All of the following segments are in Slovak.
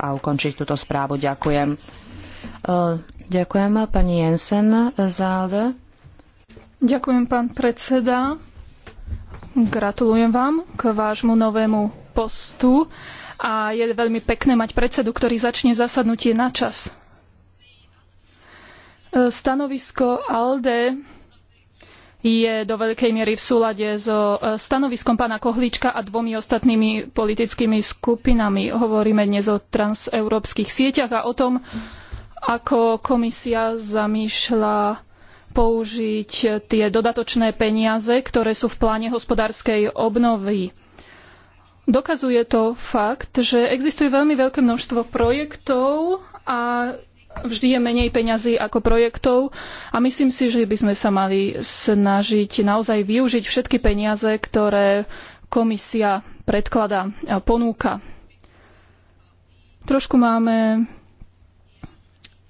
a ukončiť túto správu. Ďakujem. E, ďakujem pani Jensen za Ďakujem pán predseda. Gratulujem vám k vášmu novému postu a je veľmi pekné mať predsedu, ktorý začne zasadnutie na čas. E, stanovisko ALDE je do veľkej miery v súlade so e, stanoviskom pána kohlička a dvomi ostatnými politickými skupinami. Hovoríme dnes o transeurópskych sieťach a o tom, ako komisia zamýšľa použiť tie dodatočné peniaze, ktoré sú v pláne hospodárskej obnovy. Dokazuje to fakt, že existuje veľmi veľké množstvo projektov a vždy je menej peňazí ako projektov a myslím si, že by sme sa mali snažiť naozaj využiť všetky peniaze, ktoré komisia predkladá, a ponúka. Trošku máme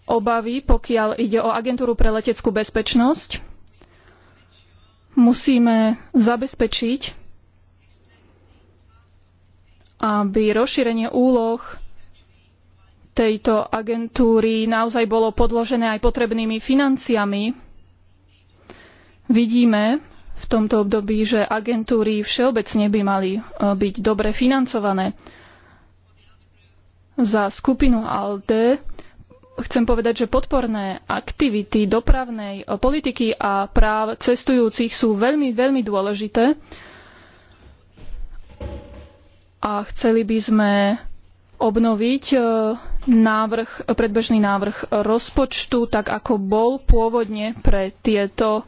obavy, pokiaľ ide o agentúru pre leteckú bezpečnosť. Musíme zabezpečiť, aby rozšírenie úloh tejto agentúry naozaj bolo podložené aj potrebnými financiami. Vidíme v tomto období, že agentúry všeobecne by mali e, byť dobre financované. Za skupinu ALDE chcem povedať, že podporné aktivity dopravnej e, politiky a práv cestujúcich sú veľmi, veľmi dôležité a chceli by sme obnoviť e, návrh, predbežný návrh rozpočtu, tak ako bol pôvodne pre tieto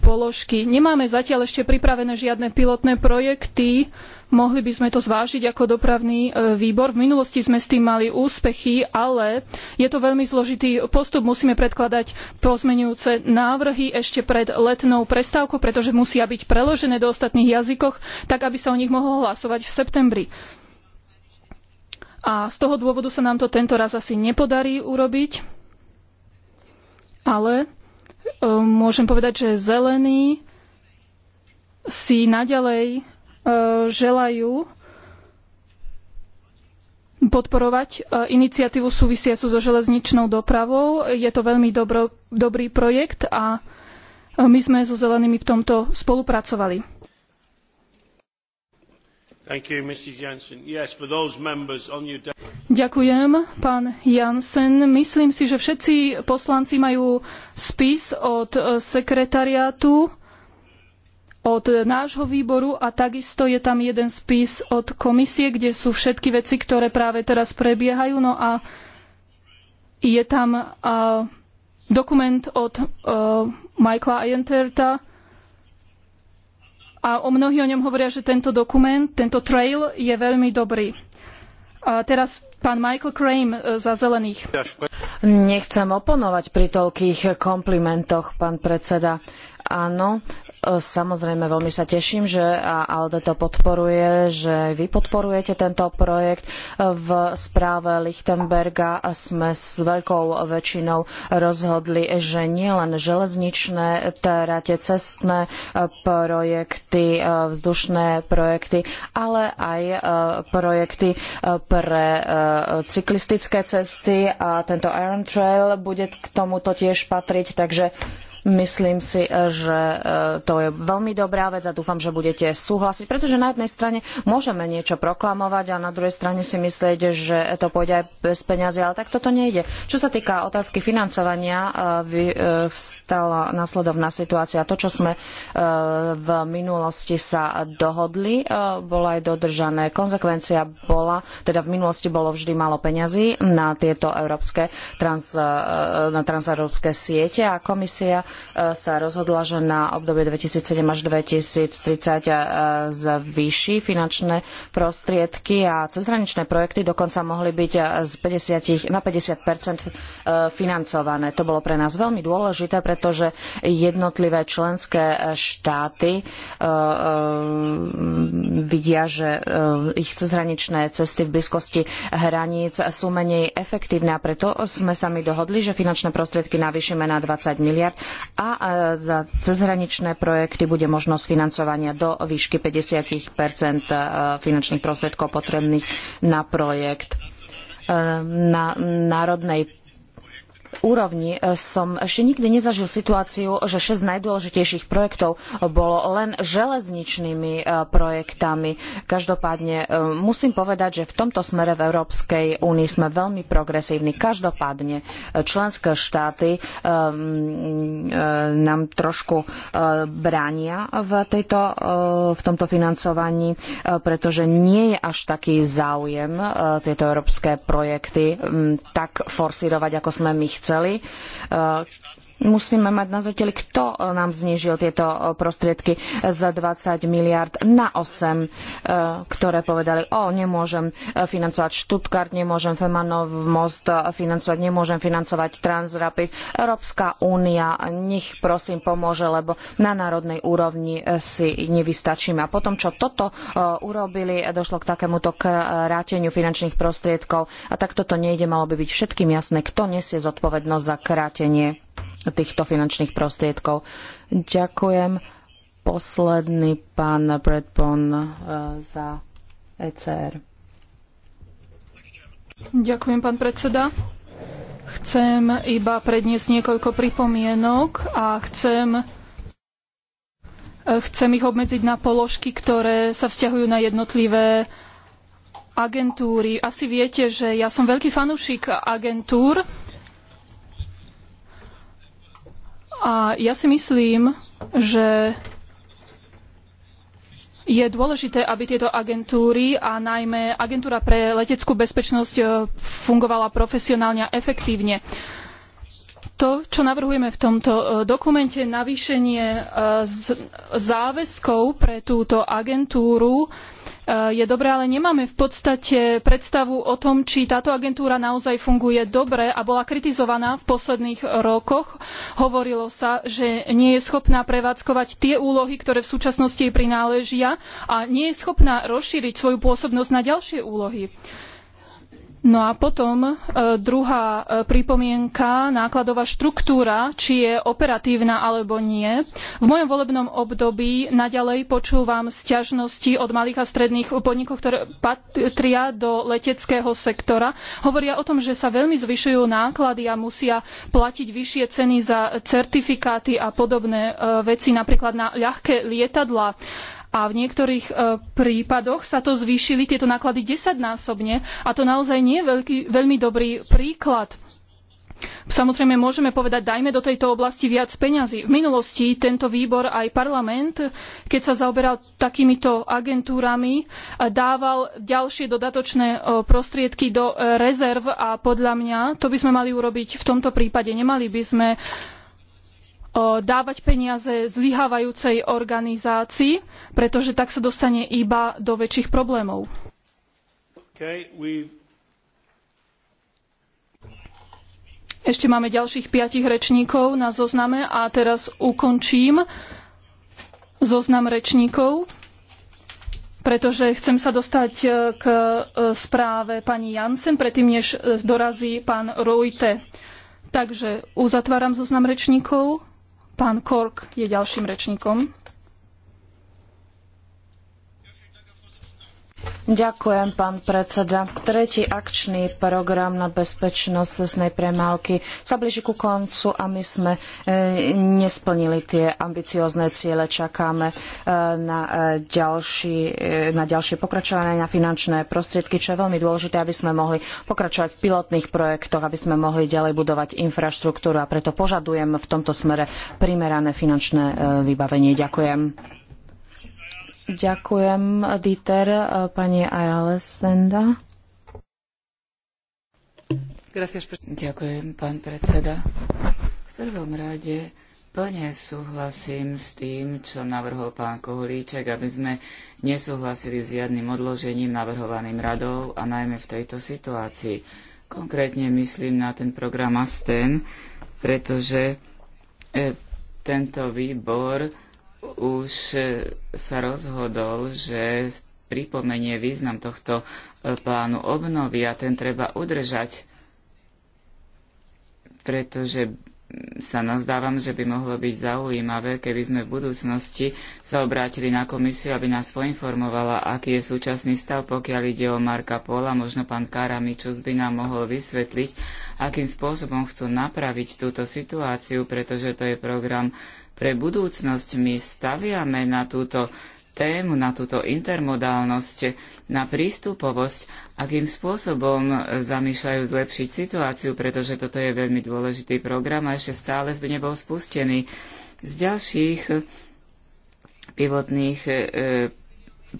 položky. Nemáme zatiaľ ešte pripravené žiadne pilotné projekty. Mohli by sme to zvážiť ako dopravný e, výbor. V minulosti sme s tým mali úspechy, ale je to veľmi zložitý postup. Musíme predkladať pozmenujúce návrhy ešte pred letnou prestávkou, pretože musia byť preložené do ostatných jazykoch, tak aby sa o nich mohlo hlasovať v septembri. A z toho dôvodu sa nám to tento raz asi nepodarí urobiť, ale e, môžem povedať, že zelení si naďalej e, želajú podporovať e, iniciatívu súvisiacu so železničnou dopravou. Je to veľmi dobro, dobrý projekt a my sme so zelenými v tomto spolupracovali. Ďakujem, pán Jansen. Myslím si, že všetci poslanci majú spis od eh, sekretariátu, od nášho výboru a takisto je tam jeden spis od komisie, kde sú všetky veci, ktoré práve teraz prebiehajú. No a je tam uh, dokument od uh, Michaela Ajenterta, a o mnohí o ňom hovoria, že tento dokument, tento trail je veľmi dobrý. A teraz pán Michael Krame e, za zelených. Nechcem oponovať pri toľkých komplimentoch, pán predseda. Áno, E, samozrejme, veľmi sa teším, že ALDE to podporuje, že vy podporujete tento projekt. E, v správe Lichtenberga sme s veľkou väčšinou rozhodli, že nielen železničné trate, cestné e, projekty, vzdušné projekty, ale aj projekty pre cyklistické cesty a tento Iron Trail bude k tomuto tiež patriť. Takže Myslím si, že e, to je veľmi dobrá vec a dúfam, že budete súhlasiť, pretože na jednej strane môžeme niečo proklamovať a na druhej strane si myslieť, že to pôjde aj bez peňazí, ale tak toto nejde. Čo sa týka otázky financovania, e, e, vstala nasledovná situácia. To, čo sme v minulosti sa dohodli, bolo aj dodržané. Konzekvencia bola, teda v minulosti bolo vždy málo peňazí na tieto európske trans, na transeurópske siete a komisia Eh, sa rozhodla, že na obdobie 2007 až 2030 eh, zvýši finančné prostriedky a cezhraničné projekty dokonca mohli byť eh, z 50, na 50 financované. To bolo pre nás veľmi dôležité, pretože jednotlivé členské štáty vidia, že ich cezhraničné cesty v blízkosti hraníc sú menej efektívne a preto sme sa my dohodli, že finančné prostriedky navýšime na 20 miliard a e, za cezhraničné projekty bude možnosť financovania do výšky 50 e, finančných prostriedkov potrebných na projekt e, na národnej úrovni e, som ešte nikdy nezažil situáciu, že šesť najdôležitejších projektov bolo len železničnými e, projektami. Každopádne e, musím povedať, že v tomto smere v Európskej únii sme veľmi progresívni. Každopádne členské štáty nám trošku bránia v, tejto, v tomto financovaní, pretože nie je až taký záujem tieto európske projekty tak forsírovať, ako sme my chceli musíme mať na zreteli, kto e, nám znížil tieto e, prostriedky z 20 miliard na 8, e, ktoré povedali, o, nemôžem financovať Stuttgart, nemôžem Femanov most financovať, nemôžem financovať Transrapid. Európska únia, nech prosím pomôže, lebo na národnej úrovni si nevystačíme. A potom, čo toto urobili, došlo k takémuto kráteniu finančných prostriedkov. A tak toto nejde, malo by byť všetkým jasné, kto nesie zodpovednosť za krátenie týchto finančných prostriedkov. Ďakujem. Posledný pán Bradbon eh, za ECR. Ďakujem, pán predseda. Chcem iba predniesť niekoľko pripomienok a chcem eh, chcem ich obmedziť na položky, ktoré sa vzťahujú na jednotlivé agentúry. Asi viete, že ja som veľký fanúšik agentúr a ja si myslím, že je dôležité, aby tieto agentúry a najmä agentúra pre leteckú bezpečnosť e, fungovala profesionálne a efektívne. To, čo navrhujeme v tomto e, dokumente, navýšenie e, záväzkov pre túto agentúru, Eh, je dobré, ale nemáme v podstate predstavu o tom, či táto agentúra naozaj funguje dobre a bola kritizovaná v posledných rokoch. Hovorilo sa, že nie je schopná prevádzkovať tie úlohy, ktoré v súčasnosti jej prináležia a nie je schopná rozšíriť svoju pôsobnosť na ďalšie úlohy. No a potom e, druhá e, pripomienka, nákladová štruktúra, či je operatívna alebo nie. V mojom volebnom období naďalej počúvam sťažnosti od malých a stredných podnikov, ktoré patria do leteckého sektora. Hovoria o tom, že sa veľmi zvyšujú náklady a musia platiť vyššie ceny za certifikáty a podobné e, veci, napríklad na ľahké lietadlá a v niektorých e, prípadoch sa to zvýšili tieto náklady desaťnásobne a to naozaj nie je veľký, veľmi dobrý príklad. Samozrejme, môžeme povedať, dajme do tejto oblasti viac peňazí. V minulosti tento výbor aj parlament, keď sa zaoberal takýmito agentúrami, e, dával ďalšie dodatočné e, prostriedky do rezerv a podľa mňa to by sme mali urobiť v tomto prípade. Nemali by sme dávať peniaze zlyhávajúcej organizácii, pretože tak sa dostane iba do väčších problémov. Okay, Ešte máme ďalších piatich rečníkov na zozname a teraz ukončím zoznam rečníkov, pretože chcem sa dostať e, k e, správe pani Jansen, predtým než e, dorazí pán Rojte. Takže uzatváram zoznam rečníkov. Pán Kork je ďalším rečníkom. Ďakujem, pán predseda. Tretí akčný program na bezpečnosť cestnej premávky sa blíži ku koncu a my sme e, nesplnili tie ambiciózne ciele. Čakáme e, na, e, ďalší, na ďalšie pokračovanie, na finančné prostriedky, čo je veľmi dôležité, aby sme mohli pokračovať v pilotných projektoch, aby sme mohli ďalej budovať infraštruktúru a preto požadujem v tomto smere primerané finančné vybavenie. Ďakujem. Ďakujem, Dieter, eh, pani Ďakujem, pán predseda. V prvom rade plne súhlasím s tým, čo navrhol pán Kohlíček, aby sme nesúhlasili s žiadnym odložením navrhovaným radou a najmä v tejto situácii. Konkrétne myslím na ten program ASTEN, pretože eh, tento výbor už eh, sa rozhodol, že pripomenie význam tohto eh, plánu obnovy a ten treba udržať, pretože mm, sa nazdávam, že by mohlo byť zaujímavé, keby sme v budúcnosti sa obrátili na komisiu, aby nás poinformovala, aký je súčasný stav, pokiaľ ide o Marka Pola. Možno pán Karamičus by nám mohol vysvetliť, akým spôsobom chcú napraviť túto situáciu, pretože to je program pre budúcnosť. My staviame na túto tému, na túto intermodálnosť, na prístupovosť, akým spôsobom zamýšľajú zlepšiť situáciu, pretože toto je veľmi dôležitý program a ešte stále by nebol spustený. Z ďalších pivotných, e,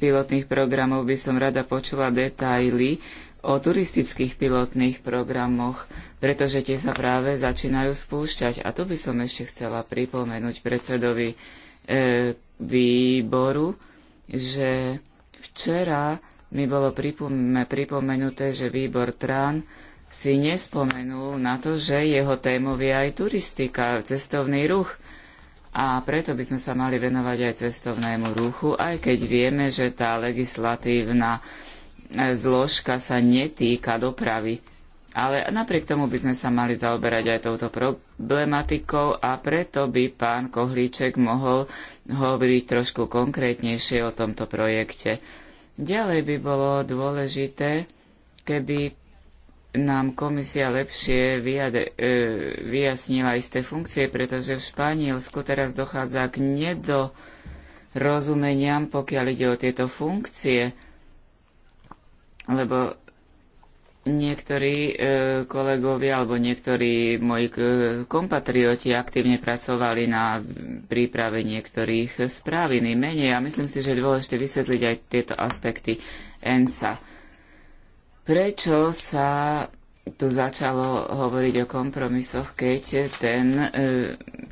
pilotných programov by som rada počula detaily, o turistických pilotných programoch, pretože tie sa práve začínajú spúšťať. A to by som ešte chcela pripomenúť predsedovi e, výboru, že včera mi bolo pripomenuté, že výbor Trán si nespomenul na to, že jeho témou je aj turistika, cestovný ruch. A preto by sme sa mali venovať aj cestovnému ruchu, aj keď vieme, že tá legislatívna zložka sa netýka dopravy. Ale napriek tomu by sme sa mali zaoberať aj touto problematikou a preto by pán Kohlíček mohol hovoriť trošku konkrétnejšie o tomto projekte. Ďalej by bolo dôležité, keby nám komisia lepšie vyjade, e, vyjasnila isté funkcie, pretože v Španielsku teraz dochádza k nedorozumeniam, pokiaľ ide o tieto funkcie lebo niektorí e, kolegovia alebo niektorí moji e, kompatrioti aktívne pracovali na príprave niektorých správ, iný menej a myslím si, že je dôležité vysvetliť aj tieto aspekty ENSA. Prečo sa tu začalo hovoriť o kompromisoch, keď ten, e,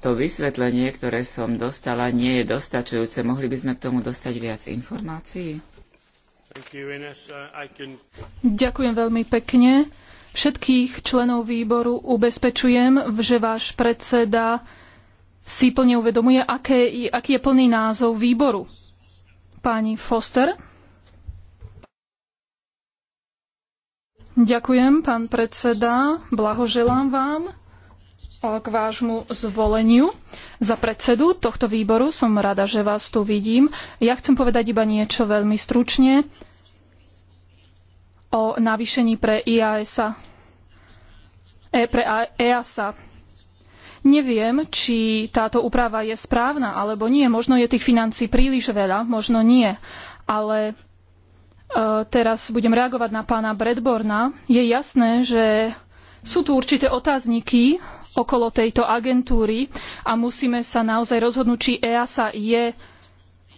to vysvetlenie, ktoré som dostala, nie je dostačujúce. Mohli by sme k tomu dostať viac informácií? Uh, Ďakujem veľmi pekne. Všetkých členov výboru ubezpečujem, že váš predseda si plne uvedomuje, aké, aký je plný názov výboru. Pani Foster. Ďakujem, pán predseda. Blahoželám vám k vášmu zvoleniu za predsedu tohto výboru. Som rada, že vás tu vidím. Ja chcem povedať iba niečo veľmi stručne o navýšení pre IASA. E, pre EASA. E Neviem, či táto úprava je správna alebo nie. Možno je tých financií príliš veľa, možno nie. Ale e, teraz budem reagovať na pána Bredborna. Je jasné, že sú tu určité otázniky okolo tejto agentúry a musíme sa naozaj rozhodnúť, či EASA je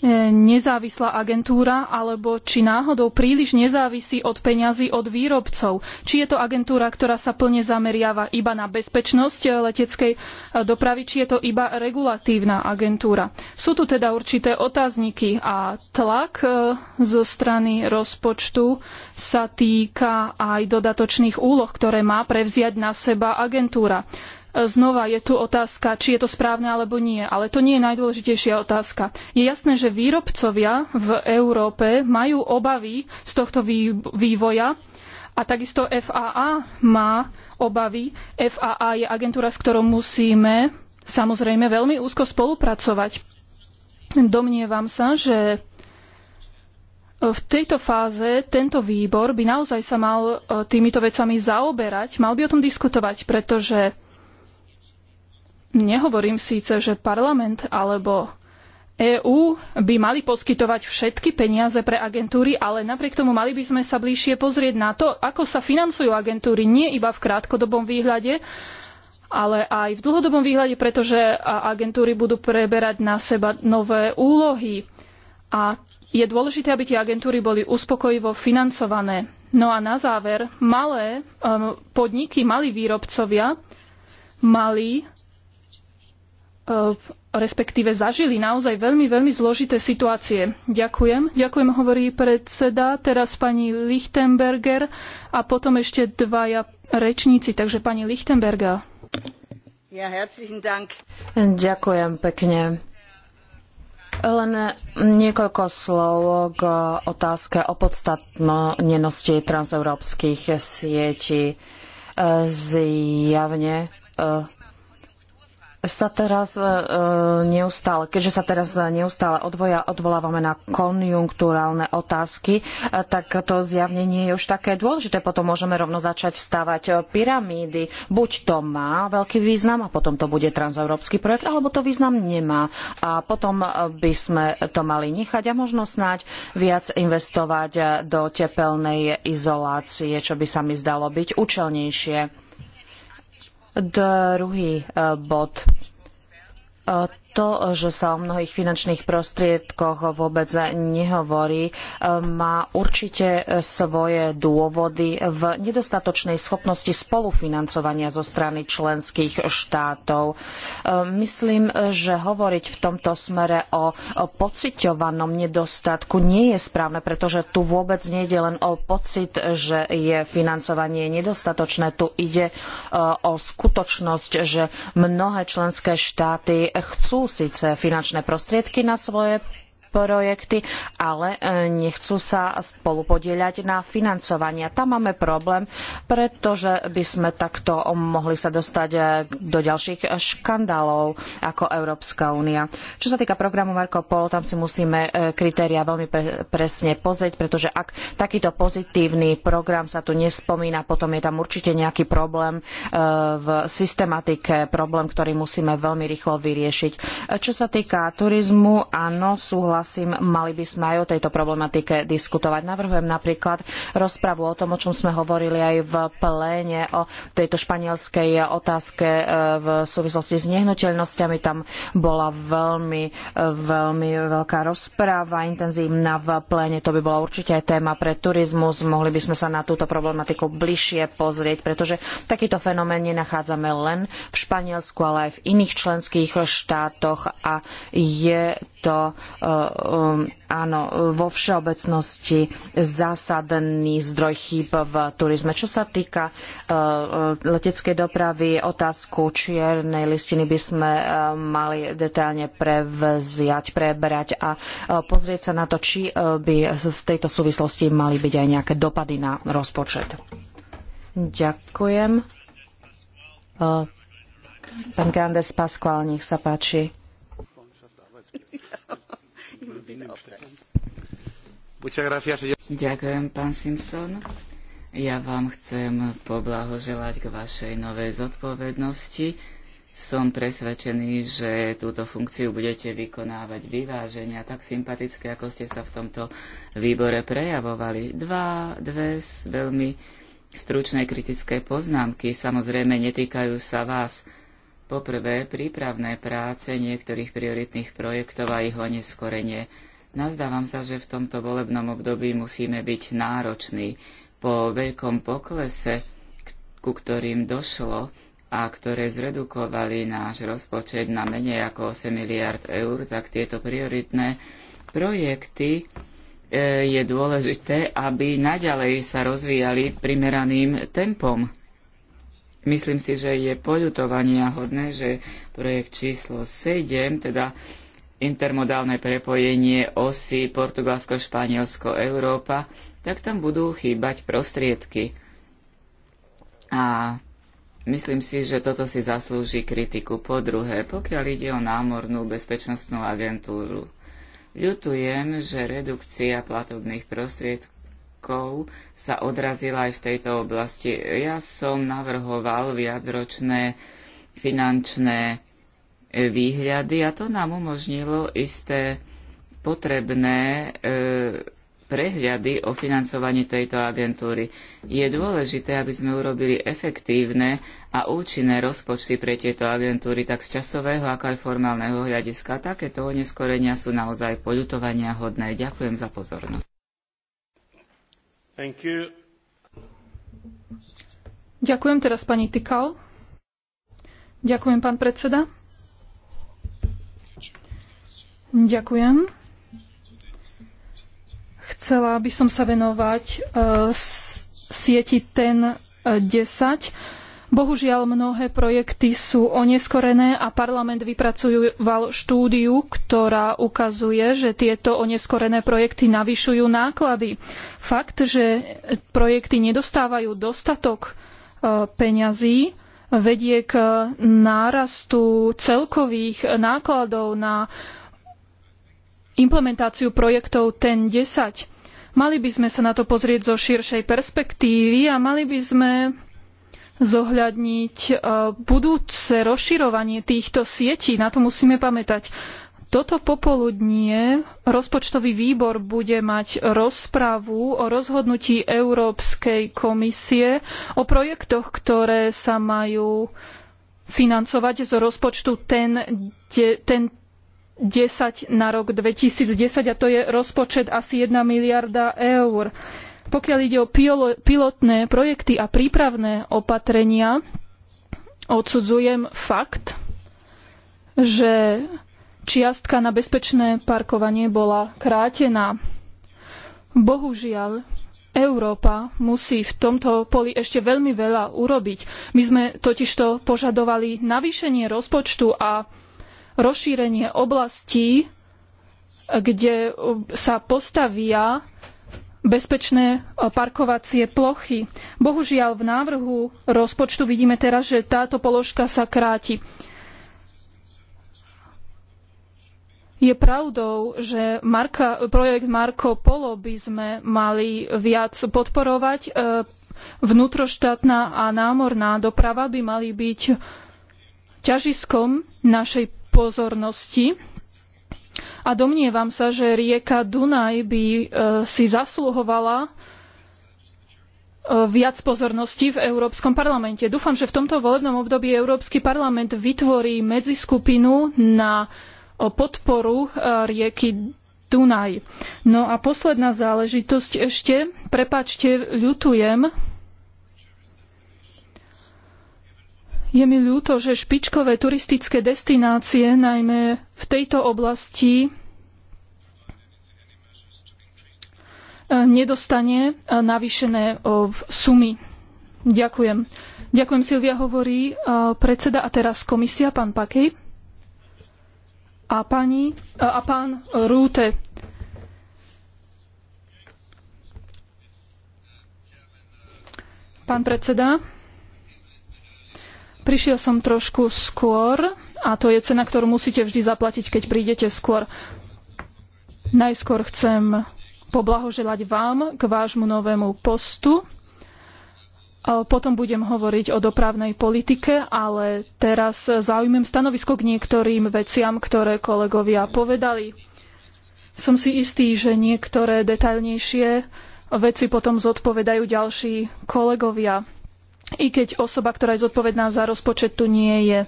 E, nezávislá agentúra, alebo či náhodou príliš nezávisí od peňazí od výrobcov. Či je to agentúra, ktorá sa plne zameriava iba na bezpečnosť e, leteckej e, dopravy, či je to iba regulatívna agentúra. Sú tu teda určité otázniky a tlak zo strany rozpočtu sa týka aj dodatočných úloh, ktoré má prevziať na seba agentúra. Znova je tu otázka, či je to správne alebo nie, ale to nie je najdôležitejšia otázka. Je jasné, že výrobcovia v Európe majú obavy z tohto vývoja a takisto FAA má obavy. FAA je agentúra, s ktorou musíme samozrejme veľmi úzko spolupracovať. Domnievam sa, že v tejto fáze tento výbor by naozaj sa mal e, týmito vecami zaoberať, mal by o tom diskutovať, pretože Nehovorím síce, že parlament alebo EÚ by mali poskytovať všetky peniaze pre agentúry, ale napriek tomu mali by sme sa bližšie pozrieť na to, ako sa financujú agentúry, nie iba v krátkodobom výhľade, ale aj v dlhodobom výhľade, pretože agentúry budú preberať na seba nové úlohy. A je dôležité, aby tie agentúry boli uspokojivo financované. No a na záver, malé um, podniky, malí výrobcovia mali E, respektíve zažili naozaj veľmi, veľmi zložité situácie. Ďakujem. Ďakujem, hovorí predseda, teraz pani Lichtenberger a potom ešte dvaja rečníci, takže pani Lichtenberger. Ja, herzlichen Dank. Ďakujem pekne. Len niekoľko slov k otázke o podstatnenosti transeurópskych sietí. E, zjavne e, sa teraz e, e, neustále, keďže sa teraz neustále odvoja, odvolávame na konjunktúrálne otázky, e, tak to zjavne nie je už také dôležité. Potom môžeme rovno začať stavať pyramídy. Buď to má veľký význam a potom to bude transeurópsky projekt, alebo to význam nemá. A potom by sme to mali nechať a možno snáď viac investovať do tepelnej izolácie, čo by sa mi zdalo byť účelnejšie. Druhý eh, bod eh, to, že sa o mnohých finančných prostriedkoch vôbec nehovorí, e, má určite svoje dôvody v nedostatočnej schopnosti spolufinancovania zo strany členských štátov. E, myslím, že hovoriť v tomto smere o pociťovanom nedostatku nie je správne, pretože tu vôbec nejde len o pocit, že je financovanie nedostatočné. Tu ide e, o skutočnosť, že mnohé členské štáty chcú síce finančné prostriedky na svoje projekty, ale e, nechcú sa spolupodieľať na financovaní. A tam máme problém, pretože by sme takto mohli sa dostať e, do ďalších škandálov ako Európska únia. Čo sa týka programu Marco Polo, tam si musíme e, kritéria veľmi presne pozrieť, pretože ak takýto pozitívny program sa tu nespomína, potom je tam určite nejaký problém v systematike, problém, ktorý musíme veľmi rýchlo vyriešiť. Čo sa týka turizmu, áno, súhlasím súhlasím, mali by sme aj o tejto problematike diskutovať. Navrhujem napríklad rozpravu o tom, o čom sme hovorili aj v pléne, o tejto španielskej otázke e, v súvislosti s nehnuteľnosťami. Tam bola veľmi, veľmi veľká rozpráva, intenzívna v pléne. To by bola určite aj téma pre turizmus. Mohli by sme sa na túto problematiku bližšie pozrieť, pretože takýto fenomén nenachádzame len v Španielsku, ale aj v iných členských štátoch a je to e, Um, áno, vo všeobecnosti zásadný zdroj chýb v turizme. Čo sa týka uh, uh, leteckej dopravy, otázku čiernej listiny by sme uh, mali detailne prevziať, prebrať a pozrieť sa na to, či by v tejto súvislosti mali byť aj nejaké dopady na rozpočet. Ďakujem. Pán Grandes nech sa páči. Ďakujem, pán Simpson. Ja vám chcem poblahoželať k vašej novej zodpovednosti. Som presvedčený, že túto funkciu budete vykonávať vyváženia tak sympatické, ako ste sa v tomto výbore prejavovali. Dva, dve veľmi stručné kritické poznámky samozrejme netýkajú sa vás Poprvé, prípravné práce niektorých prioritných projektov a ich oneskorenie. Nazdávam sa, že v tomto volebnom období musíme byť nároční. Po veľkom poklese, ku ktorým došlo a ktoré zredukovali náš rozpočet na menej ako 8 miliard eur, tak tieto prioritné projekty e, je dôležité, aby naďalej sa rozvíjali primeraným tempom. Myslím si, že je poľutovania hodné, že projekt číslo 7, teda intermodálne prepojenie osy Portugalsko-Španielsko-Európa, tak tam budú chýbať prostriedky. A myslím si, že toto si zaslúži kritiku. Po druhé, pokiaľ ide o námornú bezpečnostnú agentúru, ľutujem, že redukcia platobných prostriedkov výdavkov sa odrazila aj v tejto oblasti. Ja som navrhoval viacročné finančné e, výhľady a to nám umožnilo isté potrebné e, prehľady o financovaní tejto agentúry. Je dôležité, aby sme urobili efektívne a účinné rozpočty pre tieto agentúry, tak z časového, ako aj formálneho hľadiska. Takéto oneskorenia sú naozaj poľutovania hodné. Ďakujem za pozornosť. Ďakujem teraz pani Tykal. Ďakujem, pán predseda. Ďakujem. Chcela by som sa venovať uh, sieti TEN 10 eh, Bohužiaľ, mnohé projekty sú oneskorené a parlament vypracoval štúdiu, ktorá ukazuje, že tieto oneskorené projekty navyšujú náklady. Fakt, že projekty nedostávajú dostatok e, peňazí, vedie k nárastu celkových nákladov na implementáciu projektov TEN 10. Mali by sme sa na to pozrieť zo širšej perspektívy a mali by sme zohľadniť eh, budúce rozširovanie týchto sietí. Na to musíme pamätať. Toto popoludnie rozpočtový výbor bude mať rozpravu o rozhodnutí Európskej komisie o projektoch, ktoré sa majú financovať z rozpočtu ten, de, ten 10 na rok 2010 a to je rozpočet asi 1 miliarda eur. Pokiaľ ide o pilotné projekty a prípravné opatrenia, odsudzujem fakt, že čiastka na bezpečné parkovanie bola krátená. Bohužiaľ, Európa musí v tomto poli ešte veľmi veľa urobiť. My sme totižto požadovali navýšenie rozpočtu a rozšírenie oblastí, kde sa postavia bezpečné e, parkovacie plochy. Bohužiaľ v návrhu rozpočtu vidíme teraz, že táto položka sa kráti. Je pravdou, že Marka, projekt Marco Polo by sme mali viac podporovať. E, vnútroštátna a námorná doprava by mali byť ťažiskom našej pozornosti a domnievam sa, že rieka Dunaj by e, si zasluhovala e, viac pozornosti v Európskom parlamente. Dúfam, že v tomto volebnom období Európsky parlament vytvorí medziskupinu na e, podporu rieky Dunaj. No a posledná záležitosť ešte, prepačte, ľutujem, Je mi ľúto, že špičkové turistické destinácie, najmä v tejto oblasti, e, nedostane e, navýšené e, sumy. Ďakujem. Ďakujem, Silvia hovorí predseda a teraz komisia, pán Pakej a, pani, a pán Rúte. Pán predseda. Prišiel som trošku skôr a to je cena, ktorú musíte vždy zaplatiť, keď prídete skôr. Najskôr chcem poblahoželať vám k vášmu novému postu. Potom budem hovoriť o dopravnej politike, ale teraz zaujímam stanovisko k niektorým veciam, ktoré kolegovia povedali. Som si istý, že niektoré detailnejšie veci potom zodpovedajú ďalší kolegovia i keď osoba, ktorá je zodpovedná za rozpočet, tu nie je.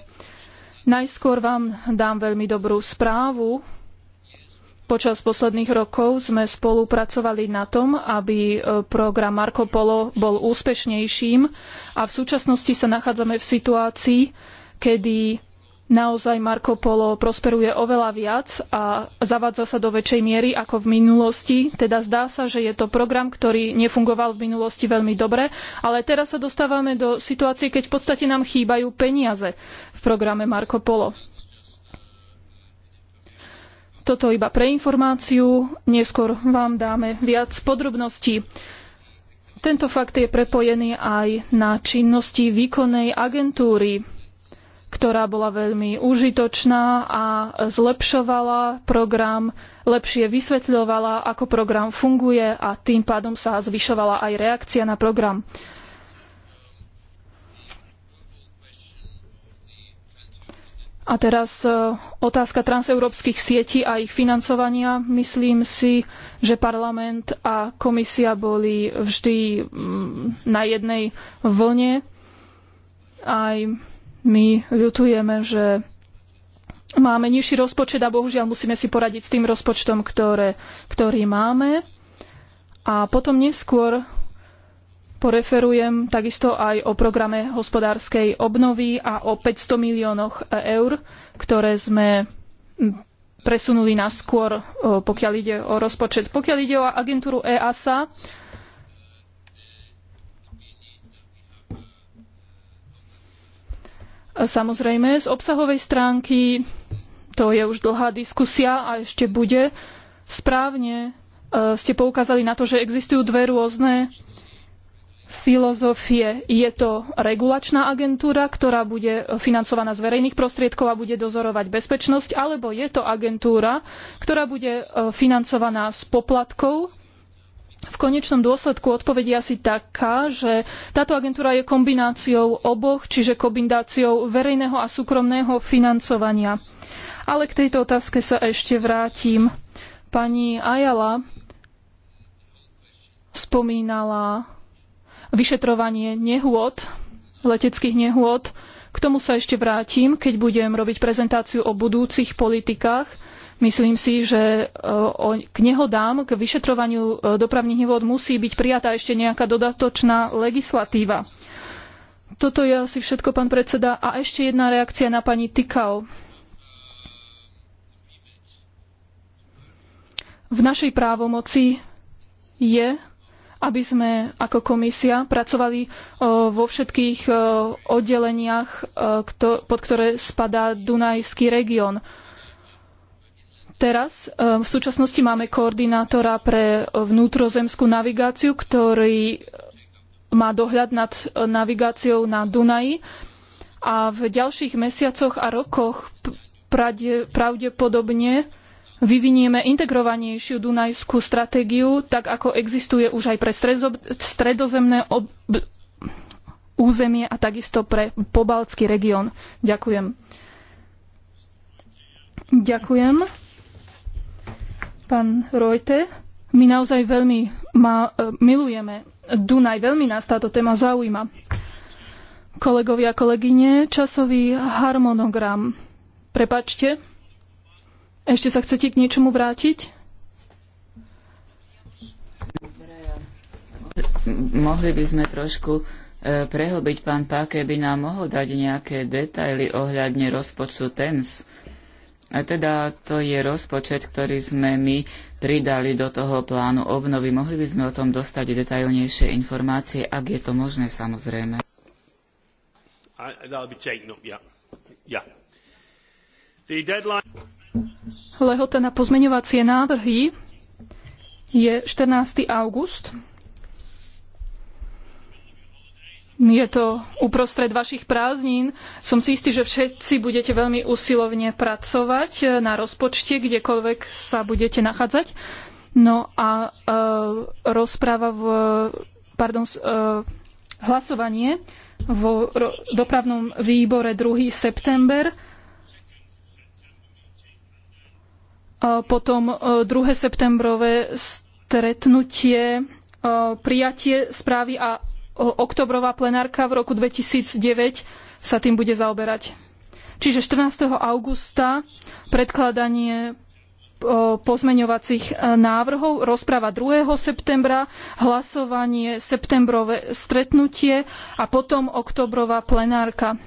Najskôr vám dám veľmi dobrú správu. Počas posledných rokov sme spolupracovali na tom, aby e, program Marco Polo bol úspešnejším a v súčasnosti sa nachádzame v situácii, kedy naozaj Marco Polo prosperuje oveľa viac a zavádza sa do väčšej miery ako v minulosti. Teda zdá sa, že je to program, ktorý nefungoval v minulosti veľmi dobre, ale teraz sa dostávame do situácie, keď v podstate nám chýbajú peniaze v programe Marco Polo. Toto iba pre informáciu, neskôr vám dáme viac podrobností. Tento fakt je prepojený aj na činnosti výkonnej agentúry ktorá bola veľmi užitočná a zlepšovala program, lepšie vysvetľovala, ako program funguje a tým pádom sa zvyšovala aj reakcia na program. A teraz e, otázka transeurópskych sietí a ich financovania. Myslím si, že parlament a komisia boli vždy mm, na jednej vlne. Aj my ľutujeme, že máme nižší rozpočet a bohužiaľ musíme si poradiť s tým rozpočtom, ktoré, ktorý máme. A potom neskôr poreferujem takisto aj o programe hospodárskej obnovy a o 500 miliónoch eur, ktoré sme presunuli na skôr, pokiaľ ide o rozpočet. Pokiaľ ide o agentúru EASA, Samozrejme, z obsahovej stránky to je už dlhá diskusia a ešte bude. Správne e, ste poukázali na to, že existujú dve rôzne filozofie. Je to regulačná agentúra, ktorá bude financovaná z verejných prostriedkov a bude dozorovať bezpečnosť, alebo je to agentúra, ktorá bude e, financovaná z poplatkov v konečnom dôsledku odpoveď je asi taká, že táto agentúra je kombináciou oboch, čiže kombináciou verejného a súkromného financovania. Ale k tejto otázke sa ešte vrátim. Pani Ajala spomínala vyšetrovanie nehôd, leteckých nehôd. K tomu sa ešte vrátim, keď budem robiť prezentáciu o budúcich politikách Myslím si, že eh, k nehodám, k vyšetrovaniu eh, dopravných nehôd musí byť prijatá ešte nejaká dodatočná legislatíva. Toto je asi všetko, pán predseda. A ešte jedna reakcia na pani Tikau. V našej právomoci je, aby sme ako komisia pracovali eh, vo všetkých oddeleniach, pod ktoré spadá Dunajský región Teraz e, v súčasnosti máme koordinátora pre vnútrozemskú navigáciu, ktorý má dohľad nad e, navigáciou na Dunaji a v ďalších mesiacoch a rokoch pravdepodobne vyvinieme integrovanejšiu dunajskú stratégiu, tak ako existuje už aj pre stredozemné ob... územie a takisto pre pobaltský región. Ďakujem. Ďakujem. Pán Rojte, my naozaj veľmi ma, e, milujeme Dunaj, veľmi nás táto téma zaujíma. Kolegovia, kolegyne, časový harmonogram. Prepačte, ešte sa chcete k niečomu vrátiť? Mohli by sme trošku e, prehlbiť, pán Páke by nám mohol dať nejaké detaily ohľadne rozpočtu TENS a teda to je rozpočet, ktorý sme my pridali do toho plánu obnovy. Mohli by sme o tom dostať detailnejšie informácie, ak je to možné samozrejme. Lehota na pozmeňovacie návrhy je 14. august je to uprostred vašich prázdnin. Som si istý, že všetci budete veľmi usilovne pracovať na rozpočte, kdekoľvek sa budete nachádzať. No a e, rozpráva v, pardon, e, hlasovanie vo ro, dopravnom výbore 2. september. E, potom 2. septembrové stretnutie, e, prijatie správy a oktobrová plenárka v roku 2009 sa tým bude zaoberať. Čiže 14. augusta predkladanie e, pozmeňovacích e, návrhov, rozprava 2. septembra, hlasovanie, septembrové stretnutie a potom oktobrová plenárka. E,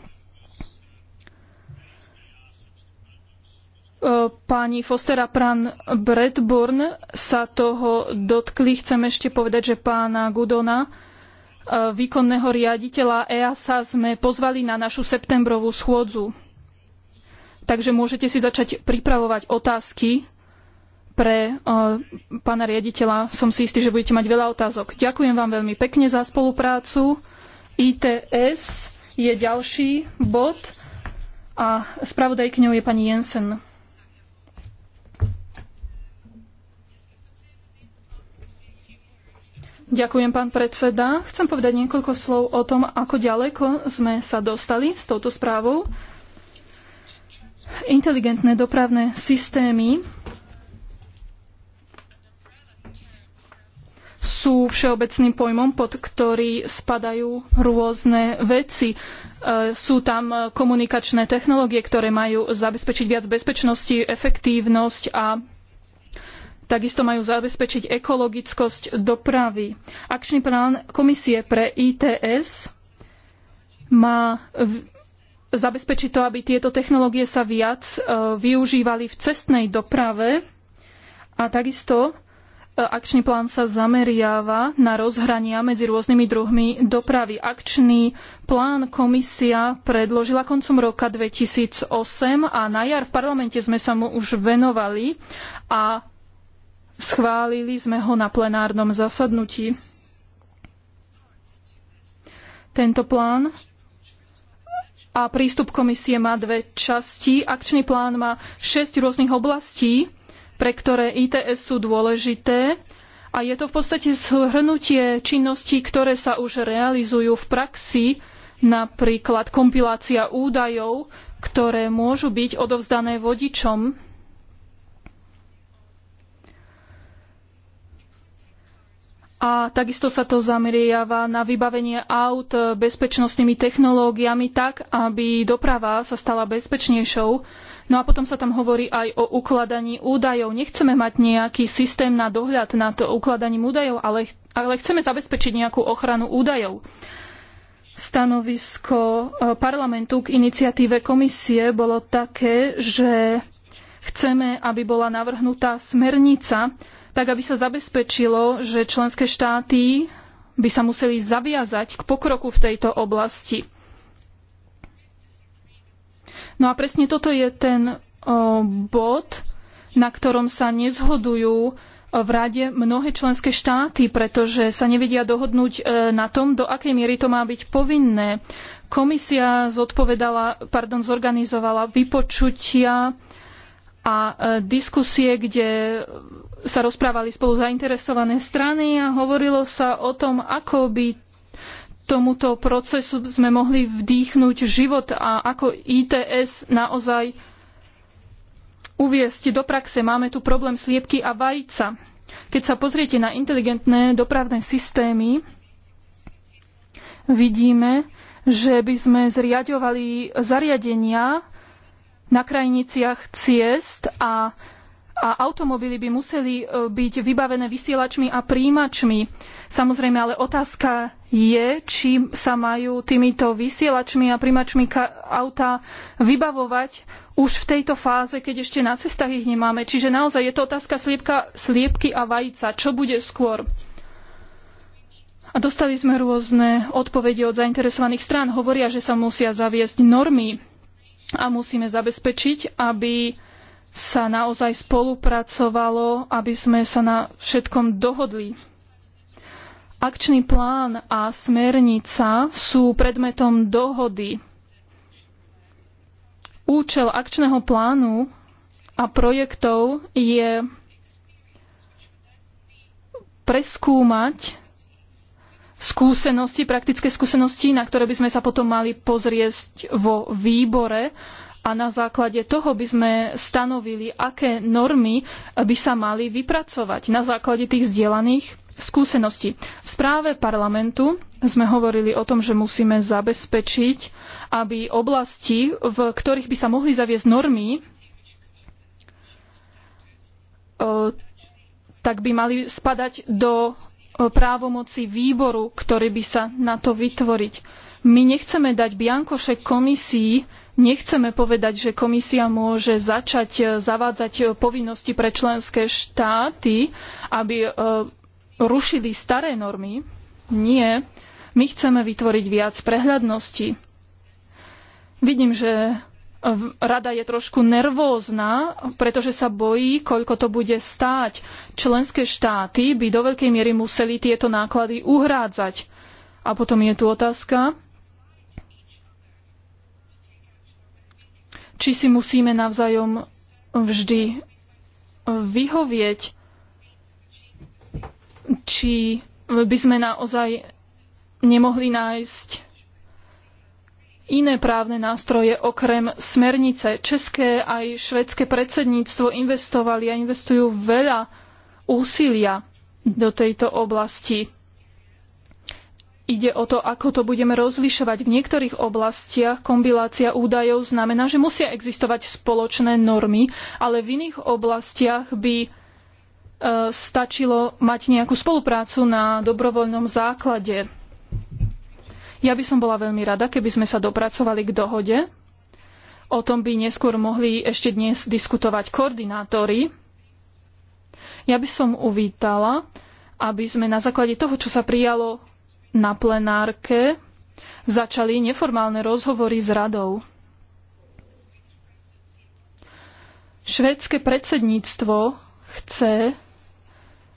pani Fostera Pran Bredborn sa toho dotkli. Chcem ešte povedať, že pána Gudona E, výkonného riaditeľa EASA sme pozvali na našu septembrovú schôdzu. Takže môžete si začať pripravovať otázky pre e, pána riaditeľa. Som si istý, že budete mať veľa otázok. Ďakujem vám veľmi pekne za spoluprácu. ITS je ďalší bod a spravodajkňou je pani Jensen. Ďakujem, pán predseda. Chcem povedať niekoľko slov o tom, ako ďaleko sme sa dostali s touto správou. Inteligentné dopravné systémy sú všeobecným pojmom, pod ktorý spadajú rôzne veci. E, sú tam komunikačné technológie, ktoré majú zabezpečiť viac bezpečnosti, efektívnosť a Takisto majú zabezpečiť ekologickosť dopravy. Akčný plán komisie pre ITS má zabezpečiť to, aby tieto technológie sa viac e, využívali v cestnej doprave a takisto e, akčný plán sa zameriava na rozhrania medzi rôznymi druhmi dopravy. Akčný plán komisia predložila koncom roka 2008 a na jar v parlamente sme sa mu už venovali a Schválili sme ho na plenárnom zasadnutí. Tento plán a prístup komisie má dve časti. Akčný plán má šesť rôznych oblastí, pre ktoré ITS sú dôležité a je to v podstate zhrnutie činností, ktoré sa už realizujú v praxi, napríklad kompilácia údajov, ktoré môžu byť odovzdané vodičom a takisto sa to zameriava na vybavenie aut bezpečnostnými technológiami tak, aby doprava sa stala bezpečnejšou. No a potom sa tam hovorí aj o ukladaní údajov. Nechceme mať nejaký systém na dohľad nad ukladaním údajov, ale, ale chceme zabezpečiť nejakú ochranu údajov. Stanovisko e, parlamentu k iniciatíve komisie bolo také, že chceme, aby bola navrhnutá smernica, tak aby sa zabezpečilo, že členské štáty by sa museli zaviazať k pokroku v tejto oblasti. No a presne toto je ten bod, na ktorom sa nezhodujú v rade mnohé členské štáty, pretože sa nevedia dohodnúť e, na tom, do akej miery to má byť povinné. Komisia zodpovedala, pardon, zorganizovala vypočutia a e, diskusie, kde sa rozprávali spolu zainteresované strany a hovorilo sa o tom, ako by tomuto procesu sme mohli vdýchnuť život a ako ITS naozaj uviesť do praxe. Máme tu problém sliepky a vajca. Keď sa pozriete na inteligentné dopravné systémy, vidíme, že by sme zriaďovali zariadenia na krajniciach ciest a a automobily by museli e, byť vybavené vysielačmi a príjimačmi. Samozrejme, ale otázka je, či sa majú týmito vysielačmi a príjimačmi auta vybavovať už v tejto fáze, keď ešte na cestách ich nemáme. Čiže naozaj je to otázka sliepka, sliepky a vajca. Čo bude skôr? A dostali sme rôzne odpovede od zainteresovaných strán. Hovoria, že sa musia zaviesť normy a musíme zabezpečiť, aby sa naozaj spolupracovalo, aby sme sa na všetkom dohodli. Akčný plán a smernica sú predmetom dohody. Účel akčného plánu a projektov je preskúmať skúsenosti, praktické skúsenosti, na ktoré by sme sa potom mali pozrieť vo výbore a na základe toho by sme stanovili, aké normy by sa mali vypracovať na základe tých zdieľaných skúseností. V správe parlamentu sme hovorili o tom, že musíme zabezpečiť, aby oblasti, v ktorých by sa mohli zaviesť normy, e, tak by mali spadať do e, právomoci výboru, ktorý by sa na to vytvoriť. My nechceme dať biankošek komisii, Nechceme povedať, že komisia môže začať e, zavádzať e, povinnosti pre členské štáty, aby e, rušili staré normy. Nie. My chceme vytvoriť viac prehľadnosti. Vidím, že rada je trošku nervózna, pretože sa bojí, koľko to bude stáť. Členské štáty by do veľkej miery museli tieto náklady uhrádzať. A potom je tu otázka, či si musíme navzájom vždy vyhovieť, či by sme naozaj nemohli nájsť iné právne nástroje okrem smernice. České aj švedské predsedníctvo investovali a investujú veľa úsilia do tejto oblasti. Ide o to, ako to budeme rozlišovať. V niektorých oblastiach kombinácia údajov znamená, že musia existovať spoločné normy, ale v iných oblastiach by e, stačilo mať nejakú spoluprácu na dobrovoľnom základe. Ja by som bola veľmi rada, keby sme sa dopracovali k dohode. O tom by neskôr mohli ešte dnes diskutovať koordinátori. Ja by som uvítala, aby sme na základe toho, čo sa prijalo na plenárke začali neformálne rozhovory s radou. Švédske predsedníctvo chce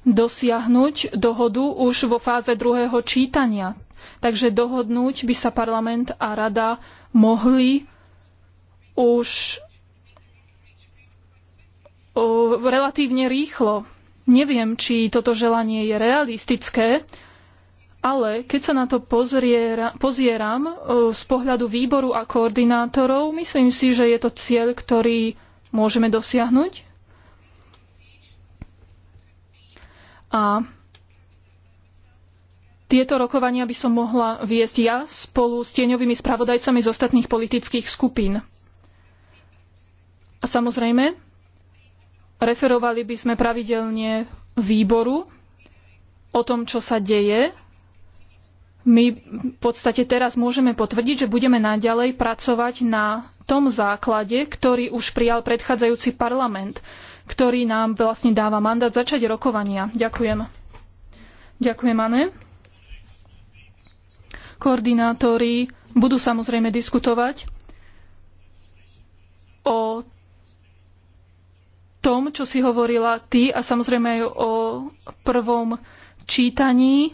dosiahnuť dohodu už vo fáze druhého čítania. Takže dohodnúť by sa parlament a rada mohli už relatívne rýchlo. Neviem, či toto želanie je realistické, ale keď sa na to pozriera, pozieram e, z pohľadu výboru a koordinátorov, myslím si, že je to cieľ, ktorý môžeme dosiahnuť. A tieto rokovania by som mohla viesť ja spolu s tieňovými spravodajcami z ostatných politických skupín. A samozrejme, referovali by sme pravidelne výboru o tom, čo sa deje my v podstate teraz môžeme potvrdiť, že budeme naďalej pracovať na tom základe, ktorý už prijal predchádzajúci parlament, ktorý nám vlastne dáva mandát začať rokovania. Ďakujem. Ďakujem, Anne. Koordinátori budú samozrejme diskutovať o tom, čo si hovorila ty a samozrejme aj o prvom čítaní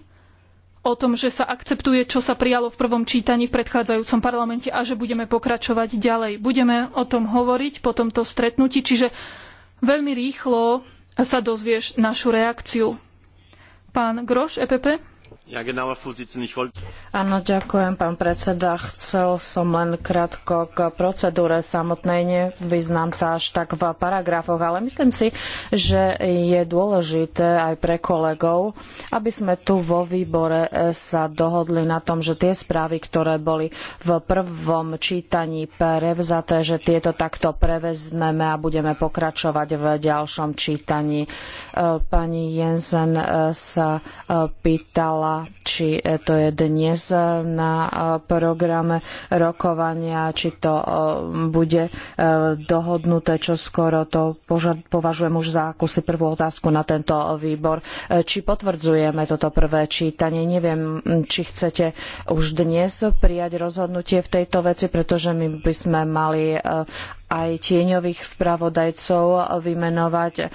o tom, že sa akceptuje, čo sa prijalo v prvom čítaní v predchádzajúcom parlamente a že budeme pokračovať ďalej. Budeme o tom hovoriť po tomto stretnutí, čiže veľmi rýchlo sa dozvieš našu reakciu. Pán Groš, EPP. Áno, ďakujem, pán predseda. Chcel som len krátko k procedúre samotnej. Nevyznám sa až tak v paragrafoch, ale myslím si, že je dôležité aj pre kolegov, aby sme tu vo výbore sa dohodli na tom, že tie správy, ktoré boli v prvom čítaní prevzaté, že tieto takto prevezmeme a budeme pokračovať v ďalšom čítaní. E, pani Jensen e, sa e, pýtala, a či to je dnes na e, programe rokovania, či to e, bude e, dohodnuté čo skoro. To považujem už za akúsi prvú otázku na tento výbor. Či potvrdzujeme toto prvé čítanie? Neviem, či chcete už dnes prijať rozhodnutie v tejto veci, pretože my by sme mali aj tieňových spravodajcov vymenovať e,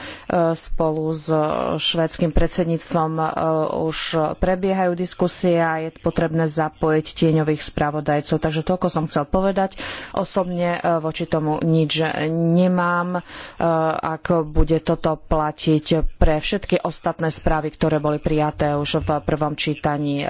spolu s švédskym predsedníctvom. E, už prebiehajú diskusie a je potrebné zapojiť tieňových spravodajcov. Takže toľko som chcel povedať. Osobne e, voči tomu nič nemám. Ak bude toto platiť pre všetky ostatné správy, ktoré boli prijaté už v prvom čítaní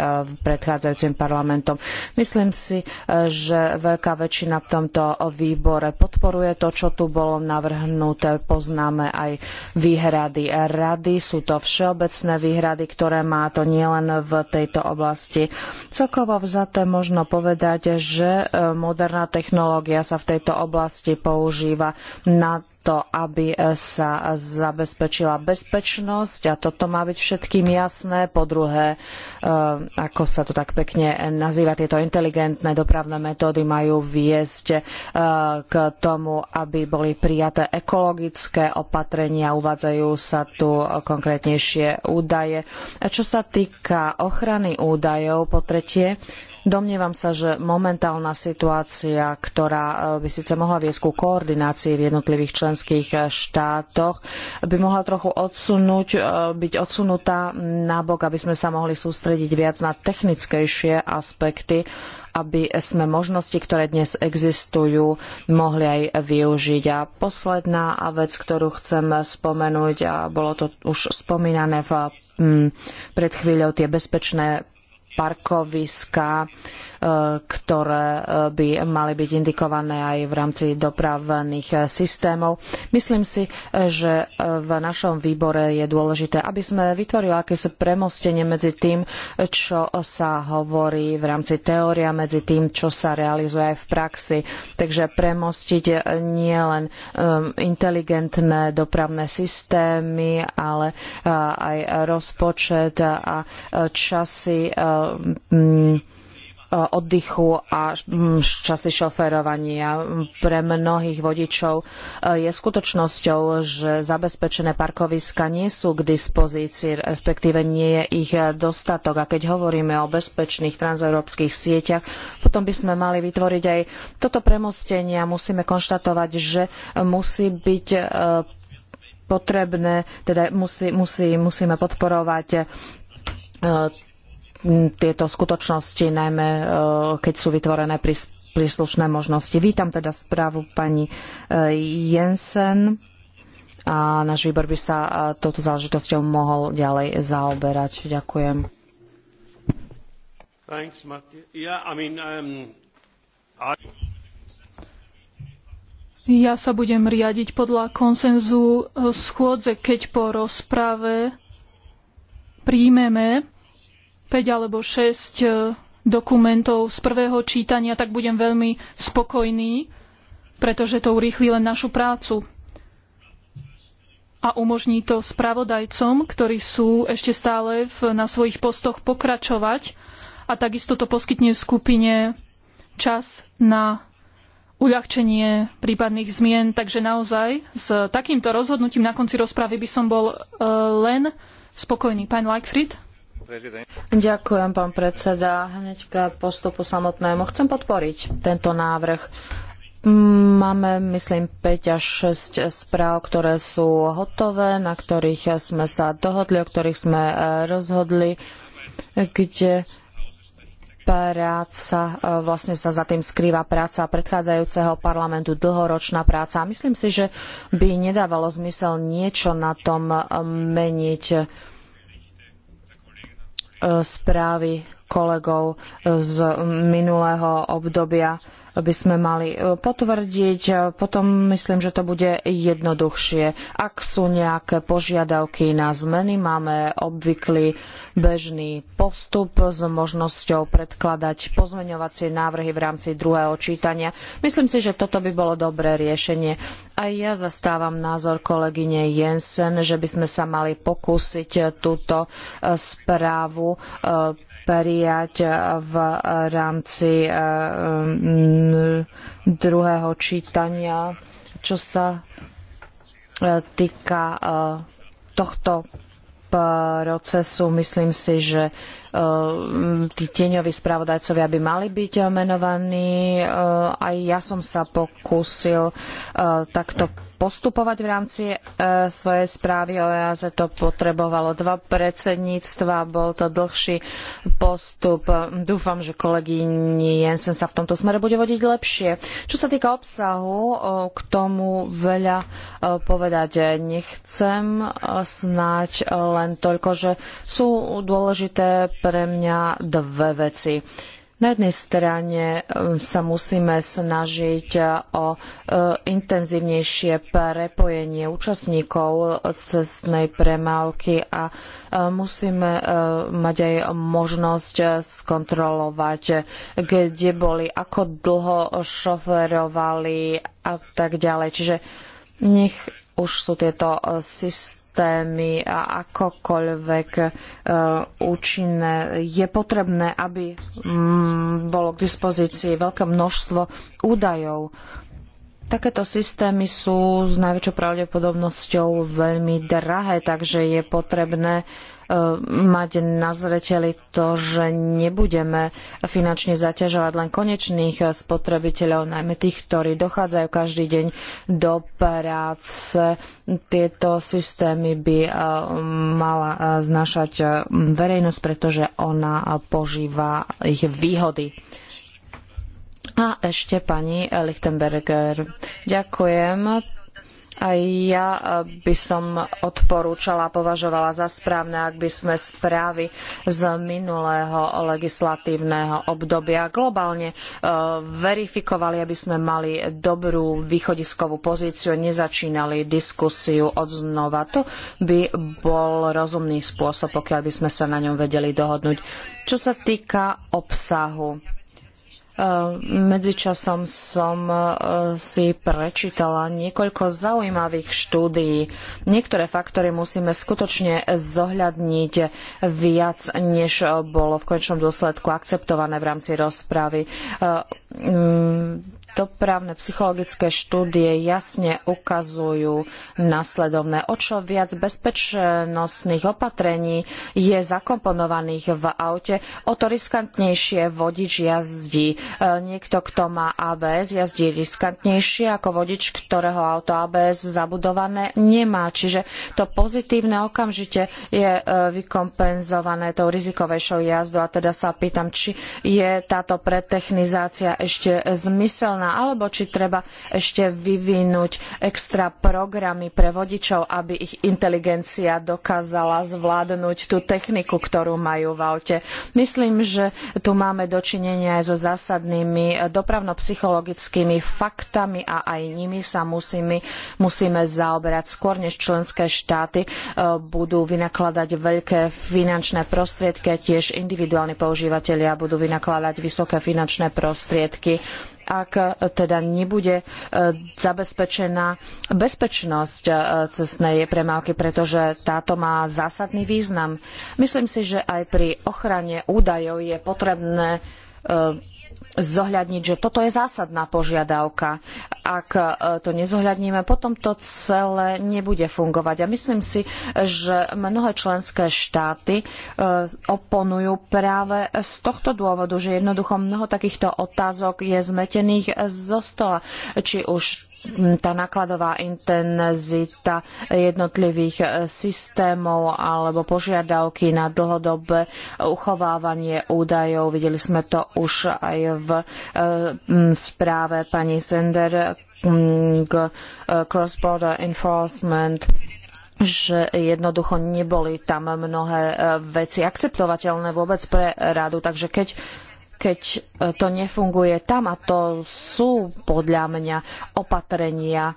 predchádzajúcim parlamentom. Myslím si, že veľká väčšina v tomto výbore podporuje podporuje to, čo tu bolo navrhnuté. Poznáme aj výhrady rady. Sú to všeobecné výhrady, ktoré má to nielen v tejto oblasti. Celkovo vzaté možno povedať, že e, moderná technológia sa v tejto oblasti používa na to, aby e, sa zabezpečila bezpečnosť a toto má byť všetkým jasné. Po druhé, e, ako sa to tak pekne nazýva, tieto inteligentné dopravné metódy majú viesť e, k tomu, aby boli prijaté ekologické opatrenia, uvádzajú sa tu konkrétnejšie údaje. A čo sa týka ochrany údajov, po tretie, Domnievam sa, že momentálna situácia, ktorá e, by síce mohla viesť ku koordinácii v jednotlivých členských e, štátoch, by mohla trochu odsunúť, e, byť odsunutá nabok, aby sme sa mohli sústrediť viac na technickejšie aspekty aby sme možnosti, ktoré dnes existujú, mohli aj využiť. A posledná vec, ktorú chcem spomenúť, a bolo to už spomínané v, pred chvíľou, tie bezpečné parkoviska ktoré eh, by mali byť indikované aj v rámci dopravných eh, systémov. Myslím si, eh, že v našom výbore je dôležité, aby sme vytvorili akési premostenie medzi tým, čo sa hovorí v rámci teórie a medzi tým, čo sa realizuje aj v praxi. Takže premostiť nielen inteligentné dopravné systémy, ale aj rozpočet a časy Eh, oddychu a časy šoferovania. Pre mnohých vodičov eh, je skutočnosťou, že zabezpečené parkoviska nie sú k dispozícii, respektíve nie je ich eh, dostatok. A keď hovoríme o bezpečných transeurópskych sieťach, potom by sme mali vytvoriť aj toto premostenie a musíme konštatovať, že musí byť potrebné, teda musí, musí, musíme podporovať tieto skutočnosti, najmä e, keď sú vytvorené príslušné možnosti. Vítam teda správu pani e, Jensen a náš výbor by sa e, touto záležitosťou mohol ďalej zaoberať. Ďakujem. Thanks, yeah, I mean, um, I... Ja sa budem riadiť podľa konsenzu schôdze, keď po rozprave príjmeme 5 alebo 6 e, dokumentov z prvého čítania, tak budem veľmi spokojný, pretože to urýchli len našu prácu a umožní to spravodajcom, ktorí sú ešte stále v, na svojich postoch pokračovať a takisto to poskytne skupine čas na uľahčenie prípadných zmien. Takže naozaj s takýmto rozhodnutím na konci rozpravy by som bol uh, len spokojný. Pán Leichfried? Ďakujem, pán predseda. Hneď k postupu samotnému. Chcem podporiť tento návrh. Máme, myslím, 5 až 6 správ, ktoré sú hotové, na ktorých sme sa dohodli, o ktorých sme e, rozhodli, kde práca, e, vlastne sa za tým skrýva práca predchádzajúceho parlamentu, dlhoročná práca. Myslím si, že by nedávalo zmysel niečo na tom e, meniť E, správy kolegov z minulého obdobia by sme mali e, potvrdiť. E, Potom myslím, že to bude jednoduchšie. Ak sú nejaké požiadavky na zmeny, máme obvyklý bežný postup s možnosťou predkladať pozmeňovacie návrhy v rámci druhého čítania. Myslím si, že toto by bolo dobré riešenie. Aj ja zastávam názor kolegyne Jensen, že by sme sa mali pokúsiť túto e, správu prijať e, v rámci e, druhého čítania, čo sa e, týka tohto procesu. Myslím si, že tí tieňoví spravodajcovia by mali byť menovaní. Aj ja som sa pokúsil takto postupovať v rámci e, svojej správy. O EAZ to potrebovalo dva predsedníctva, bol to dlhší postup. Dúfam, že kolegyni Jensen sa v tomto smere bude vodiť lepšie. Čo sa týka obsahu, e, k tomu veľa e, povedať nechcem, e, snáď len toľko, že sú dôležité pre mňa dve veci. Na jednej strane um, sa musíme snažiť uh, o uh, intenzívnejšie prepojenie účastníkov cestnej premávky a uh, musíme mať aj možnosť skontrolovať, kde boli, ako dlho šoferovali a tak ďalej. Čiže nech už sú tieto systémy systémy a akokoľvek e, účinné. Je potrebné, aby mm, bolo k dispozícii veľké množstvo údajov. Takéto systémy sú s najväčšou pravdepodobnosťou veľmi drahé, takže je potrebné uh, mať na zreteli to, že nebudeme finančne zaťažovať len konečných spotrebiteľov, najmä tých, ktorí dochádzajú každý deň do práce. Tieto systémy by e, mala e, znašať e, verejnosť, pretože ona požíva ich výhody. A ešte pani Lichtenberger. Ďakujem aj ja eh, by som odporúčala a považovala za správne, ak by sme správy z minulého legislatívneho obdobia globálne eh, verifikovali, aby sme mali dobrú východiskovú pozíciu, nezačínali diskusiu od znova. To by bol rozumný spôsob, pokiaľ by sme sa na ňom vedeli dohodnúť. Čo sa týka obsahu, Ehm, medzičasom som eh, si prečítala niekoľko zaujímavých štúdií. Niektoré faktory musíme skutočne zohľadniť viac, než bolo v konečnom dôsledku akceptované v rámci rozpravy ehm, dopravné psychologické štúdie jasne ukazujú nasledovné. O čo viac bezpečnostných opatrení je zakomponovaných v aute, o to riskantnejšie vodič jazdí. E, niekto, kto má ABS, jazdí riskantnejšie ako vodič, ktorého auto ABS zabudované nemá. Čiže to pozitívne okamžite je e, vykompenzované tou rizikovejšou jazdou. A teda sa pýtam, či je táto pretechnizácia ešte zmyselná plná, alebo či treba ešte vyvinúť extra programy pre vodičov, aby ich inteligencia dokázala zvládnuť tú techniku, ktorú majú v aute. Myslím, že tu máme dočinenia aj so zásadnými dopravno-psychologickými faktami a aj nimi sa musíme, musíme zaoberať skôr, než členské štáty e, budú vynakladať veľké finančné prostriedky a tiež individuálni používateľia budú vynakladať vysoké finančné prostriedky ak eh, teda nebude eh, zabezpečená bezpečnosť eh, cestnej premávky, pretože táto má zásadný význam. Myslím si, že aj pri ochrane údajov je potrebné zohľadniť, že toto je zásadná požiadavka. Ak e, to nezohľadníme, potom to celé nebude fungovať. A myslím si, že mnohé členské štáty e, oponujú práve z tohto dôvodu, že jednoducho mnoho takýchto otázok je zmetených zo stola. Či už tá nákladová intenzita jednotlivých e, systémov alebo požiadavky na dlhodobé uchovávanie údajov. Videli sme to už aj v e, správe pani Sender k e, Cross-Border Enforcement že jednoducho neboli tam mnohé veci akceptovateľné vôbec pre radu. Takže keď keď e, to nefunguje tam, a to sú podľa mňa opatrenia e,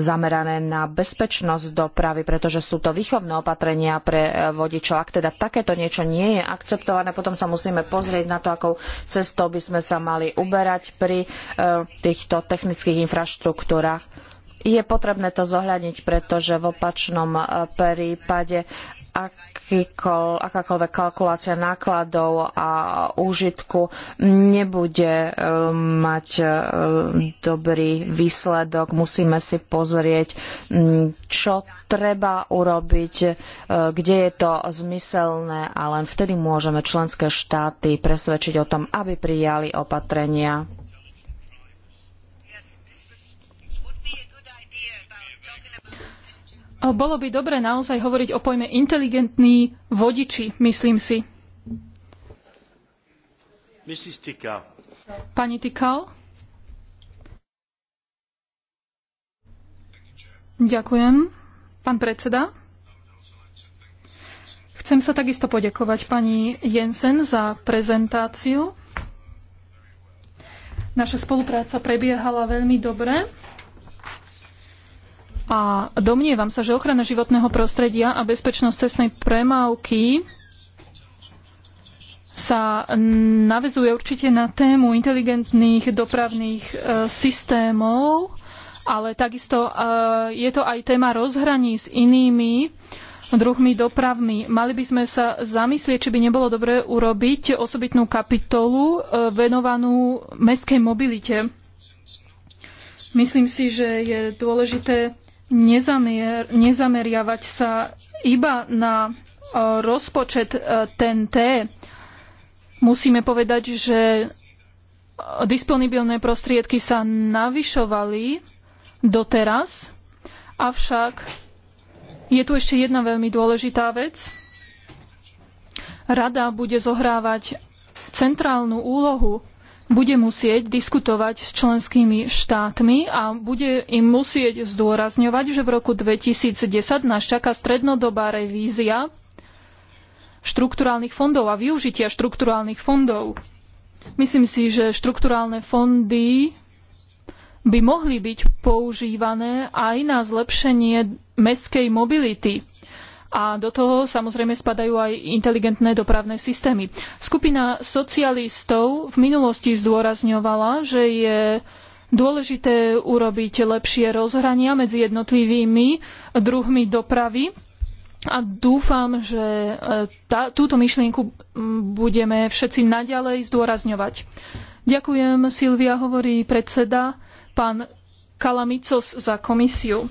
zamerané na bezpečnosť dopravy, pretože sú to výchovné opatrenia pre e, vodičov. Ak teda takéto niečo nie je akceptované, potom sa musíme pozrieť na to, akou cestou by sme sa mali uberať pri týchto technických infraštruktúrach je potrebné to zohľadniť, pretože v opačnom prípade akákoľvek kalkulácia nákladov a úžitku nebude eh, mať eh, dobrý výsledok. Musíme si pozrieť, mm, čo treba urobiť, eh, kde je to zmyselné a len vtedy môžeme členské štáty presvedčiť o tom, aby prijali opatrenia. Bolo by dobre naozaj hovoriť o pojme inteligentní vodiči, myslím si. Pani Tikal? Ďakujem. Pán predseda? Chcem sa takisto podekovať pani Jensen za prezentáciu. Naša spolupráca prebiehala veľmi dobre. A domnievam sa, že ochrana životného prostredia a bezpečnosť cestnej premávky sa navezuje určite na tému inteligentných dopravných e, systémov, ale takisto e, je to aj téma rozhraní s inými druhmi dopravmi. Mali by sme sa zamyslieť, či by nebolo dobré urobiť osobitnú kapitolu e, venovanú mestskej mobilite. Myslím si, že je dôležité nezamier, nezameriavať sa iba na rozpočet TNT. E, Musíme povedať, že e, disponibilné prostriedky sa navyšovali doteraz, avšak je tu ešte jedna veľmi dôležitá vec. Rada bude zohrávať centrálnu úlohu bude musieť diskutovať s členskými štátmi a bude im musieť zdôrazňovať, že v roku 2010 nás čaká strednodobá revízia štrukturálnych fondov a využitia štrukturálnych fondov. Myslím si, že štrukturálne fondy by mohli byť používané aj na zlepšenie mestskej mobility a do toho samozrejme spadajú aj inteligentné dopravné systémy. Skupina socialistov v minulosti zdôrazňovala, že je dôležité urobiť lepšie rozhrania medzi jednotlivými druhmi dopravy a dúfam, že e, tá, túto myšlienku budeme všetci naďalej zdôrazňovať. Ďakujem, Silvia, hovorí predseda, pán Kalamicos za komisiu.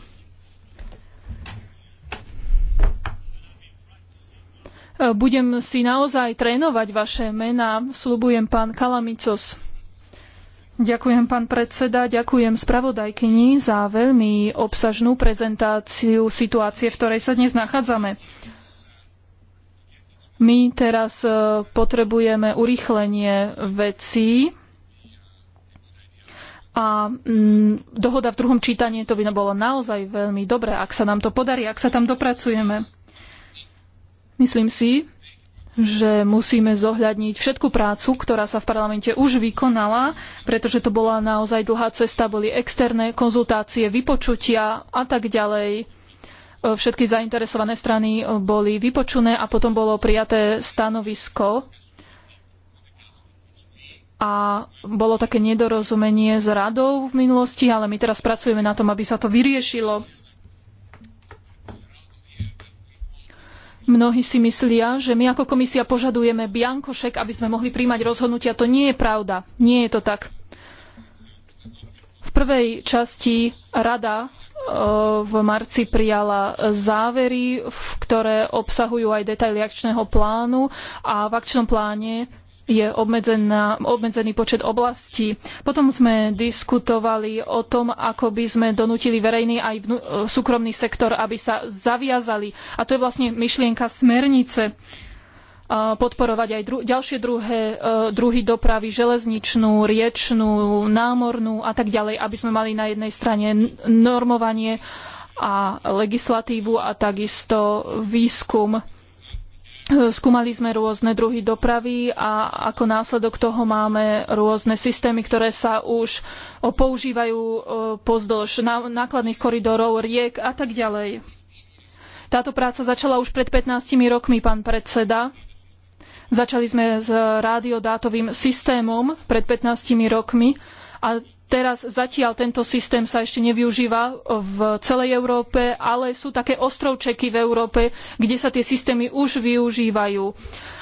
Eh, budem si naozaj trénovať vaše mená, slubujem pán Kalamicos. Ďakujem, pán predseda, ďakujem spravodajkyni za veľmi obsažnú prezentáciu situácie, v ktorej sa dnes nachádzame. My teraz eh, potrebujeme urýchlenie vecí a mm, dohoda v druhom čítaní to by bolo naozaj veľmi dobré, ak sa nám to podarí, ak sa tam dopracujeme. Myslím si, že musíme zohľadniť všetku prácu, ktorá sa v parlamente už vykonala, pretože to bola naozaj dlhá cesta, boli externé konzultácie, vypočutia a tak ďalej. Všetky zainteresované strany boli vypočuné a potom bolo prijaté stanovisko a bolo také nedorozumenie s radou v minulosti, ale my teraz pracujeme na tom, aby sa to vyriešilo. Mnohí si myslia, že my ako komisia požadujeme biankošek, aby sme mohli príjmať rozhodnutia. To nie je pravda. Nie je to tak. V prvej časti rada e, v marci prijala závery, ktoré obsahujú aj detaily akčného plánu a v akčnom pláne je obmedzená, obmedzený počet oblastí. Potom sme diskutovali o tom, ako by sme donútili verejný aj vnú, e, súkromný sektor, aby sa zaviazali. A to je vlastne myšlienka smernice e, podporovať aj dru ďalšie druhé, e, druhy dopravy, železničnú, riečnú, námornú a tak ďalej, aby sme mali na jednej strane normovanie a legislatívu a takisto výskum Skúmali sme rôzne druhy dopravy a ako následok toho máme rôzne systémy, ktoré sa už používajú pozdĺž nákladných koridorov, riek a tak ďalej. Táto práca začala už pred 15 rokmi, pán predseda. Začali sme s rádiodátovým systémom pred 15 rokmi a Teraz zatiaľ tento systém sa ešte nevyužíva v celej Európe, ale sú také ostrovčeky v Európe, kde sa tie systémy už využívajú.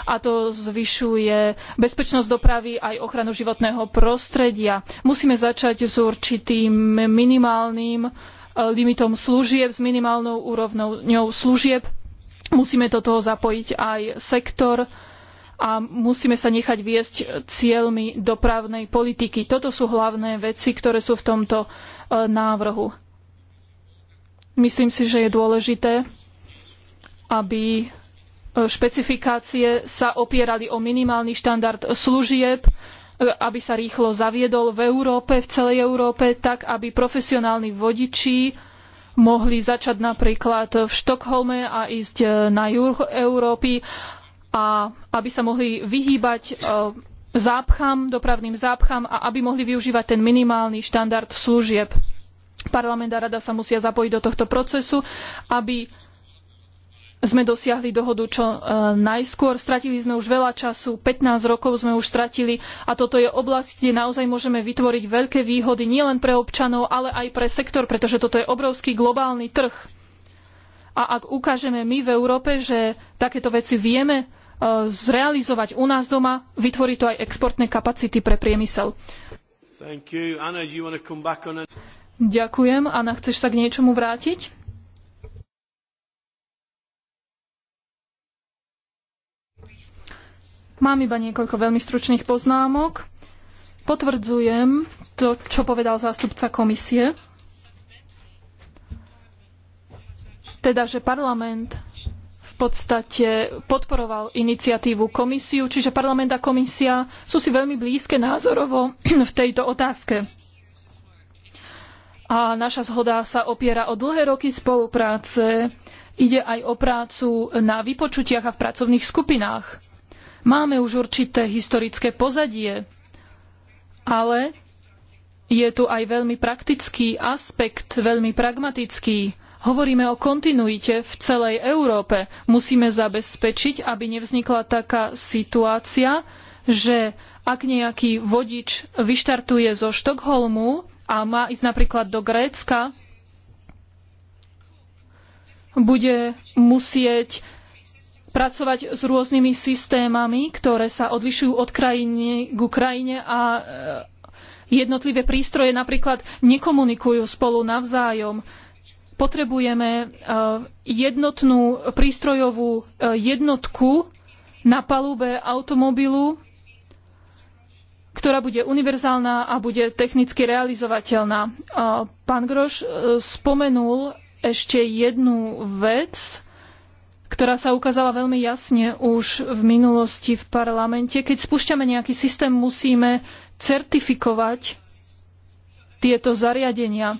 A to zvyšuje bezpečnosť dopravy aj ochranu životného prostredia. Musíme začať s určitým minimálnym eh, limitom služieb, s minimálnou úrovňou služieb. Musíme do toho zapojiť aj sektor a musíme sa nechať viesť cieľmi dopravnej politiky. Toto sú hlavné veci, ktoré sú v tomto e, návrhu. Myslím si, že je dôležité, aby e, špecifikácie sa opierali o minimálny štandard služieb, e, aby sa rýchlo zaviedol v Európe, v celej Európe, tak aby profesionálni vodiči mohli začať napríklad v Štokholme a ísť na juh Európy a aby sa mohli vyhýbať e, zápcham, dopravným zápcham a aby mohli využívať ten minimálny štandard služieb. Parlament a rada sa musia zapojiť do tohto procesu, aby sme dosiahli dohodu čo e, najskôr. Stratili sme už veľa času, 15 rokov sme už stratili a toto je oblasť, kde naozaj môžeme vytvoriť veľké výhody nielen pre občanov, ale aj pre sektor, pretože toto je obrovský globálny trh. A ak ukážeme my v Európe, že takéto veci vieme Eh, zrealizovať u nás doma, vytvorí to aj exportné kapacity pre priemysel. Anna, on... Ďakujem. Anna, chceš sa k niečomu vrátiť? Mám iba niekoľko veľmi stručných poznámok. Potvrdzujem to, čo povedal zástupca komisie. Teda, že parlament podstate podporoval iniciatívu komisiu, čiže parlament a komisia sú si veľmi blízke názorovo v tejto otázke. A naša zhoda sa opiera o dlhé roky spolupráce. Ide aj o prácu na vypočutiach a v pracovných skupinách. Máme už určité historické pozadie, ale je tu aj veľmi praktický aspekt, veľmi pragmatický Hovoríme o kontinuite v celej Európe. Musíme zabezpečiť, aby nevznikla taká situácia, že ak nejaký vodič vyštartuje zo Štokholmu a má ísť napríklad do Grécka, bude musieť pracovať s rôznymi systémami, ktoré sa odlišujú od krajiny k krajine a e, jednotlivé prístroje napríklad nekomunikujú spolu navzájom. Potrebujeme e, jednotnú prístrojovú e, jednotku na palube automobilu, ktorá bude univerzálna a bude technicky realizovateľná. E, pán Groš spomenul ešte jednu vec, ktorá sa ukázala veľmi jasne už v minulosti v parlamente. Keď spúšťame nejaký systém, musíme certifikovať tieto zariadenia.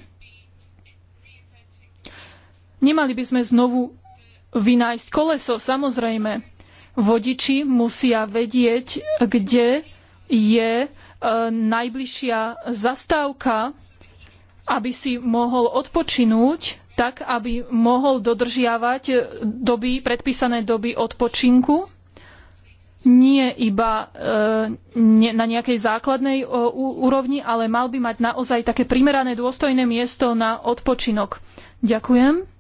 Nemali by sme znovu vynájsť koleso, samozrejme. Vodiči musia vedieť, kde je e, najbližšia zastávka, aby si mohol odpočinúť tak, aby mohol dodržiavať e, doby, predpísané doby odpočinku, nie iba e, na nejakej základnej úrovni, ale mal by mať naozaj také primerané dôstojné miesto na odpočinok. Ďakujem.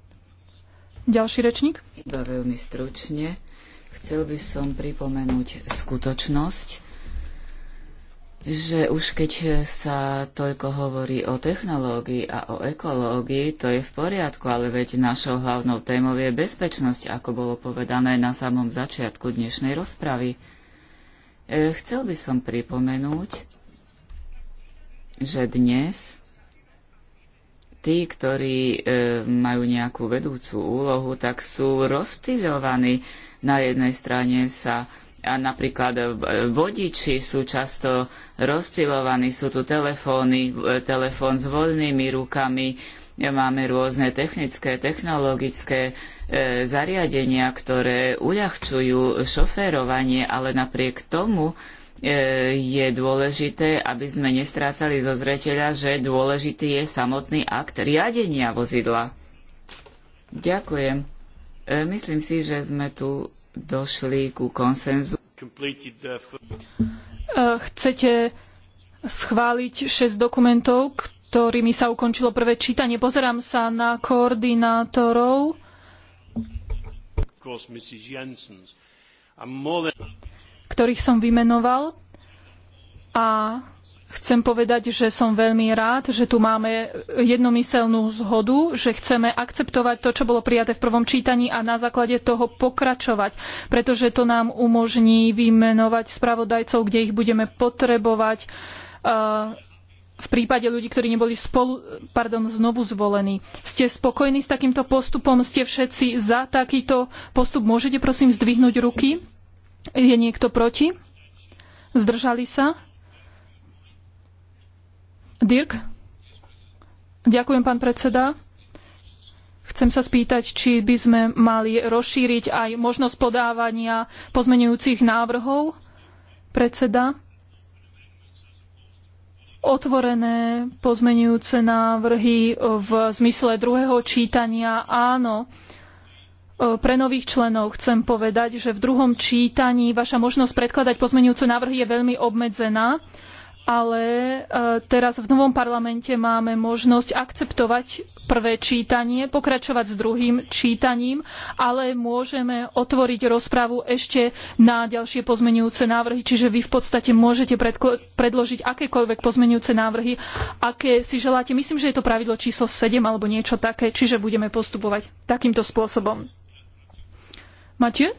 Ďalší rečník? Iba veľmi stručne. Chcel by som pripomenúť skutočnosť, že už keď sa toľko hovorí o technológii a o ekológii, to je v poriadku, ale veď našou hlavnou témou je bezpečnosť, ako bolo povedané na samom začiatku dnešnej rozpravy. E, chcel by som pripomenúť, že dnes tí, ktorí e, majú nejakú vedúcu úlohu, tak sú rozptýľovaní. Na jednej strane sa a napríklad e, vodiči sú často rozptýľovaní, sú tu telefóny, e, telefón s voľnými rukami, e, máme rôzne technické, technologické e, zariadenia, ktoré uľahčujú šoférovanie, ale napriek tomu E, je dôležité, aby sme nestrácali zo zreteľa, že dôležitý je samotný akt riadenia vozidla. Ďakujem. E, myslím si, že sme tu došli ku konsenzu. E, chcete schváliť 6 dokumentov, ktorými sa ukončilo prvé čítanie. Pozerám sa na koordinátorov. Of course, Mrs. Jensen's. I'm more than ktorých som vymenoval. A chcem povedať, že som veľmi rád, že tu máme jednomyseľnú zhodu, že chceme akceptovať to, čo bolo prijaté v prvom čítaní a na základe toho pokračovať, pretože to nám umožní vymenovať spravodajcov, kde ich budeme potrebovať v prípade ľudí, ktorí neboli spolu, pardon, znovu zvolení. Ste spokojní s takýmto postupom? Ste všetci za takýto postup? Môžete prosím zdvihnúť ruky? Je niekto proti? Zdržali sa? Dirk? Ďakujem, pán predseda. Chcem sa spýtať, či by sme mali rozšíriť aj možnosť podávania pozmenujúcich návrhov predseda. Otvorené pozmenujúce návrhy v zmysle druhého čítania áno. E, pre nových členov chcem povedať, že v druhom čítaní vaša možnosť predkladať pozmenujúce návrhy je veľmi obmedzená, ale e, teraz v novom parlamente máme možnosť akceptovať prvé čítanie, pokračovať s druhým čítaním, ale môžeme otvoriť rozpravu ešte na ďalšie pozmeňujúce návrhy, čiže vy v podstate môžete predložiť akékoľvek pozmeňujúce návrhy, aké si želáte. Myslím, že je to pravidlo číslo 7 alebo niečo také, čiže budeme postupovať takýmto spôsobom. Mathieu?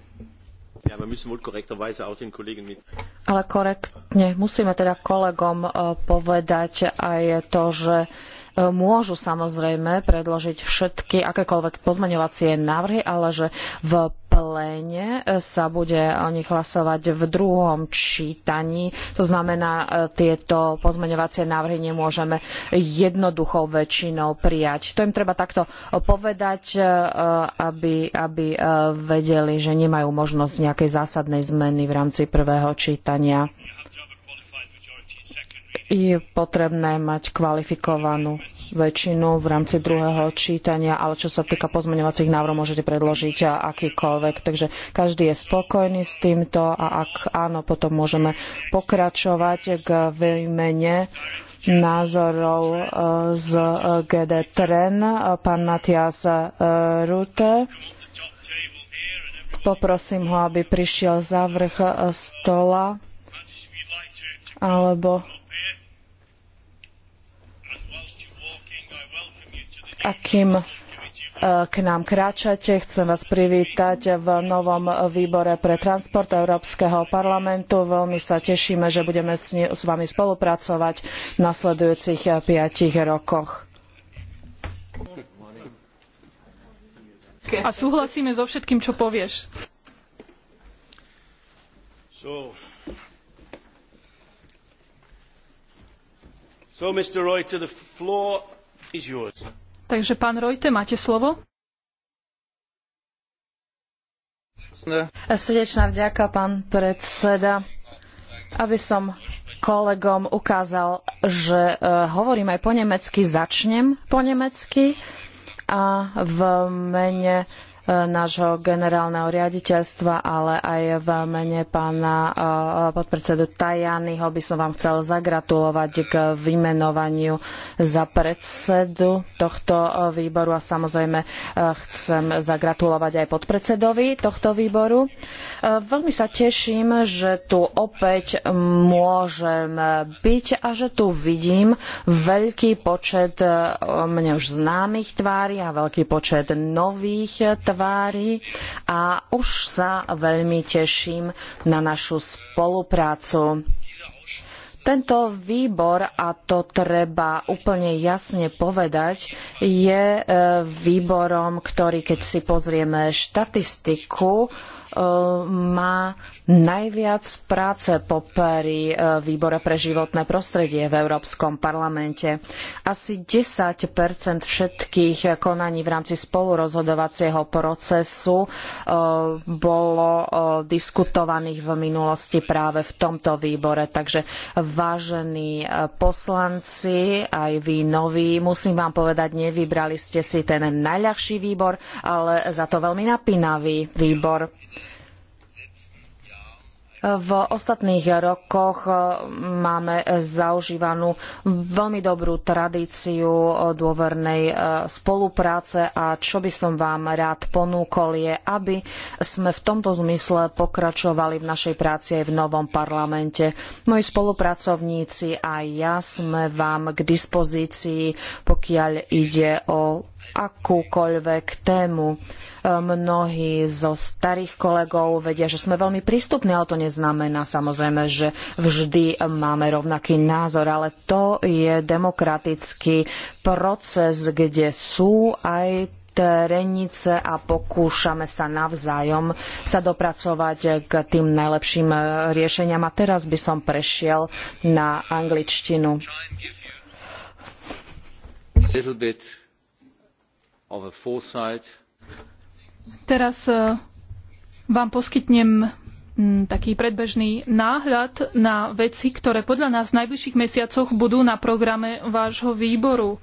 Ale korektne musíme teda kolegom e, povedať aj to, že e, môžu samozrejme predložiť všetky akékoľvek pozmaňovacie návrhy, ale že v pléne e, sa bude o nich hlasovať v druhom čítaní. To znamená, e, tieto pozmeňovacie návrhy nemôžeme jednoduchou väčšinou prijať. To im treba takto povedať, e, aby, aby vedeli, že nemajú možnosť nejakej zásadnej zmeny v rámci prvého čítania je potrebné mať kvalifikovanú väčšinu v rámci druhého čítania, ale čo sa týka pozmeňovacích návrhov, môžete predložiť akýkoľvek. Takže každý je spokojný s týmto a ak áno, potom môžeme pokračovať k výmene názorov e, z GD Tren, e, pán Matias e, Rute. Poprosím ho, aby prišiel za vrch stola alebo kým e, k nám kráčate. Chcem vás privítať v novom výbore pre transport Európskeho parlamentu. Veľmi sa tešíme, že budeme s, vami spolupracovať v nasledujúcich e, piatich rokoch. A súhlasíme so všetkým, čo povieš. So, so Mr. Reuter, the floor is yours. Takže pán Rojte, máte slovo. Srdečná vďaka, pán predseda. Aby som kolegom ukázal, že e, hovorím aj po nemecky, začnem po nemecky a v mene nášho generálneho riaditeľstva, ale aj v mene pána eh, podpredsedu Tajanyho by som vám chcel zagratulovať k vymenovaniu za predsedu tohto eh, výboru a samozrejme eh, chcem zagratulovať aj podpredsedovi tohto výboru. Veľmi sa teším, že tu opäť môžem byť a že tu vidím veľký počet mne už známych tvári a veľký počet nových tvári tvári a už sa veľmi teším na našu spoluprácu. Tento výbor, a to treba úplne jasne povedať, je e, výborom, ktorý, keď si pozrieme štatistiku, E, má najviac práce popri e, výbore pre životné prostredie v Európskom parlamente. Asi 10 všetkých konaní v rámci spolurozhodovacieho procesu e, bolo diskutovaných v minulosti práve v tomto výbore. Takže vážení poslanci, aj vy noví, musím vám povedať, nevybrali ste si ten najľahší výbor, ale za to veľmi napínavý výbor. V ostatných rokoch e, máme zaužívanú veľmi dobrú tradíciu e, dôvernej e, spolupráce a čo by som vám rád ponúkol je, aby sme v tomto zmysle pokračovali v našej práci aj v novom parlamente. Moji spolupracovníci a ja sme vám k dispozícii, pokiaľ ide o akúkoľvek tému. Mnohí zo starých kolegov vedia, že sme veľmi prístupní, ale to neznamená samozrejme, že vždy máme rovnaký názor, ale to je demokratický proces, kde sú aj trenice a pokúšame sa navzájom sa dopracovať k tým najlepším riešeniam. A teraz by som prešiel na angličtinu. A little bit of a foresight Teraz e, vám poskytnem taký predbežný náhľad na veci, ktoré podľa nás v najbližších mesiacoch budú na programe vášho výboru.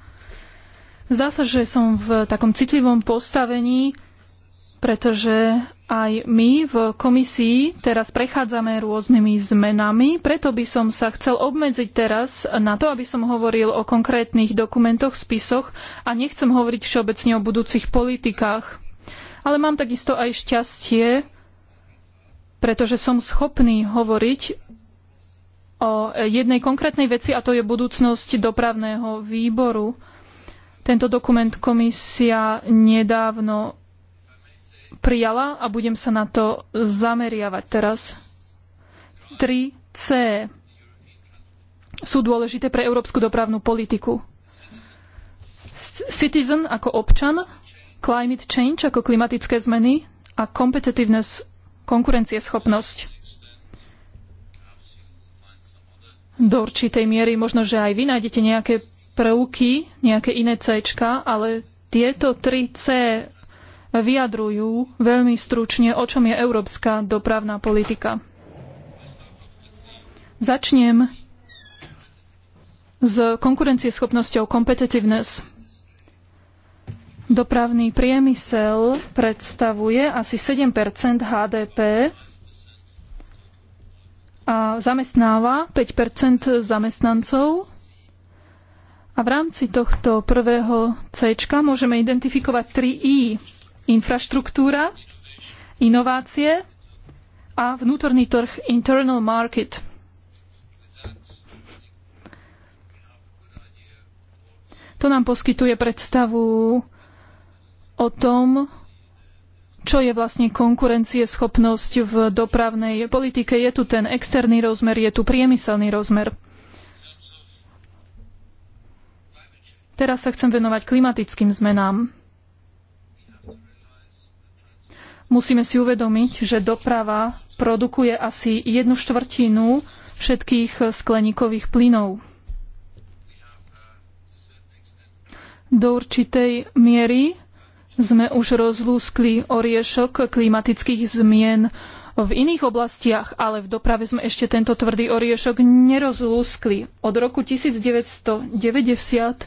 Zdá sa, že som v takom citlivom postavení, pretože aj my v komisii teraz prechádzame rôznymi zmenami, preto by som sa chcel obmedziť teraz na to, aby som hovoril o konkrétnych dokumentoch, spisoch a nechcem hovoriť všeobecne o budúcich politikách ale mám takisto aj šťastie, pretože som schopný hovoriť o jednej konkrétnej veci a to je budúcnosť dopravného výboru. Tento dokument komisia nedávno prijala a budem sa na to zameriavať teraz. 3C sú dôležité pre európsku dopravnú politiku. Citizen ako občan climate change ako klimatické zmeny a competitiveness, konkurencieschopnosť. Do určitej miery možno, že aj vy nájdete nejaké prvky, nejaké iné C, ale tieto tri C vyjadrujú veľmi stručne, o čom je európska dopravná politika. Začnem s konkurencieschopnosťou competitiveness. Dopravný priemysel predstavuje asi 7 HDP a zamestnáva 5 zamestnancov. A v rámci tohto prvého C môžeme identifikovať 3 I. Infraštruktúra, inovácie a vnútorný trh Internal Market. To nám poskytuje predstavu o tom, čo je vlastne konkurencieschopnosť v dopravnej politike. Je tu ten externý rozmer, je tu priemyselný rozmer. Teraz sa chcem venovať klimatickým zmenám. Musíme si uvedomiť, že doprava produkuje asi jednu štvrtinu všetkých skleníkových plynov. Do určitej miery sme už rozlúskli oriešok klimatických zmien v iných oblastiach, ale v doprave sme ešte tento tvrdý oriešok nerozlúskli. Od roku 1990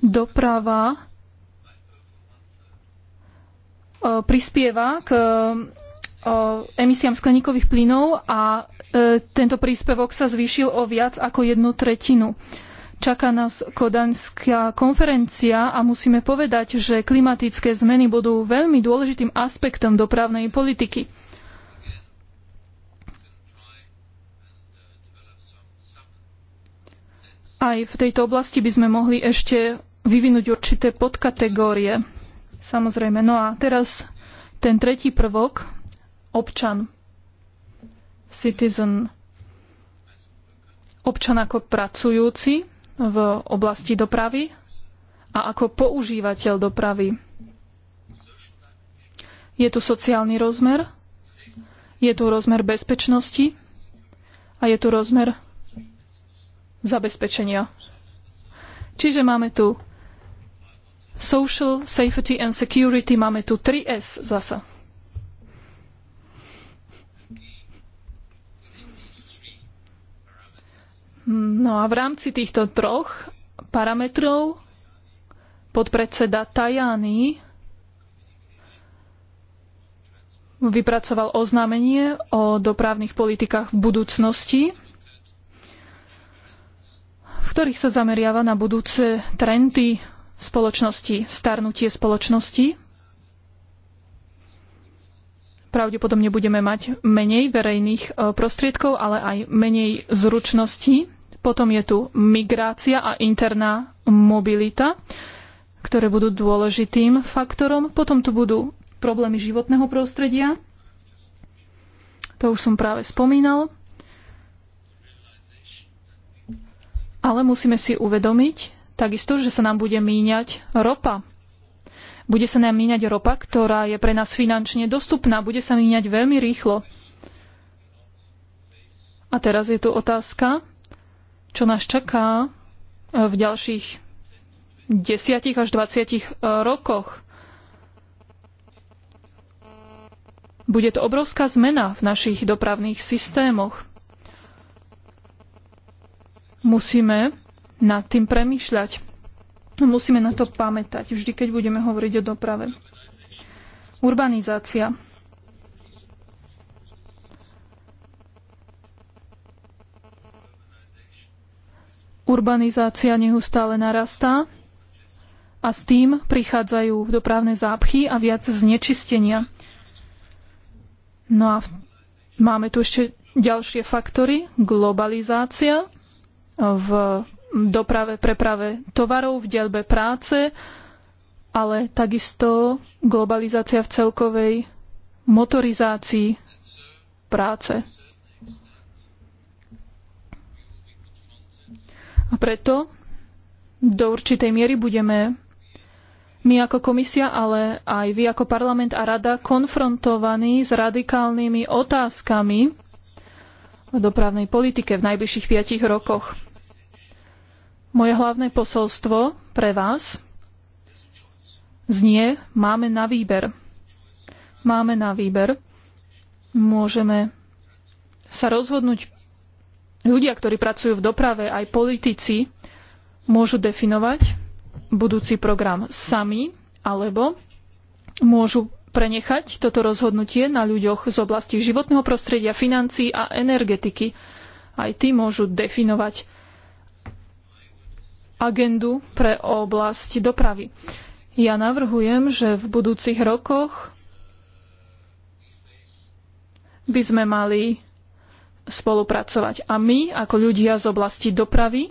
doprava e, prispieva k e, emisiám skleníkových plynov a e, tento príspevok sa zvýšil o viac ako jednu tretinu. Čaká nás kodaňská konferencia a musíme povedať, že klimatické zmeny budú veľmi dôležitým aspektom dopravnej politiky. Aj v tejto oblasti by sme mohli ešte vyvinúť určité podkategórie. Samozrejme. No a teraz ten tretí prvok, občan, citizen, občan ako pracujúci, v oblasti dopravy a ako používateľ dopravy. Je tu sociálny rozmer, je tu rozmer bezpečnosti a je tu rozmer zabezpečenia. Čiže máme tu social, safety and security, máme tu 3S zasa. No a v rámci týchto troch parametrov podpredseda Tajani vypracoval oznámenie o dopravných politikách v budúcnosti, v ktorých sa zameriava na budúce trendy spoločnosti, starnutie spoločnosti. Pravdepodobne budeme mať menej verejných e, prostriedkov, ale aj menej zručností potom je tu migrácia a interná mobilita, ktoré budú dôležitým faktorom. Potom tu budú problémy životného prostredia. To už som práve spomínal. Ale musíme si uvedomiť takisto, že sa nám bude míňať ropa. Bude sa nám míňať ropa, ktorá je pre nás finančne dostupná. Bude sa míňať veľmi rýchlo. A teraz je tu otázka, čo nás čaká e, v ďalších 10 až 20 e, rokoch. Bude to obrovská zmena v našich dopravných systémoch. Musíme nad tým premýšľať. Musíme na to pamätať, vždy keď budeme hovoriť o doprave. Urbanizácia. urbanizácia neustále narastá a s tým prichádzajú dopravné zápchy a viac znečistenia. No a máme tu ešte ďalšie faktory. Globalizácia v doprave, preprave tovarov, v delbe práce, ale takisto globalizácia v celkovej motorizácii práce. A preto do určitej miery budeme my ako komisia, ale aj vy ako parlament a rada konfrontovaní s radikálnymi otázkami v dopravnej politike v najbližších piatich rokoch. Moje hlavné posolstvo pre vás znie, máme na výber. Máme na výber. Môžeme sa rozhodnúť ľudia, ktorí pracujú v doprave, aj politici, môžu definovať budúci program sami, alebo môžu prenechať toto rozhodnutie na ľuďoch z oblasti životného prostredia, financií a energetiky. Aj tí môžu definovať agendu pre oblasť dopravy. Ja navrhujem, že v budúcich rokoch by sme mali spolupracovať. A my, ako ľudia z oblasti dopravy,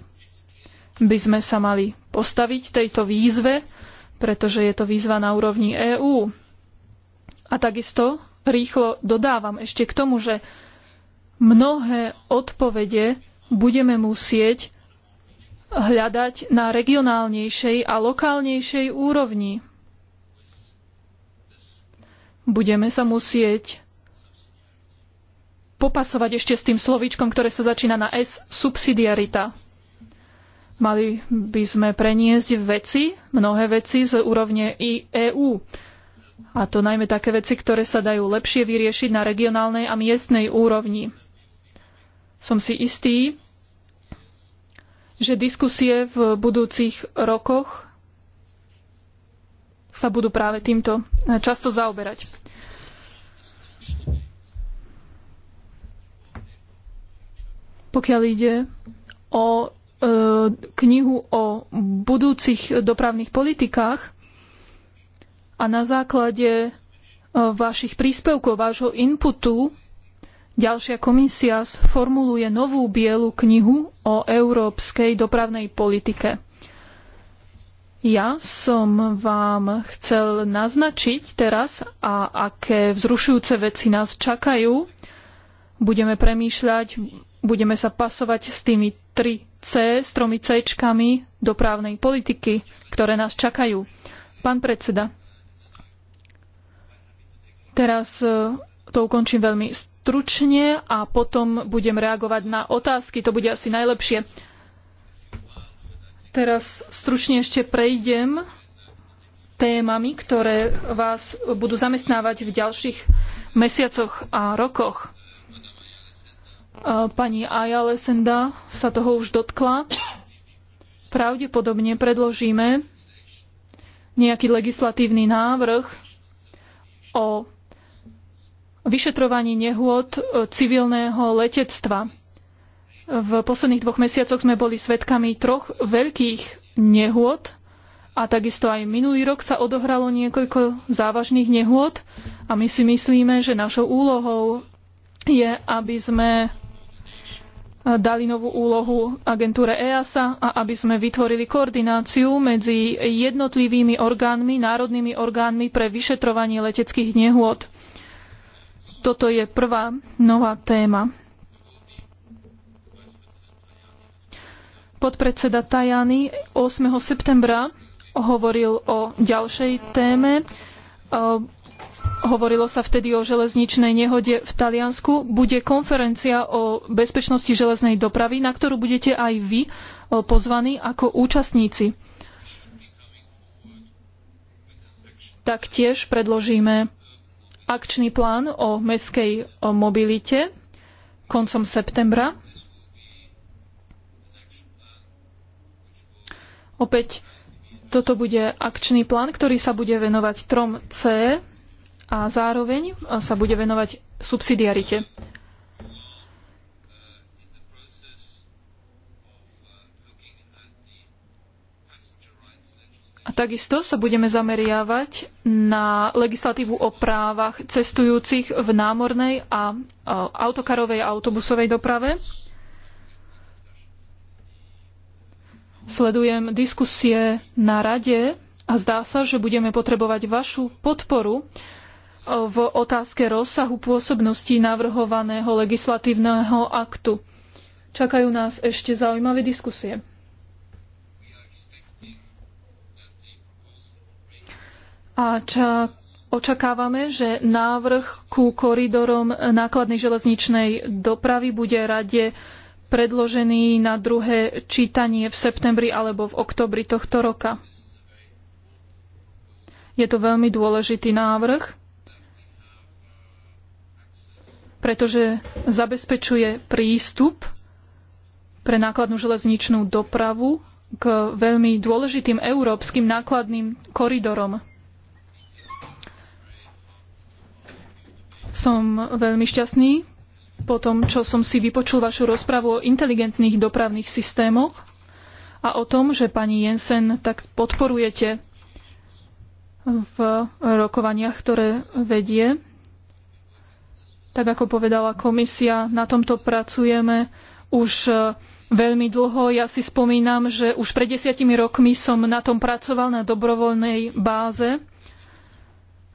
by sme sa mali postaviť tejto výzve, pretože je to výzva na úrovni EÚ. A takisto rýchlo dodávam ešte k tomu, že mnohé odpovede budeme musieť hľadať na regionálnejšej a lokálnejšej úrovni. Budeme sa musieť popasovať ešte s tým slovíčkom, ktoré sa začína na S, subsidiarita. Mali by sme preniesť veci, mnohé veci z úrovne i EÚ. A to najmä také veci, ktoré sa dajú lepšie vyriešiť na regionálnej a miestnej úrovni. Som si istý, že diskusie v budúcich rokoch sa budú práve týmto často zaoberať. pokiaľ ide o e, knihu o budúcich dopravných politikách a na základe e, vašich príspevkov, vášho inputu, ďalšia komisia sformuluje novú bielu knihu o európskej dopravnej politike. Ja som vám chcel naznačiť teraz, a aké vzrušujúce veci nás čakajú. Budeme premýšľať budeme sa pasovať s tými 3C, s tromi do dopravnej politiky, ktoré nás čakajú. Pán predseda, teraz e, to ukončím veľmi stručne a potom budem reagovať na otázky. To bude asi najlepšie. Teraz stručne ešte prejdem témami, ktoré vás budú zamestnávať v ďalších mesiacoch a rokoch. Pani Aja Lesenda sa toho už dotkla. Pravdepodobne predložíme nejaký legislatívny návrh o vyšetrovaní nehôd e, civilného letectva. V posledných dvoch mesiacoch sme boli svedkami troch veľkých nehôd a takisto aj minulý rok sa odohralo niekoľko závažných nehôd a my si myslíme, že našou úlohou je, aby sme dali novú úlohu agentúre EASA a aby sme vytvorili koordináciu medzi jednotlivými orgánmi, národnými orgánmi pre vyšetrovanie leteckých nehôd. Toto je prvá nová téma. Podpredseda Tajany 8. septembra hovoril o ďalšej téme hovorilo sa vtedy o železničnej nehode v Taliansku, bude konferencia o bezpečnosti železnej dopravy, na ktorú budete aj vy eh, pozvaní ako účastníci. Taktiež predložíme akčný plán o mestskej eh, mobilite koncom septembra. Opäť toto bude akčný plán, ktorý sa bude venovať trom C, a zároveň e, sa bude venovať subsidiarite. A takisto sa budeme zameriavať na legislatívu o právach cestujúcich v námornej a e, autokarovej a autobusovej doprave. Sledujem diskusie na rade a zdá sa, že budeme potrebovať vašu podporu, v otázke rozsahu pôsobnosti navrhovaného legislatívneho aktu. Čakajú nás ešte zaujímavé diskusie. A čak, očakávame, že návrh ku koridorom nákladnej železničnej dopravy bude rade predložený na druhé čítanie v septembri alebo v oktobri tohto roka. Je to veľmi dôležitý návrh pretože zabezpečuje prístup pre nákladnú železničnú dopravu k veľmi dôležitým európskym nákladným koridorom. Som veľmi šťastný po tom, čo som si vypočul vašu rozpravu o inteligentných dopravných systémoch a o tom, že pani Jensen tak podporujete v rokovaniach, ktoré vedie tak ako povedala komisia, na tomto pracujeme už e, veľmi dlho. Ja si spomínam, že už pred desiatimi rokmi som na tom pracoval na dobrovoľnej báze,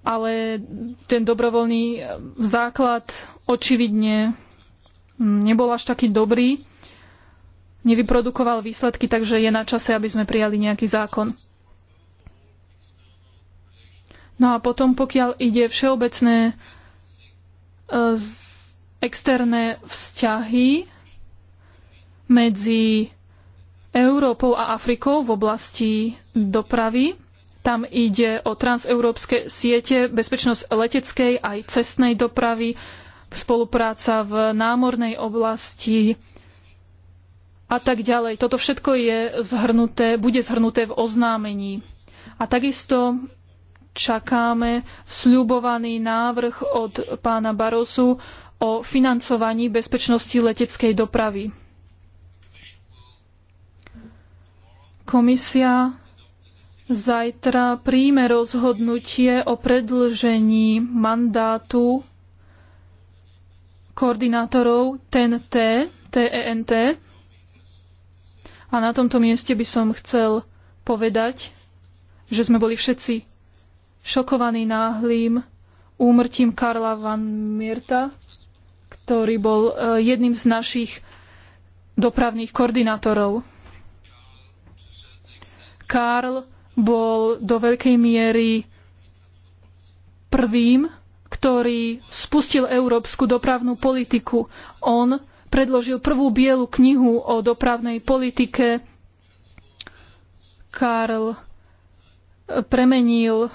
ale ten dobrovoľný e, základ očividne mm, nebol až taký dobrý, nevyprodukoval výsledky, takže je na čase, aby sme prijali nejaký zákon. No a potom, pokiaľ ide všeobecné externé vzťahy medzi Európou a Afrikou v oblasti dopravy. Tam ide o transeurópske siete, bezpečnosť leteckej aj cestnej dopravy, spolupráca v námornej oblasti a tak ďalej. Toto všetko je zhrnuté, bude zhrnuté v oznámení. A takisto čakáme sľubovaný návrh od pána Barosu o financovaní bezpečnosti leteckej dopravy. Komisia zajtra príjme rozhodnutie o predlžení mandátu koordinátorov TNT, TENT. A na tomto mieste by som chcel povedať, že sme boli všetci šokovaný náhlým úmrtím Karla van Mierta, ktorý bol e, jedným z našich dopravných koordinátorov. Karl bol do veľkej miery prvým, ktorý spustil európsku dopravnú politiku. On predložil prvú bielu knihu o dopravnej politike. Karl e, premenil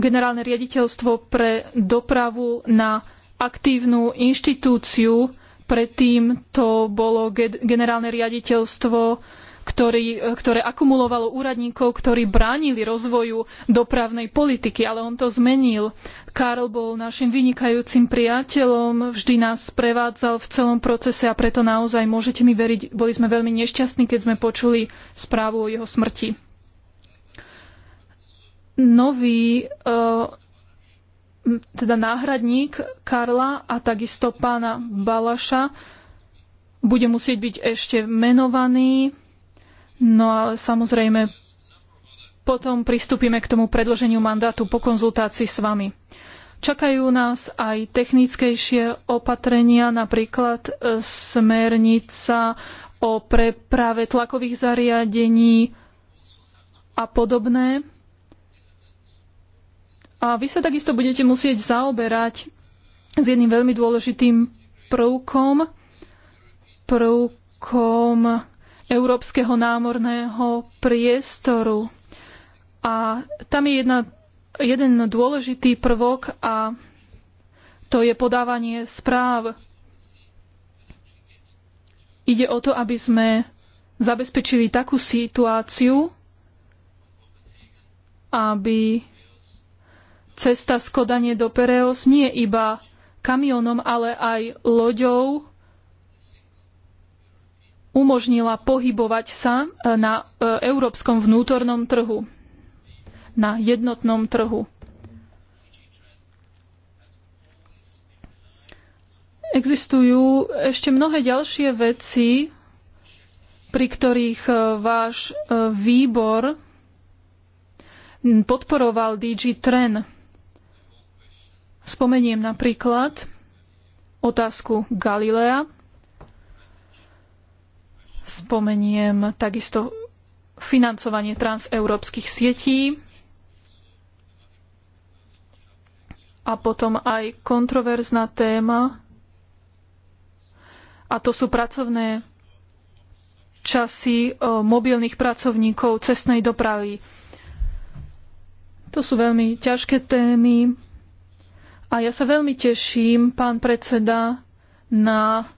generálne riaditeľstvo pre dopravu na aktívnu inštitúciu. Predtým to bolo generálne riaditeľstvo, ktorý, ktoré akumulovalo úradníkov, ktorí bránili rozvoju dopravnej politiky, ale on to zmenil. Karl bol našim vynikajúcim priateľom, vždy nás prevádzal v celom procese a preto naozaj môžete mi veriť, boli sme veľmi nešťastní, keď sme počuli správu o jeho smrti nový eh, teda náhradník Karla a takisto pána Balaša bude musieť byť ešte menovaný. No ale samozrejme potom pristúpime k tomu predloženiu mandátu po konzultácii s vami. Čakajú nás aj technickejšie opatrenia, napríklad eh, smernica o preprave tlakových zariadení a podobné. A vy sa takisto budete musieť zaoberať s jedným veľmi dôležitým prvkom, prvkom európskeho námorného priestoru. A tam je jedna, jeden dôležitý prvok a to je podávanie správ. Ide o to, aby sme zabezpečili takú situáciu, aby cesta z Kodane do Pereos nie iba kamionom, ale aj loďou umožnila pohybovať sa e, na e, európskom vnútornom trhu, na jednotnom trhu. Existujú ešte mnohé ďalšie veci, pri ktorých e, váš výbor podporoval DG trend. Spomeniem napríklad otázku Galilea. Spomeniem takisto financovanie transeurópskych sietí a potom aj kontroverzná téma a to sú pracovné časy mobilných pracovníkov cestnej dopravy. To sú veľmi ťažké témy a ja sa veľmi teším, pán predseda, na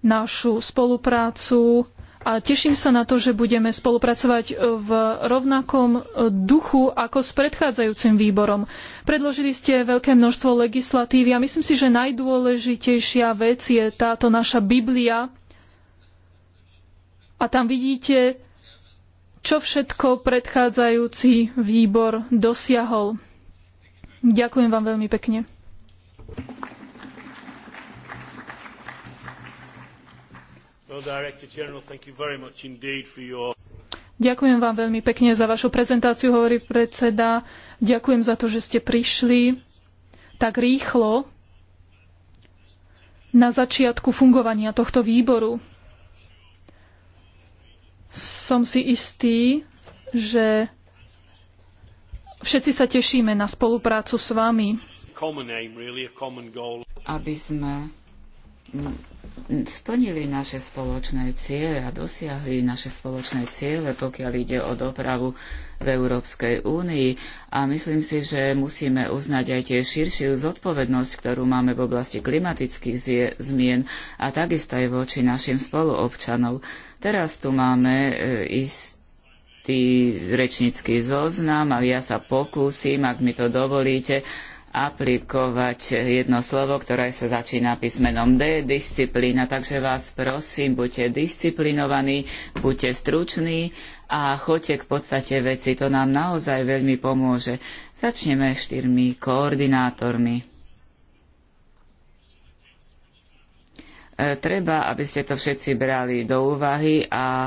našu spoluprácu a teším sa na to, že budeme spolupracovať v rovnakom duchu ako s predchádzajúcim výborom. Predložili ste veľké množstvo legislatívy a myslím si, že najdôležitejšia vec je táto naša Biblia. A tam vidíte, čo všetko predchádzajúci výbor dosiahol. Ďakujem vám veľmi pekne. Ďakujem vám veľmi pekne za vašu prezentáciu, hovorí predseda. Ďakujem za to, že ste prišli tak rýchlo na začiatku fungovania tohto výboru. Som si istý, že Všetci sa tešíme na spoluprácu s vami, aby sme splnili naše spoločné ciele a dosiahli naše spoločné ciele, pokiaľ ide o dopravu v Európskej únii. A myslím si, že musíme uznať aj tie širšiu zodpovednosť, ktorú máme v oblasti klimatických zmien a takisto aj voči našim spoluobčanov. Teraz tu máme e, istý uzavretý rečnícky zoznam, a ja sa pokúsim, ak mi to dovolíte, aplikovať jedno slovo, ktoré sa začína písmenom D, disciplína. Takže vás prosím, buďte disciplinovaní, buďte struční a choďte k podstate veci. To nám naozaj veľmi pomôže. Začneme štyrmi koordinátormi. E, treba, aby ste to všetci brali do úvahy a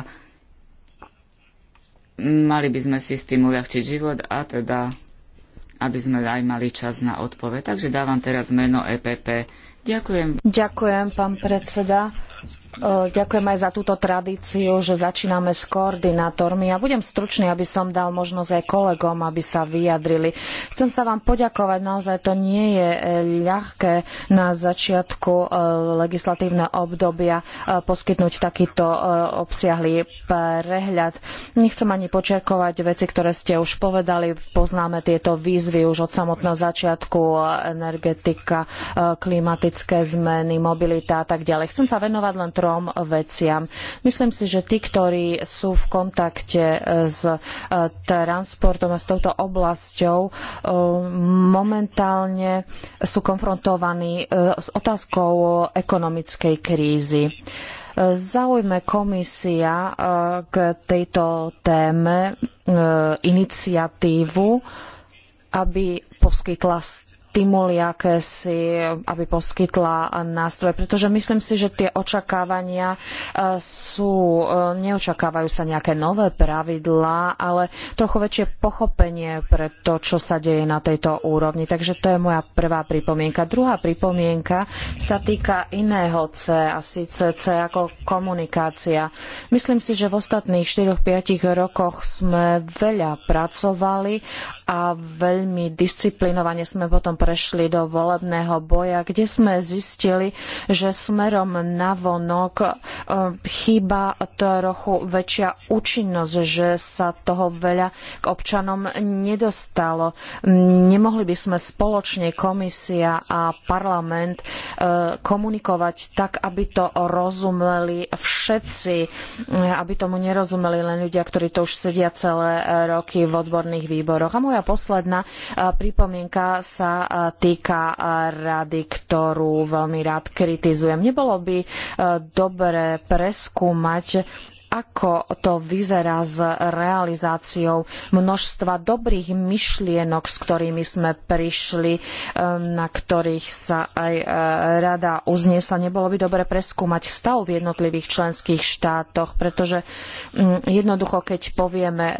Mali by sme si s tým uľahčiť život a teda, aby sme aj mali čas na odpoveď. Takže dávam teraz meno EPP. Ďakujem. Ďakujem, pán predseda. Eh, ďakujem aj za túto tradíciu, že začíname s koordinátormi. Ja budem stručný, aby som dal možnosť aj kolegom, aby sa vyjadrili. Chcem sa vám poďakovať, naozaj to nie je eh, ľahké na začiatku eh, legislatívne obdobia poskytnúť takýto obsiahly prehľad. Nechcem ani počiarkovať veci, ktoré ste už povedali. Poznáme tieto výzvy už od samotného začiatku energetika, klimatické zmeny, mobilita a tak ďalej. Chcem sa venovať len trom dobrom veciam. Myslím si, že tí, ktorí sú v kontakte s e, transportom a s touto oblasťou, e, momentálne sú konfrontovaní e, s otázkou ekonomickej krízy zaujme komisia k tejto téme iniciatívu, aby poskytla stimuly, aké si, aby poskytla nástroje, pretože myslím si, že tie očakávania e, sú, e, neočakávajú sa nejaké nové pravidlá, ale trochu väčšie pochopenie pre to, čo sa deje na tejto úrovni. Takže to je moja prvá pripomienka. Druhá pripomienka sa týka iného C a síce C ako komunikácia. Myslím si, že v ostatných 4-5 rokoch sme veľa pracovali a veľmi disciplinovane sme potom prešli do volebného boja, kde sme zistili, že smerom navonok e, chýba trochu väčšia účinnosť, že sa toho veľa k občanom nedostalo. Nemohli by sme spoločne komisia a parlament e, komunikovať tak, aby to rozumeli všetci, e, aby tomu nerozumeli len ľudia, ktorí to už sedia celé roky v odborných výboroch. A moja moja posledná e, pripomienka sa e, týka e, rady, ktorú veľmi rád kritizujem. Nebolo by dobre preskúmať ako to vyzerá s realizáciou množstva dobrých myšlienok, s ktorými sme prišli, na ktorých sa aj e, rada uzniesla. Nebolo by dobre preskúmať stav v jednotlivých členských štátoch, pretože mm, jednoducho, keď povieme, e,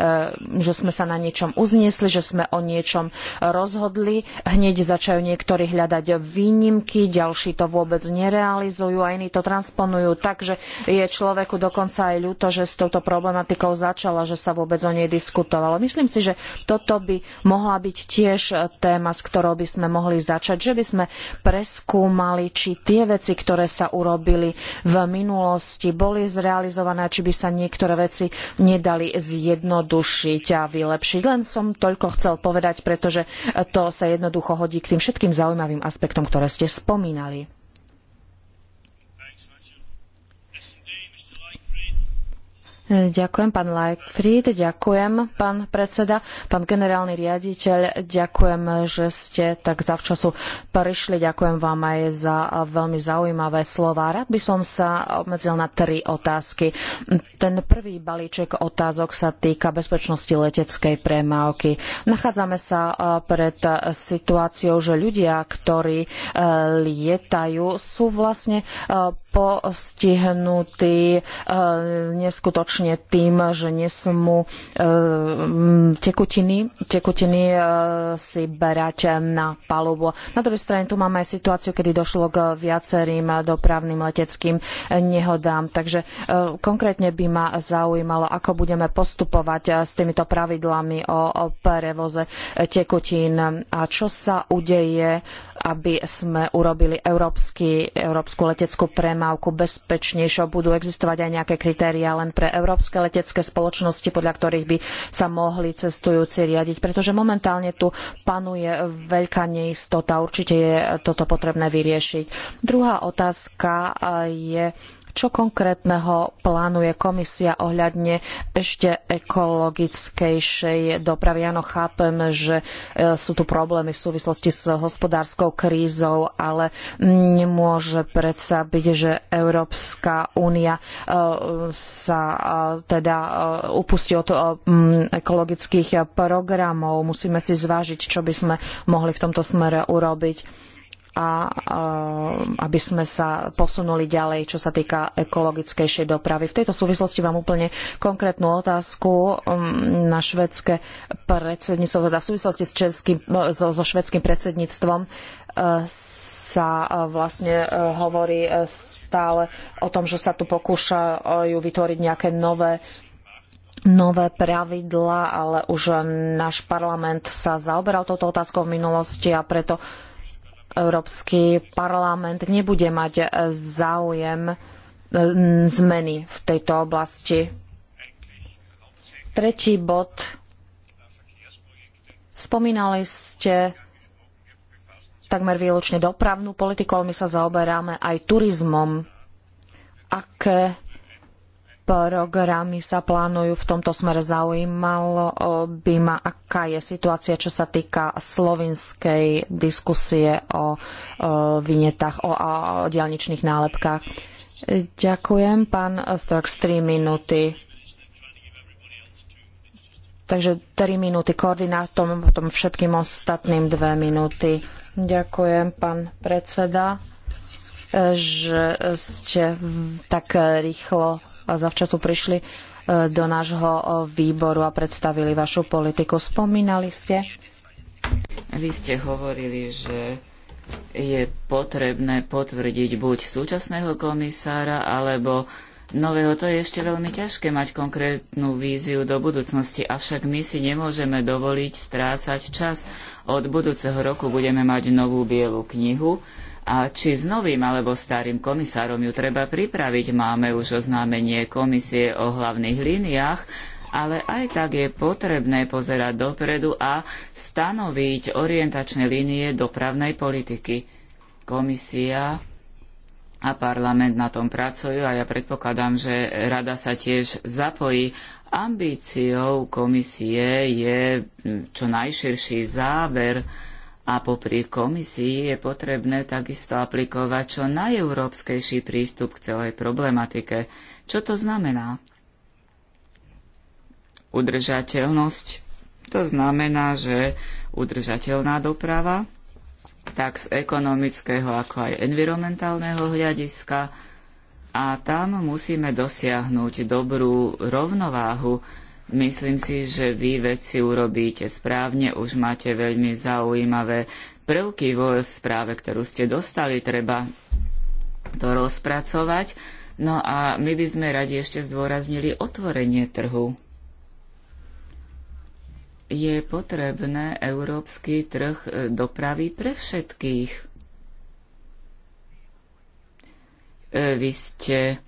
že sme sa na niečom uzniesli, že sme o niečom rozhodli, hneď začajú niektorí hľadať výnimky, ďalší to vôbec nerealizujú a iní to transponujú tak, že je človeku dokonca aj ľúto, to, že s touto problematikou začala, že sa vôbec o nej diskutovalo. Myslím si, že toto by mohla byť tiež téma, s ktorou by sme mohli začať, že by sme preskúmali, či tie veci, ktoré sa urobili v minulosti, boli zrealizované, či by sa niektoré veci nedali zjednodušiť a vylepšiť. Len som toľko chcel povedať, pretože to sa jednoducho hodí k tým všetkým zaujímavým aspektom, ktoré ste spomínali. Ďakujem, pán Leichfried, ďakujem, pán predseda, pán generálny riaditeľ, ďakujem, že ste tak zavčasu prišli, ďakujem vám aj za veľmi zaujímavé slova. Rád by som sa obmedzil na tri otázky. Ten prvý balíček otázok sa týka bezpečnosti leteckej premávky. Nachádzame sa eh, pred situáciou, že ľudia, ktorí eh, lietajú, sú vlastne eh, postihnutí eh, neskutočne tým, že nesmú eh, tekutiny, tekutiny eh, si berať na palubu. Na druhej strane tu máme aj situáciu, kedy došlo k viacerým dopravným leteckým nehodám. Takže konkrétne by ma zaujímalo, ako budeme postupovať s týmito pravidlami o prevoze tekutín a čo sa udeje aby sme urobili európsky, európsku leteckú premávku bezpečnejšou. Budú existovať aj nejaké kritériá len pre európske letecké spoločnosti, podľa ktorých by sa mohli cestujúci riadiť, pretože momentálne tu panuje veľká neistota. Určite je toto potrebné vyriešiť. Druhá otázka eh, je čo konkrétneho plánuje komisia ohľadne ešte ekologickejšej dopravy? Áno, chápem, že e, sú tu problémy v súvislosti s hospodárskou krízou, ale nemôže predsa byť, že Európska únia e, sa e, teda upustí od ekologických programov. Musíme si zvážiť, čo by sme mohli v tomto smere urobiť a eh, aby sme sa posunuli ďalej, čo sa týka ekologickejšej dopravy. V tejto súvislosti mám úplne konkrétnu otázku mm, na švedské predsedníctvo, teda v súvislosti s českým, eh, so, švedským predsedníctvom eh, sa vlastne hovorí stále o tom, že sa tu pokúšajú vytvoriť nejaké nové nové pravidlá, ale už náš parlament sa zaoberal touto otázkou v minulosti a preto Európsky parlament nebude mať záujem e, zmeny v tejto oblasti. Tretí bod. Spomínali ste takmer výlučne dopravnú politiku, ale my sa zaoberáme aj turizmom. Aké programy sa plánujú v tomto smere. Zaujímalo eh, by ma, aká je situácia, čo sa týka slovinskej diskusie o, eh, vinetách, o, o nálepkách. Ďakujem, pán Storks, 3 minúty. Takže 3 minúty koordinátom, potom všetkým ostatným 2 minúty. Ďakujem, pán predseda, eh, že ste tak rýchlo zavčasu prišli e, do nášho e, výboru a predstavili vašu politiku. Spomínali ste? Vy ste hovorili, že je potrebné potvrdiť buď súčasného komisára alebo nového, to je ešte veľmi ťažké mať konkrétnu víziu do budúcnosti, avšak my si nemôžeme dovoliť strácať čas. Od budúceho roku budeme mať novú bielu knihu a či s novým alebo starým komisárom ju treba pripraviť, máme už oznámenie komisie o hlavných líniách, ale aj tak je potrebné pozerať dopredu a stanoviť orientačné línie dopravnej politiky. Komisia a parlament na tom pracujú a ja predpokladám, že rada sa tiež zapojí. Ambíciou komisie je čo najširší záber a popri komisii je potrebné takisto aplikovať čo najeurópskejší prístup k celej problematike. Čo to znamená? Udržateľnosť. To znamená, že udržateľná doprava, tak z ekonomického ako aj environmentálneho hľadiska, a tam musíme dosiahnuť dobrú rovnováhu Myslím si, že vy veci urobíte správne, už máte veľmi zaujímavé prvky vo správe, ktorú ste dostali, treba to rozpracovať. No a my by sme radi ešte zdôraznili otvorenie trhu. Je potrebné európsky trh e, dopravy pre všetkých. E, vy ste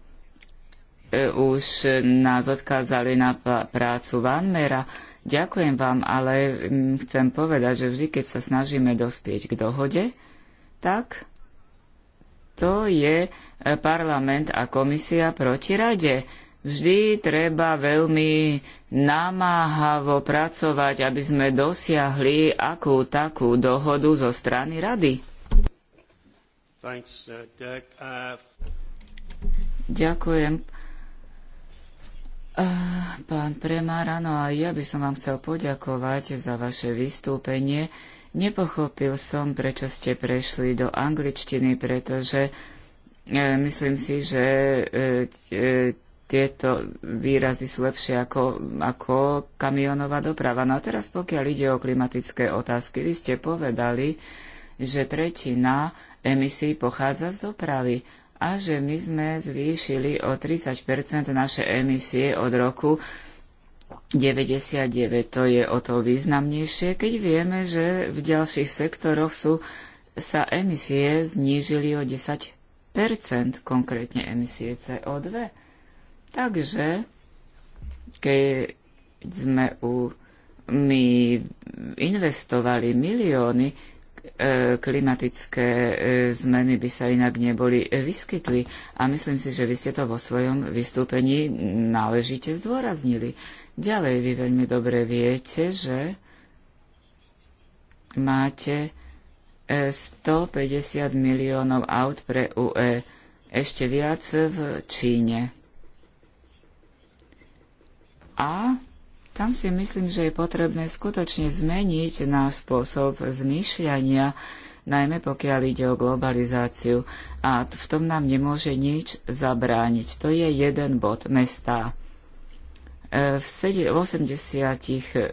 už nás odkázali na prácu Vanmera. Ďakujem vám, ale mm, chcem povedať, že vždy, keď sa snažíme dospieť k dohode, tak to je e, parlament a komisia proti rade. Vždy treba veľmi namáhavo pracovať, aby sme dosiahli akú takú dohodu zo strany rady. Thanks, uh, uh Ďakujem. Eh, pán Premár, áno, a ja by som vám chcel poďakovať za vaše vystúpenie. Nepochopil som, prečo ste prešli do angličtiny, pretože eh, myslím si, že eh, tieto výrazy sú lepšie ako, ako kamionová doprava. No a teraz pokiaľ ide o klimatické otázky, vy ste povedali, že tretina emisí pochádza z dopravy a že my sme zvýšili o 30 naše emisie od roku 99. To je o to významnejšie, keď vieme, že v ďalších sektoroch sú, sa emisie znížili o 10 konkrétne emisie CO2. Takže keď sme u, my investovali milióny E, klimatické e, zmeny by sa inak neboli e, vyskytli. A myslím si, že vy ste to vo svojom vystúpení náležite zdôraznili. Ďalej vy veľmi dobre viete, že máte 150 miliónov aut pre UE, ešte viac v Číne. A tam si myslím, že je potrebné skutočne zmeniť náš spôsob zmýšľania, najmä pokiaľ ide o globalizáciu. A v tom nám nemôže nič zabrániť. To je jeden bod mesta. E, v 80, 70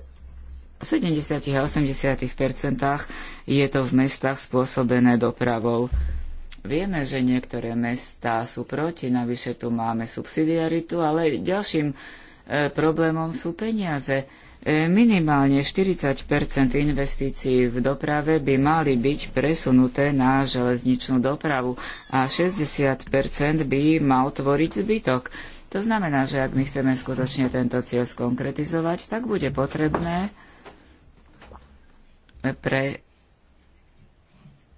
a 80 percentách je to v mestách spôsobené dopravou. Vieme, že niektoré mestá sú proti, navyše tu máme subsidiaritu, ale ďalším problémom sú peniaze. E, minimálne 40 investícií v doprave by mali byť presunuté na železničnú dopravu a 60 by mal tvoriť zbytok. To znamená, že ak my chceme skutočne tento cieľ skonkretizovať, tak bude potrebné pre,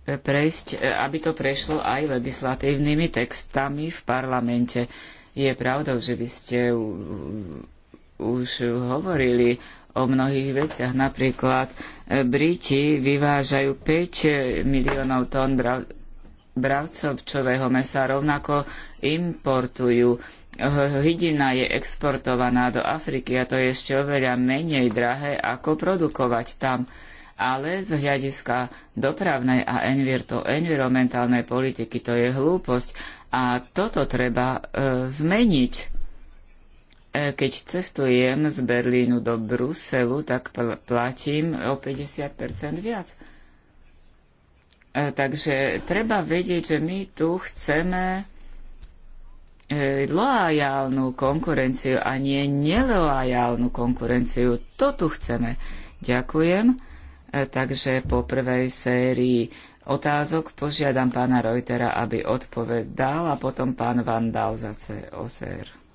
prejsť, aby to prešlo aj legislatívnymi textami v parlamente. Je pravdou, že by ste už hovorili o mnohých veciach. Napríklad e, Briti vyvážajú 5 miliónov tón brav- bravcovčového mesa, rovnako importujú. Hydina je exportovaná do Afriky a to je ešte oveľa menej drahé, ako produkovať tam. Ale z hľadiska dopravnej a environmentálnej politiky to je hlúposť. A toto treba e, zmeniť. E, keď cestujem z Berlínu do Bruselu, tak pl- platím o 50% viac. E, takže treba vedieť, že my tu chceme e, loajálnu konkurenciu a nie neloajálnu konkurenciu. To tu chceme. Ďakujem. E, takže po prvej sérii otázok. Požiadam pána Reutera, aby odpovedal a potom pán Vandal za COSR.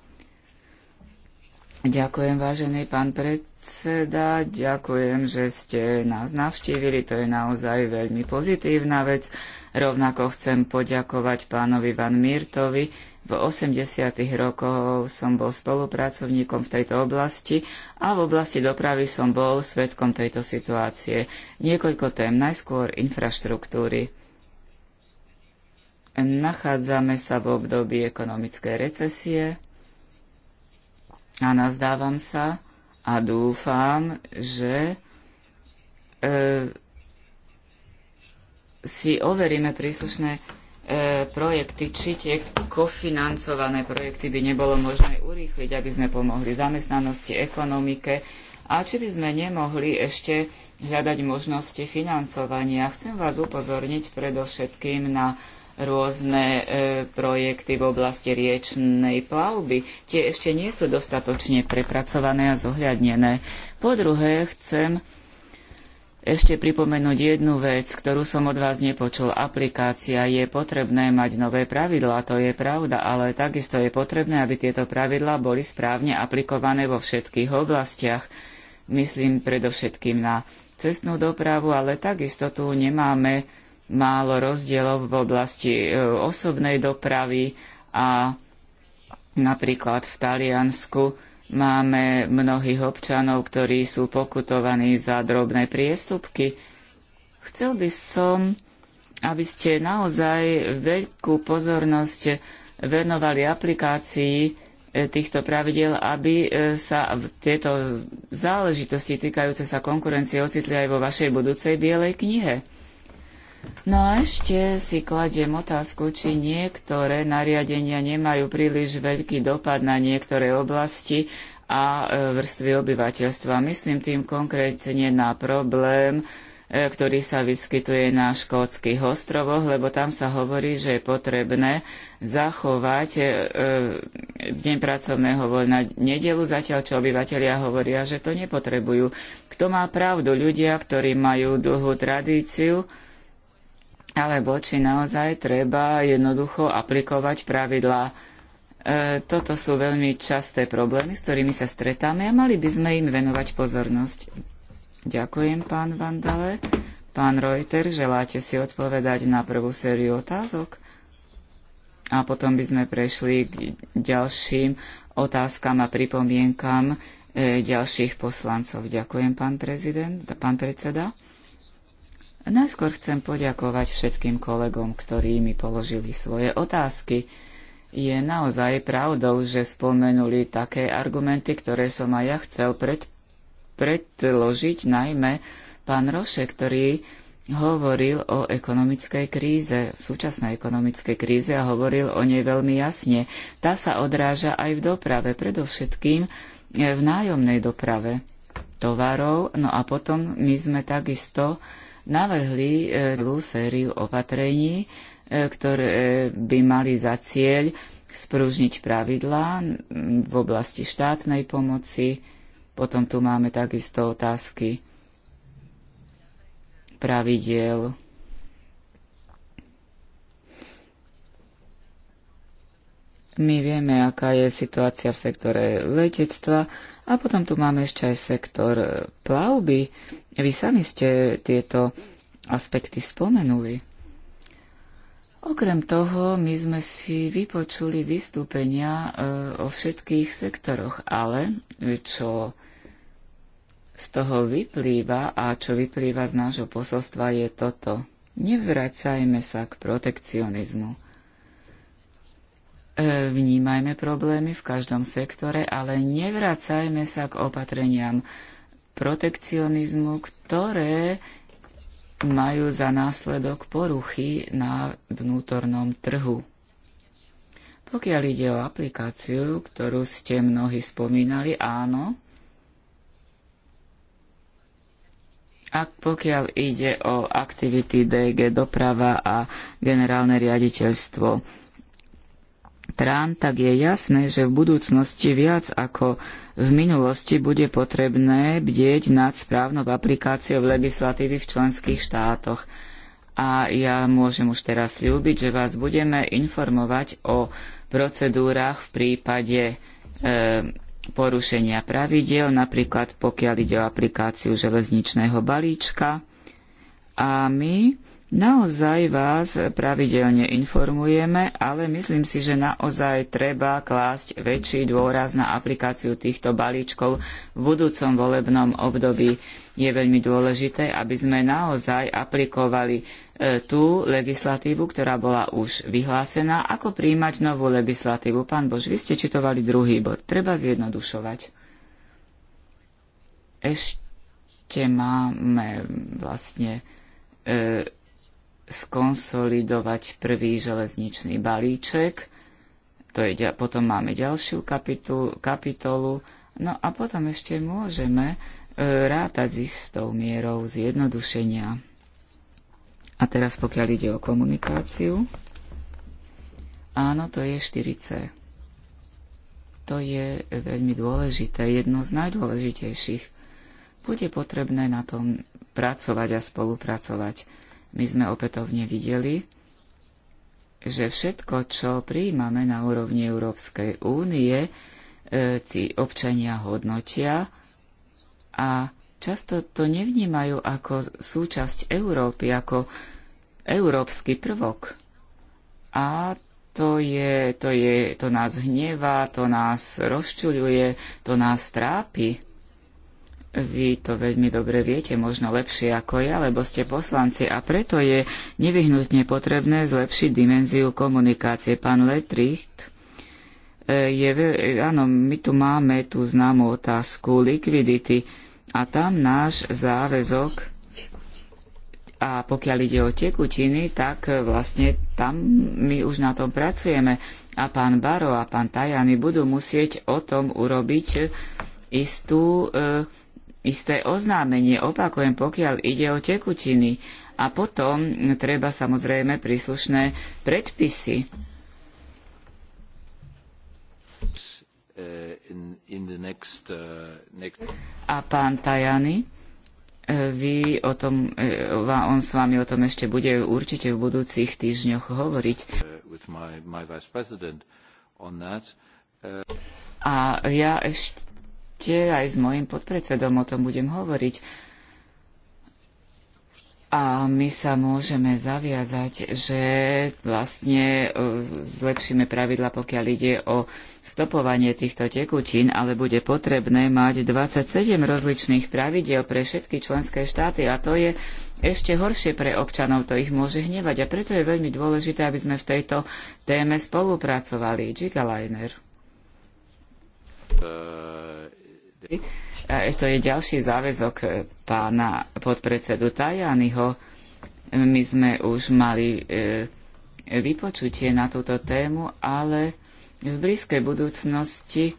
Ďakujem, vážený pán predseda, ďakujem, že ste nás navštívili, to je naozaj veľmi pozitívna vec. Rovnako chcem poďakovať pánovi Van Mirtovi. V 80. rokoch som bol spolupracovníkom v tejto oblasti a v oblasti dopravy som bol svetkom tejto situácie. Niekoľko tém, najskôr infraštruktúry. Nachádzame sa v období ekonomickej recesie a nazdávam sa a dúfam, že e, si overíme príslušné E, projekty, či tie kofinancované projekty by nebolo možné urýchliť, aby sme pomohli zamestnanosti, ekonomike a či by sme nemohli ešte hľadať možnosti financovania. Chcem vás upozorniť predovšetkým na rôzne e, projekty v oblasti riečnej plavby. Tie ešte nie sú dostatočne prepracované a zohľadnené. Po druhé, chcem ešte pripomenúť jednu vec, ktorú som od vás nepočul. Aplikácia je potrebné mať nové pravidlá, to je pravda, ale takisto je potrebné, aby tieto pravidlá boli správne aplikované vo všetkých oblastiach. Myslím predovšetkým na cestnú dopravu, ale takisto tu nemáme málo rozdielov v oblasti e, osobnej dopravy a napríklad v Taliansku Máme mnohých občanov, ktorí sú pokutovaní za drobné priestupky. Chcel by som, aby ste naozaj veľkú pozornosť venovali aplikácii e, týchto pravidel, aby e, sa tieto záležitosti týkajúce sa konkurencie ocitli aj vo vašej budúcej bielej knihe. No a ešte si kladiem otázku, či niektoré nariadenia nemajú príliš veľký dopad na niektoré oblasti a e, vrstvy obyvateľstva. Myslím tým konkrétne na problém, e, ktorý sa vyskytuje na škótskych ostrovoch, lebo tam sa hovorí, že je potrebné zachovať e, deň pracovného voľna nedelu, zatiaľ čo obyvateľia hovoria, že to nepotrebujú. Kto má pravdu? Ľudia, ktorí majú dlhú tradíciu, alebo či naozaj treba jednoducho aplikovať pravidlá. E, toto sú veľmi časté problémy, s ktorými sa stretáme a mali by sme im venovať pozornosť. Ďakujem, pán Vandale. Pán Reuter, želáte si odpovedať na prvú sériu otázok? A potom by sme prešli k ďalším otázkam a pripomienkam e, ďalších poslancov. Ďakujem, pán prezident, pán predseda. Najskôr chcem poďakovať všetkým kolegom, ktorí mi položili svoje otázky. Je naozaj pravdou, že spomenuli také argumenty, ktoré som aj ja chcel pred, predložiť, najmä pán Roše, ktorý hovoril o ekonomickej kríze, súčasnej ekonomickej kríze a hovoril o nej veľmi jasne. Tá sa odráža aj v doprave, predovšetkým e, v nájomnej doprave tovarov. No a potom my sme takisto navrhli e, celú sériu opatrení, e, ktoré by mali za cieľ spružniť pravidlá v oblasti štátnej pomoci. Potom tu máme takisto otázky pravidiel My vieme, aká je situácia v sektore letectva a potom tu máme ešte aj sektor e, plavby. Vy sami ste tieto aspekty spomenuli. Okrem toho, my sme si vypočuli vystúpenia e, o všetkých sektoroch, ale e, čo z toho vyplýva a čo vyplýva z nášho posolstva je toto. Nevracajme sa k protekcionizmu. E, vnímajme problémy v každom sektore, ale nevracajme sa k opatreniam protekcionizmu, ktoré majú za následok poruchy na vnútornom trhu. Pokiaľ ide o aplikáciu, ktorú ste mnohí spomínali, áno. A pokiaľ ide o aktivity DG doprava a generálne riaditeľstvo trán, tak je jasné, že v budúcnosti viac ako v minulosti bude potrebné bdieť nad správnou aplikáciou legislatívy v členských štátoch. A ja môžem už teraz ľúbiť, že vás budeme informovať o procedúrach v prípade e, porušenia pravidiel, napríklad pokiaľ ide o aplikáciu železničného balíčka. A my Naozaj vás pravidelne informujeme, ale myslím si, že naozaj treba klásť väčší dôraz na aplikáciu týchto balíčkov v budúcom volebnom období. Je veľmi dôležité, aby sme naozaj aplikovali e, tú legislatívu, ktorá bola už vyhlásená, ako príjmať novú legislatívu. Pán Bož, vy ste čitovali druhý bod. Treba zjednodušovať. Ešte máme vlastne e, skonsolidovať prvý železničný balíček. To je, potom máme ďalšiu kapitu, kapitolu. No a potom ešte môžeme e, rátať s istou mierou zjednodušenia. A teraz pokiaľ ide o komunikáciu, áno, to je 4C. To je veľmi dôležité, jedno z najdôležitejších. Bude potrebné na tom pracovať a spolupracovať my sme opätovne videli, že všetko, čo prijímame na úrovni Európskej únie, e, si občania hodnotia a často to nevnímajú ako súčasť Európy, ako európsky prvok. A to, je, to, je, to nás hnevá, to nás rozčuľuje, to nás trápi. Vy to veľmi dobre viete, možno lepšie ako ja, lebo ste poslanci a preto je nevyhnutne potrebné zlepšiť dimenziu komunikácie. Pán Letricht, e, je, e, áno, my tu máme tú známu otázku likvidity a tam náš záväzok a pokiaľ ide o tekutiny, tak vlastne tam my už na tom pracujeme a pán Baro a pán Tajany budú musieť o tom urobiť istú e, isté oznámenie, opakujem, pokiaľ ide o tekutiny. A potom treba samozrejme príslušné predpisy. In, next, uh, next... A pán Tajany, e, vy o tom, e, on s vami o tom ešte bude určite v budúcich týždňoch hovoriť. my, my uh... A ja ešte aj s mojim podpredsedom o tom budem hovoriť. A my sa môžeme zaviazať, že vlastne e, zlepšíme pravidla, pokiaľ ide o stopovanie týchto tekutín, ale bude potrebné mať 27 rozličných pravidel pre všetky členské štáty a to je ešte horšie pre občanov, to ich môže hnevať a preto je veľmi dôležité, aby sme v tejto téme spolupracovali. Gigaliner. Uh to je ďalší záväzok e, pána podpredsedu Tajányho. My sme už mali e, vypočutie na túto tému, ale v blízkej budúcnosti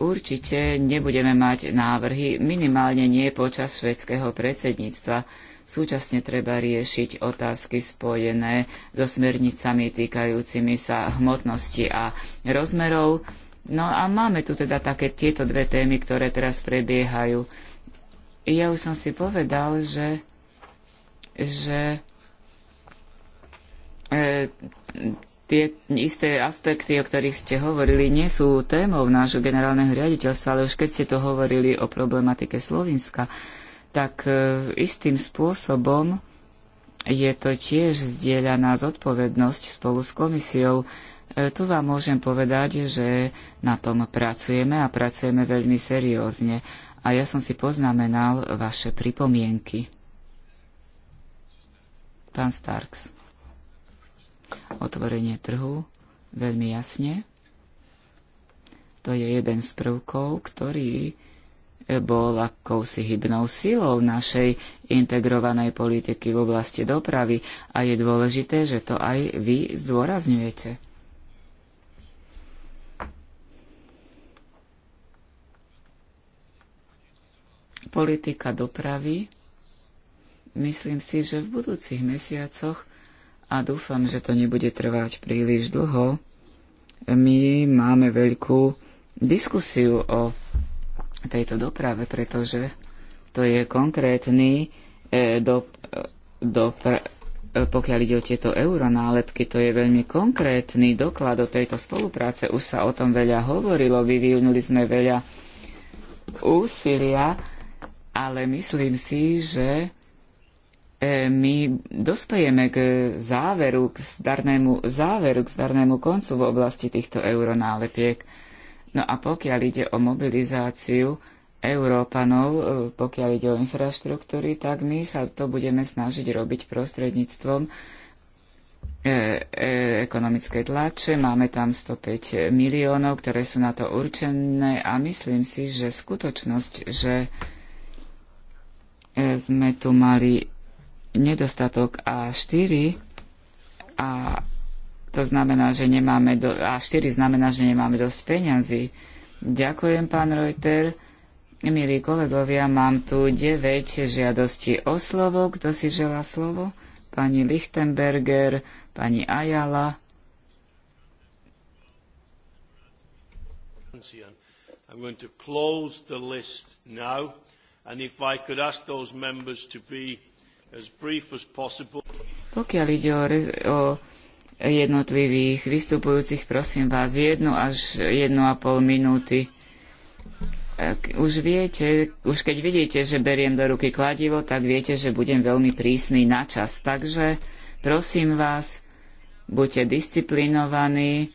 určite nebudeme mať návrhy, minimálne nie počas švedského predsedníctva. Súčasne treba riešiť otázky spojené so smernicami týkajúcimi sa hmotnosti a rozmerov No a máme tu teda také tieto dve témy, ktoré teraz prebiehajú. Ja už som si povedal, že, že e, tie isté aspekty, o ktorých ste hovorili, nie sú témou nášho generálneho riaditeľstva, ale už keď ste to hovorili o problematike Slovenska, tak e, istým spôsobom je to tiež zdieľaná zodpovednosť spolu s komisiou. E, tu vám môžem povedať, že na tom pracujeme a pracujeme veľmi seriózne. A ja som si poznamenal vaše pripomienky. Pán Starks. Otvorenie trhu veľmi jasne. To je jeden z prvkov, ktorý e, bol akousi hybnou silou našej integrovanej politiky v oblasti dopravy a je dôležité, že to aj vy zdôrazňujete. politika dopravy. Myslím si, že v budúcich mesiacoch, a dúfam, že to nebude trvať príliš dlho, my máme veľkú diskusiu o tejto doprave, pretože to je konkrétny e, do, e, do, e, pokiaľ ide o tieto euronálepky, to je veľmi konkrétny doklad o tejto spolupráce. Už sa o tom veľa hovorilo, vyvinuli sme veľa úsilia ale myslím si, že e, my dospejeme k záveru, k zdarnému záveru, k zdarnému koncu v oblasti týchto euronálepiek. No a pokiaľ ide o mobilizáciu Európanov, e, pokiaľ ide o infraštruktúry, tak my sa to budeme snažiť robiť prostredníctvom e, e, ekonomickej tlače. Máme tam 105 miliónov, ktoré sú na to určené a myslím si, že skutočnosť, že sme tu mali nedostatok A4 a to znamená, že nemáme do, A4 znamená, že nemáme dosť peňazí. Ďakujem, pán Reuter. Milí kolegovia, mám tu 9 žiadosti o slovo. Kto si želá slovo? Pani Lichtenberger, pani Ajala. I'm going to close the list now. And if I could ask those members to be as brief as possible. Pokiaľ ide o, o jednotlivých vystupujúcich, prosím vás, jednu až jednu a pol minúty. Už viete, už keď vidíte, že beriem do ruky kladivo, tak viete, že budem veľmi prísny na čas. Takže prosím vás, buďte disciplinovaní,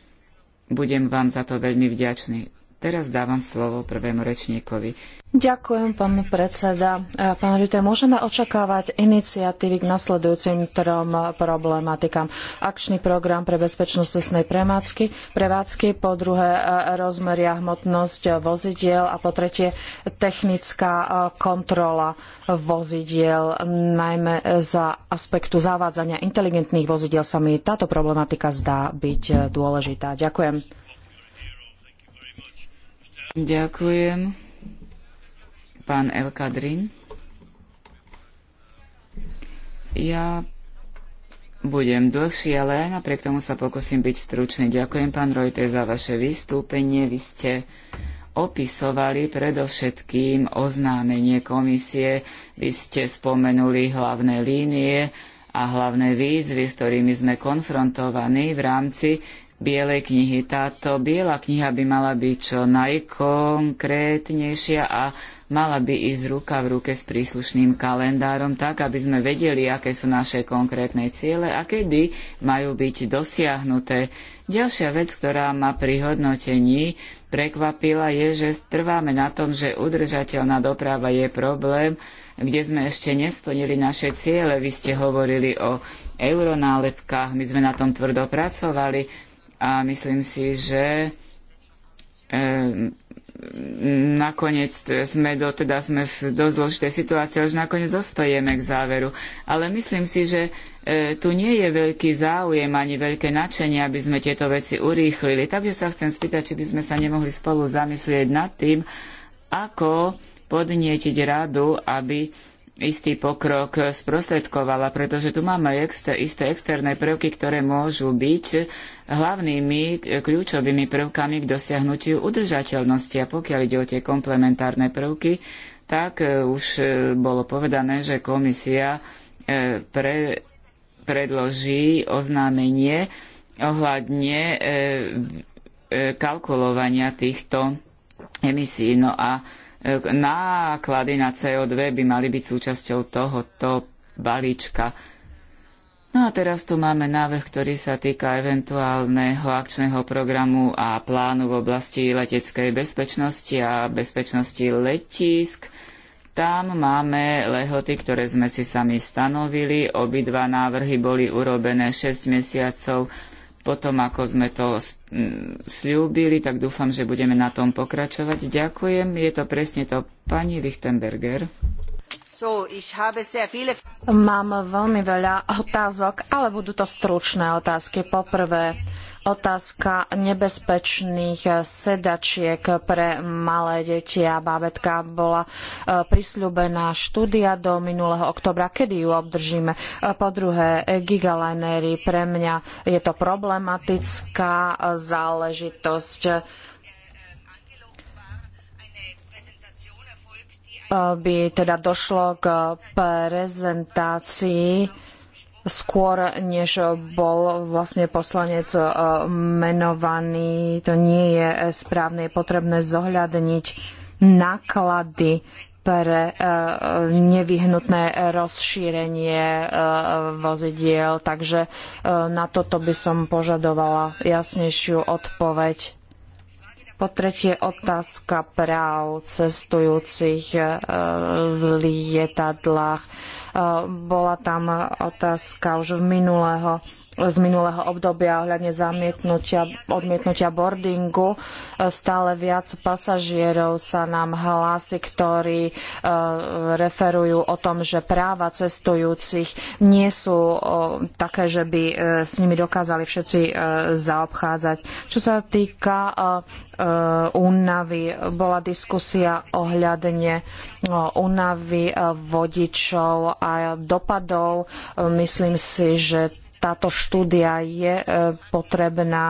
budem vám za to veľmi vďačný. Teraz dávam slovo prvému rečníkovi. Ďakujem, pán predseda. E, pán Rite, môžeme očakávať iniciatívy k nasledujúcim trom problematikám. Akčný program pre bezpečnosť cestnej prevádzky, prevádzky, po druhé e, rozmeria hmotnosť vozidiel a po tretie technická e, kontrola vozidiel, najmä za aspektu zavádzania inteligentných vozidiel sa mi táto problematika zdá byť dôležitá. Ďakujem. Ďakujem. Pán Elkadrin. Ja budem dlhší, ale aj napriek tomu sa pokúsim byť stručný. Ďakujem, pán Rojte, za vaše vystúpenie. Vy ste opisovali predovšetkým oznámenie komisie. Vy ste spomenuli hlavné línie a hlavné výzvy, s ktorými sme konfrontovaní v rámci Bielej knihy. Táto biela kniha by mala byť čo najkonkrétnejšia a mala by ísť ruka v ruke s príslušným kalendárom, tak aby sme vedeli, aké sú naše konkrétne ciele a kedy majú byť dosiahnuté. Ďalšia vec, ktorá ma pri hodnotení prekvapila, je, že trváme na tom, že udržateľná doprava je problém, kde sme ešte nesplnili naše ciele. Vy ste hovorili o euronálepkách, my sme na tom tvrdo pracovali a myslím si, že e, nakoniec sme, do, teda sme v dosť zložitej situácii, až nakoniec dospejeme k záveru. Ale myslím si, že e, tu nie je veľký záujem ani veľké nadšenie, aby sme tieto veci urýchlili. Takže sa chcem spýtať, či by sme sa nemohli spolu zamyslieť nad tým, ako podnietiť radu, aby istý pokrok sprostredkovala, pretože tu máme exter, isté externé prvky, ktoré môžu byť hlavnými e, kľúčovými prvkami k dosiahnutiu udržateľnosti. A pokiaľ ide o tie komplementárne prvky, tak e, už e, bolo povedané, že komisia pre, predloží oznámenie ohľadne kalkulovania týchto emisí. No a náklady na CO2 by mali byť súčasťou tohoto balíčka. No a teraz tu máme návrh, ktorý sa týka eventuálneho akčného programu a plánu v oblasti leteckej bezpečnosti a bezpečnosti letísk. Tam máme lehoty, ktoré sme si sami stanovili. Obidva návrhy boli urobené 6 mesiacov potom, ako sme to slúbili, tak dúfam, že budeme na tom pokračovať. Ďakujem. Je to presne to pani Lichtenberger. So, viele... Mám veľmi veľa otázok, ale budú to stručné otázky. Poprvé, otázka nebezpečných sedačiek pre malé deti a bábetka bola e, prisľúbená štúdia do minulého oktobra. Kedy ju obdržíme? E, po druhé, gigalinery pre mňa je to problematická záležitosť. E, by teda došlo k prezentácii skôr, než bol vlastne poslanec menovaný. To nie je správne. Je potrebné zohľadniť náklady pre nevyhnutné rozšírenie vozidiel. Takže na toto by som požadovala jasnejšiu odpoveď. Po tretie otázka práv cestujúcich v lietadlách bola tam otázka už minulého z minulého obdobia ohľadne zamietnutia, odmietnutia boardingu. Stále viac pasažierov sa nám hlási, ktorí e, referujú o tom, že práva cestujúcich nie sú e, také, že by e, s nimi dokázali všetci zaobchádzať. Čo sa týka únavy, bola diskusia ohľadne únavy vodičov a dopadov. Myslím si, že táto štúdia je e, potrebná,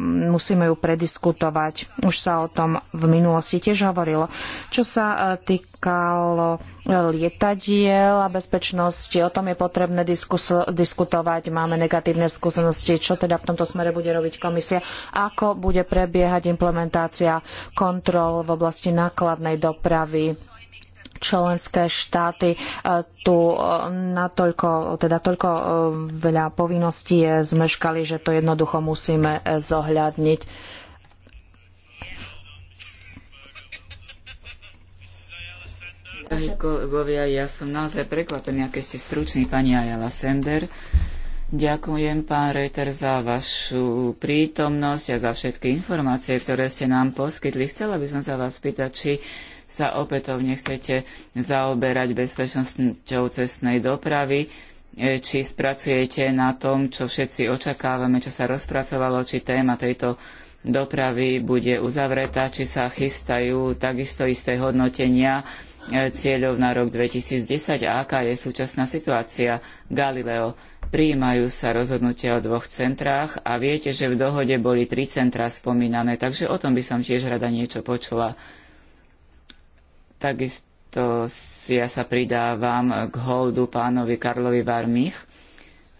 musíme ju prediskutovať. Už sa o tom v minulosti tiež hovorilo. Čo sa e, týkalo e, lietadiel a bezpečnosti, o tom je potrebné diskus, diskutovať. Máme negatívne skúsenosti, čo teda v tomto smere bude robiť komisia, ako bude prebiehať implementácia kontrol v oblasti nákladnej dopravy členské štáty e, tu e, natoľko, teda toľko e, veľa povinností zmeškali, že to jednoducho musíme zohľadniť. Pani kolegovia, ja som naozaj prekvapený, aké ste struční, pani Ayala Sender. Ďakujem, pán Reuter, za vašu prítomnosť a za všetky informácie, ktoré ste nám poskytli. Chcela by som sa vás spýtať, či sa opätovne chcete zaoberať bezpečnosťou cestnej dopravy, e, či spracujete na tom, čo všetci očakávame, čo sa rozpracovalo, či téma tejto dopravy bude uzavretá, či sa chystajú takisto isté hodnotenia e, cieľov na rok 2010 a aká je súčasná situácia Galileo. Prijímajú sa rozhodnutia o dvoch centrách a viete, že v dohode boli tri centrá spomínané, takže o tom by som tiež rada niečo počula. Takisto ja sa pridávam k holdu pánovi Karlovi Varmich,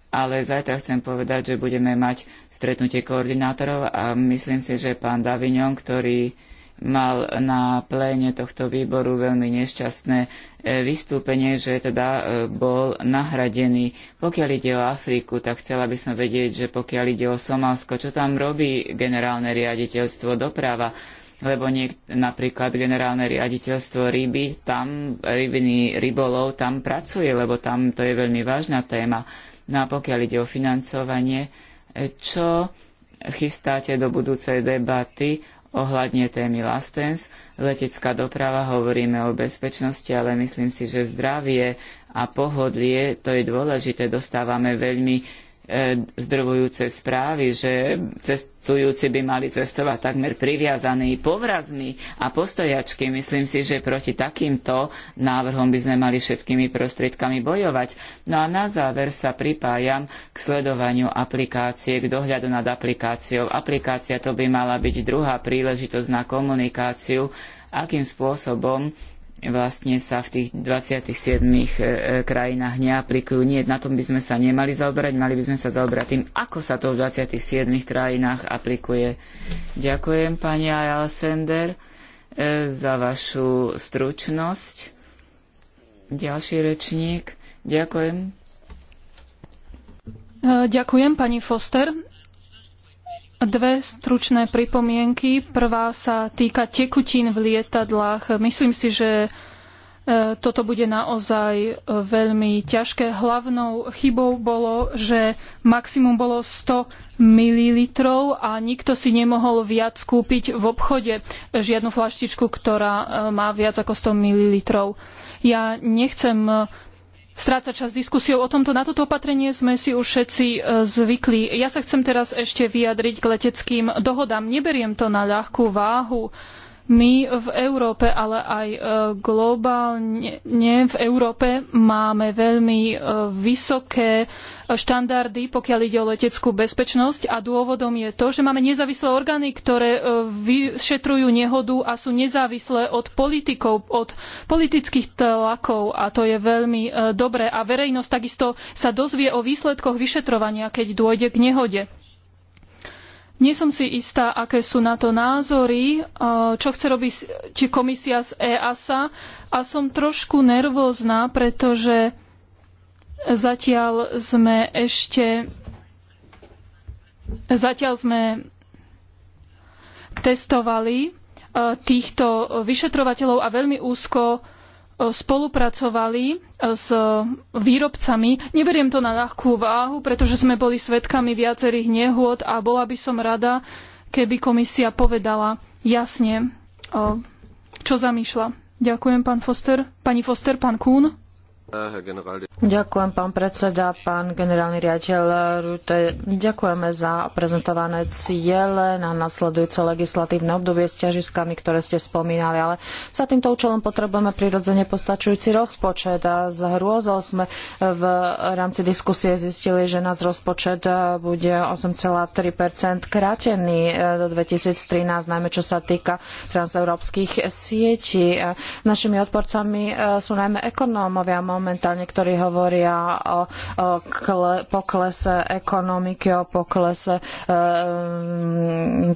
ale zajtra chcem povedať, že budeme mať stretnutie koordinátorov a myslím si, že pán Davignon, ktorý mal na pléne tohto výboru veľmi nešťastné e, vystúpenie, že teda e, bol nahradený. Pokiaľ ide o Afriku, tak chcela by som vedieť, že pokiaľ ide o Somálsko, čo tam robí generálne riaditeľstvo doprava, lebo niek- napríklad generálne riaditeľstvo ryby, tam rybiny, rybolov tam pracuje, lebo tam to je veľmi vážna téma. No a pokiaľ ide o financovanie, e, čo chystáte do budúcej debaty ohľadne témy Lastens. Letecká doprava, hovoríme o bezpečnosti, ale myslím si, že zdravie a pohodlie, to je dôležité. Dostávame veľmi E, zdrvujúce správy, že cestujúci by mali cestovať takmer priviazaní povrazmi a postojačky. Myslím si, že proti takýmto návrhom by sme mali všetkými prostriedkami bojovať. No a na záver sa pripájam k sledovaniu aplikácie, k dohľadu nad aplikáciou. Aplikácia to by mala byť druhá príležitosť na komunikáciu, akým spôsobom vlastne sa v tých 27 e, e, krajinách neaplikujú. Nie, na tom by sme sa nemali zaoberať, mali by sme sa zaoberať tým, ako sa to v 27 krajinách aplikuje. Ďakujem, pani Alessander, Sender, za vašu stručnosť. Ďalší rečník. Ďakujem. E, ďakujem, pani Foster. Dve stručné pripomienky. Prvá sa týka tekutín v lietadlách. Myslím si, že e, toto bude naozaj veľmi ťažké. Hlavnou chybou bolo, že maximum bolo 100 ml a nikto si nemohol viac kúpiť v obchode žiadnu flaštičku, ktorá e, má viac ako 100 ml. Ja nechcem stráca čas diskusiou o tomto. Na toto opatrenie sme si už všetci e, zvykli. Ja sa chcem teraz ešte vyjadriť k leteckým dohodám. Neberiem to na ľahkú váhu. My v Európe, ale aj e, globálne v Európe máme veľmi e, vysoké štandardy, pokiaľ ide o leteckú bezpečnosť a dôvodom je to, že máme nezávislé orgány, ktoré e, vyšetrujú nehodu a sú nezávislé od politikov, od politických tlakov a to je veľmi dobré. A verejnosť takisto sa dozvie o výsledkoch vyšetrovania, keď dôjde k nehode. Nie som si istá, aké sú na to názory, eh, čo chce robiť či komisia z EASA a som trošku nervózna, pretože zatiaľ sme ešte zatiaľ sme testovali eh, týchto vyšetrovateľov a veľmi úzko spolupracovali e, s výrobcami. Neberiem to na ľahkú váhu, pretože sme boli svedkami viacerých nehôd a bola by som rada, keby komisia povedala jasne, e, čo zamýšľa. Ďakujem, pán Foster. Pani Foster, pán Kún. Ďakujem, pán predseda, pán generálny riaditeľ Rute. Ďakujeme za prezentované ciele na nasledujúce legislatívne obdobie s ťažiskami, ktoré ste spomínali, ale za týmto účelom potrebujeme prirodzene postačujúci rozpočet a z hrôzou sme v rámci diskusie zistili, že nás rozpočet bude 8,3 krátený do 2013, najmä čo sa týka transeurópskych sietí. Našimi odporcami sú najmä ekonómovia, momentálne, ktorí hovoria o, o kle, poklese ekonomiky, o poklese e,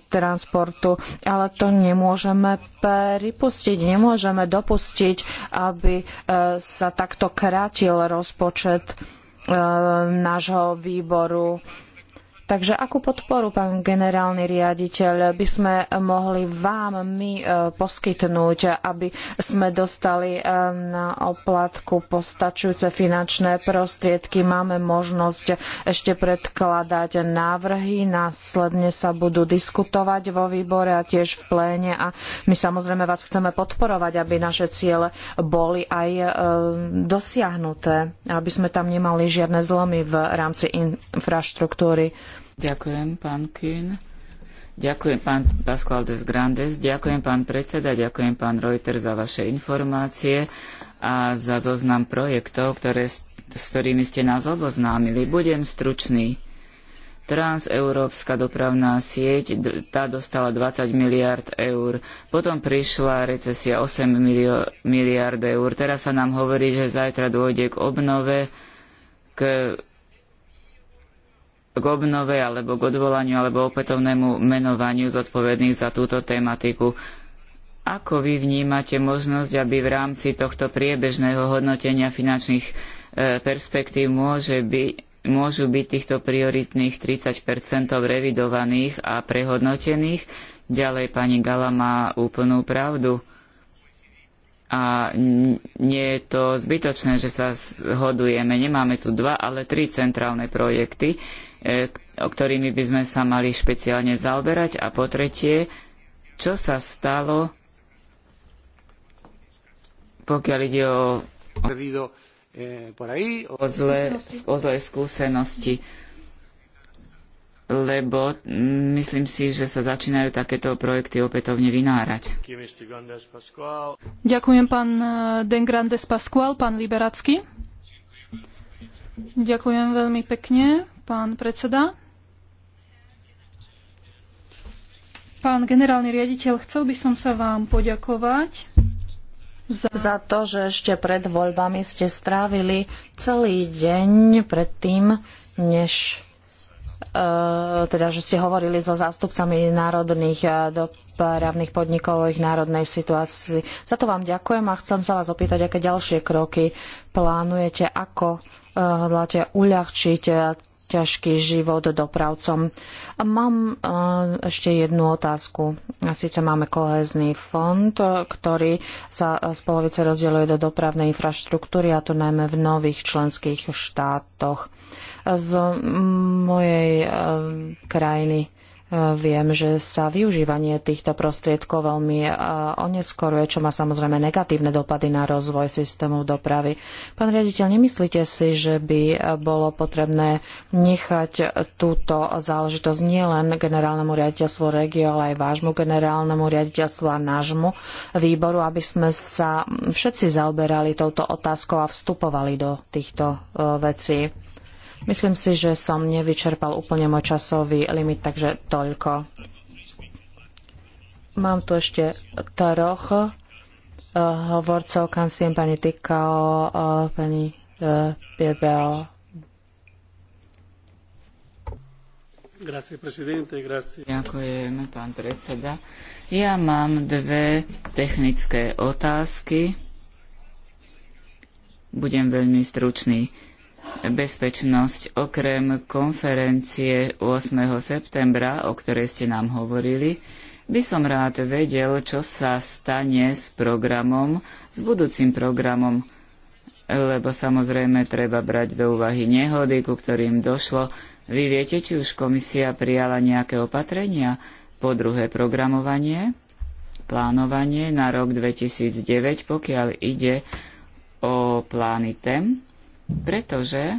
transportu. Ale to nemôžeme pripustiť, nemôžeme dopustiť, aby e, sa takto krátil rozpočet e, nášho výboru. E, Takže akú podporu, pán generálny riaditeľ, by sme mohli vám my e, poskytnúť, aby sme dostali e, na oplatku postačujúce finančné prostriedky? Máme možnosť ešte predkladať návrhy, následne sa budú diskutovať vo výbore a tiež v pléne a my samozrejme vás chceme podporovať, aby naše ciele boli aj e, dosiahnuté, aby sme tam nemali žiadne zlomy v rámci infraštruktúry. Ďakujem, pán Kín. Ďakujem, pán Pascual des Grandes. Ďakujem, pán predseda. Ďakujem, pán Reuter, za vaše informácie a za zoznam projektov, ktoré, s ktorými ste nás oboznámili. Budem stručný. Transeurópska dopravná sieť, tá dostala 20 miliard eur. Potom prišla recesia 8 milio, miliard eur. Teraz sa nám hovorí, že zajtra dôjde k obnove, k k obnove alebo k odvolaniu alebo opätovnému menovaniu zodpovedných za túto tematiku. Ako vy vnímate možnosť, aby v rámci tohto priebežného hodnotenia finančných e, perspektív môže by, môžu byť týchto prioritných 30 revidovaných a prehodnotených. Ďalej pani Gala má úplnú pravdu. A nie je to zbytočné, že sa zhodujeme. Nemáme tu dva, ale tri centrálne projekty, E, o ktorými by sme sa mali špeciálne zaoberať. A po tretie, čo sa stalo, pokiaľ ide o, o, e, zlé, o zlé skúsenosti lebo mm, myslím si, že sa začínajú takéto projekty opätovne vynárať. Ďakujem pán e, Den Grandes Pascual, pán Liberacký. Ďakujem veľmi pekne, pán predseda. Pán generálny riaditeľ, chcel by som sa vám poďakovať za... za to, že ešte pred voľbami ste strávili celý deň predtým, než e, teda, že ste hovorili so zástupcami národných e, dopravných podnikov o ich národnej situácii. Za to vám ďakujem a chcem sa vás opýtať, aké ďalšie kroky plánujete, ako e, hodláte uľahčiť ťažký život dopravcom. Mám e, ešte jednu otázku. Sice máme kohezný fond, ktorý sa z polovice rozdeľuje do dopravnej infraštruktúry, a to najmä v nových členských štátoch. Z mojej e, krajiny Viem, že sa využívanie týchto prostriedkov veľmi e, oneskoruje, čo má samozrejme negatívne dopady na rozvoj systému dopravy. Pán riaditeľ, nemyslíte si, že by bolo potrebné nechať túto záležitosť nielen generálnemu riaditeľstvu regio, ale aj vášmu generálnemu riaditeľstvu a nášmu výboru, aby sme sa všetci zaoberali touto otázkou a vstupovali do týchto e, vecí? Myslím si, že som nevyčerpal úplne môj časový limit, takže toľko. Mám tu ešte troch eh, hovorcov kancien pani Tykao, uh, eh, pani uh, eh, Piebeo. Ďakujem, pán predseda. Ja mám dve technické otázky. Budem veľmi stručný bezpečnosť. Okrem konferencie 8. septembra, o ktorej ste nám hovorili, by som rád vedel, čo sa stane s programom, s budúcim programom, lebo samozrejme treba brať do úvahy nehody, ku ktorým došlo. Vy viete, či už komisia prijala nejaké opatrenia? Po druhé, programovanie, plánovanie na rok 2009, pokiaľ ide o plány TEM pretože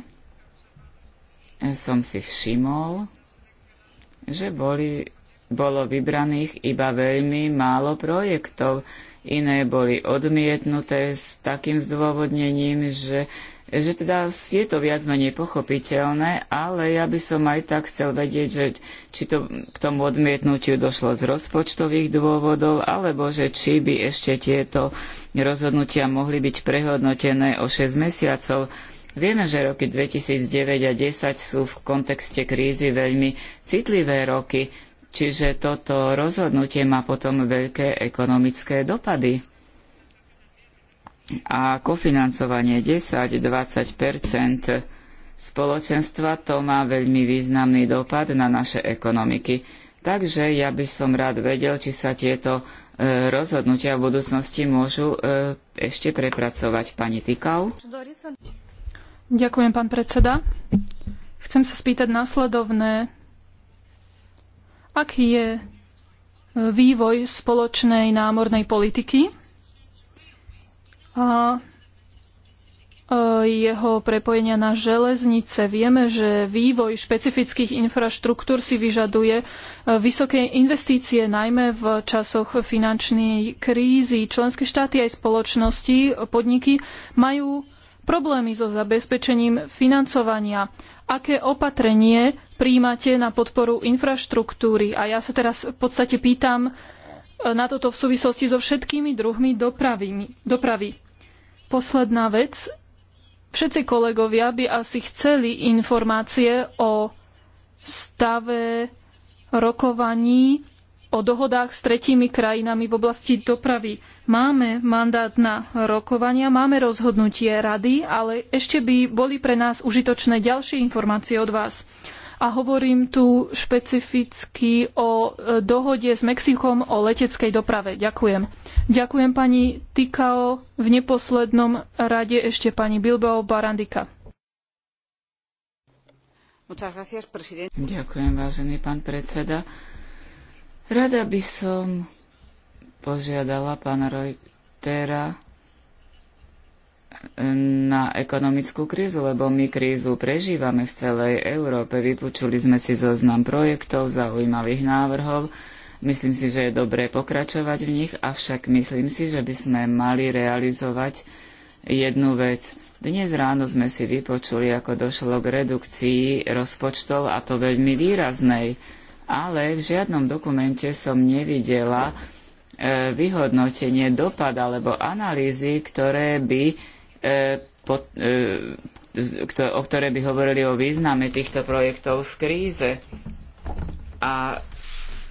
som si všimol, že boli, bolo vybraných iba veľmi málo projektov. Iné boli odmietnuté s takým zdôvodnením, že, že teda je to viac menej pochopiteľné, ale ja by som aj tak chcel vedieť, že či to k tomu odmietnutiu došlo z rozpočtových dôvodov, alebo že či by ešte tieto rozhodnutia mohli byť prehodnotené o 6 mesiacov Vieme, že roky 2009 a 2010 sú v kontexte krízy veľmi citlivé roky, čiže toto rozhodnutie má potom veľké ekonomické dopady. A kofinancovanie 10-20 spoločenstva to má veľmi významný dopad na naše ekonomiky. Takže ja by som rád vedel, či sa tieto e, rozhodnutia v budúcnosti môžu e, ešte prepracovať. Pani Tikau? Ďakujem, pán predseda. Chcem sa spýtať následovné. Aký je e, vývoj spoločnej námornej politiky a e, jeho prepojenia na železnice. Vieme, že vývoj špecifických infraštruktúr si vyžaduje e, vysoké investície, najmä v časoch finančnej krízy. Členské štáty aj spoločnosti, podniky majú problémy so zabezpečením financovania. Aké opatrenie príjmate na podporu infraštruktúry? A ja sa teraz v podstate pýtam e, na toto v súvislosti so všetkými druhmi dopravy. dopravy. Posledná vec. Všetci kolegovia by asi chceli informácie o stave rokovaní o dohodách s tretími krajinami v oblasti dopravy. Máme mandát na rokovania, máme rozhodnutie rady, ale ešte by boli pre nás užitočné ďalšie informácie od vás. A hovorím tu špecificky o e, dohode s Mexikom o leteckej doprave. Ďakujem. Ďakujem pani Tikao, v neposlednom rade ešte pani Bilbao Barandika. Ďakujem, vážený pán predseda. Rada by som požiadala pána Reutera na ekonomickú krízu, lebo my krízu prežívame v celej Európe. Vypočuli sme si zoznam projektov, zaujímavých návrhov. Myslím si, že je dobré pokračovať v nich, avšak myslím si, že by sme mali realizovať jednu vec. Dnes ráno sme si vypočuli, ako došlo k redukcii rozpočtov, a to veľmi výraznej ale v žiadnom dokumente som nevidela e, vyhodnotenie dopad alebo analýzy, ktoré by, e, e, o ktoré by hovorili o význame týchto projektov v kríze. A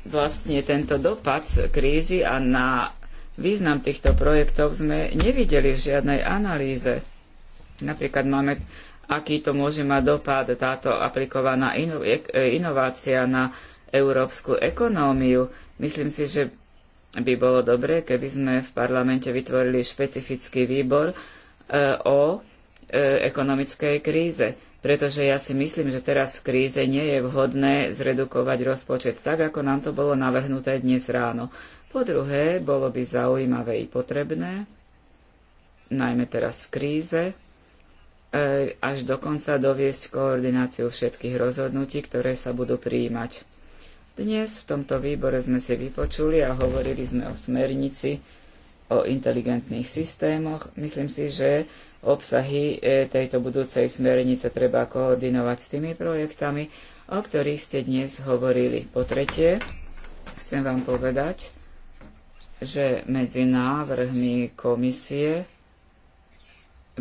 vlastne tento dopad krízy a na význam týchto projektov sme nevideli v žiadnej analýze. Napríklad máme, aký to môže mať dopad táto aplikovaná inovácia na európsku ekonómiu. Myslím si, že by bolo dobré, keby sme v parlamente vytvorili špecifický výbor e, o e, ekonomickej kríze. Pretože ja si myslím, že teraz v kríze nie je vhodné zredukovať rozpočet tak, ako nám to bolo navrhnuté dnes ráno. Po druhé, bolo by zaujímavé i potrebné, najmä teraz v kríze, e, až dokonca doviesť koordináciu všetkých rozhodnutí, ktoré sa budú prijímať. Dnes v tomto výbore sme si vypočuli a hovorili sme o smernici o inteligentných systémoch. Myslím si, že obsahy e, tejto budúcej smernice treba koordinovať s tými projektami, o ktorých ste dnes hovorili. Po tretie, chcem vám povedať, že medzi návrhmi komisie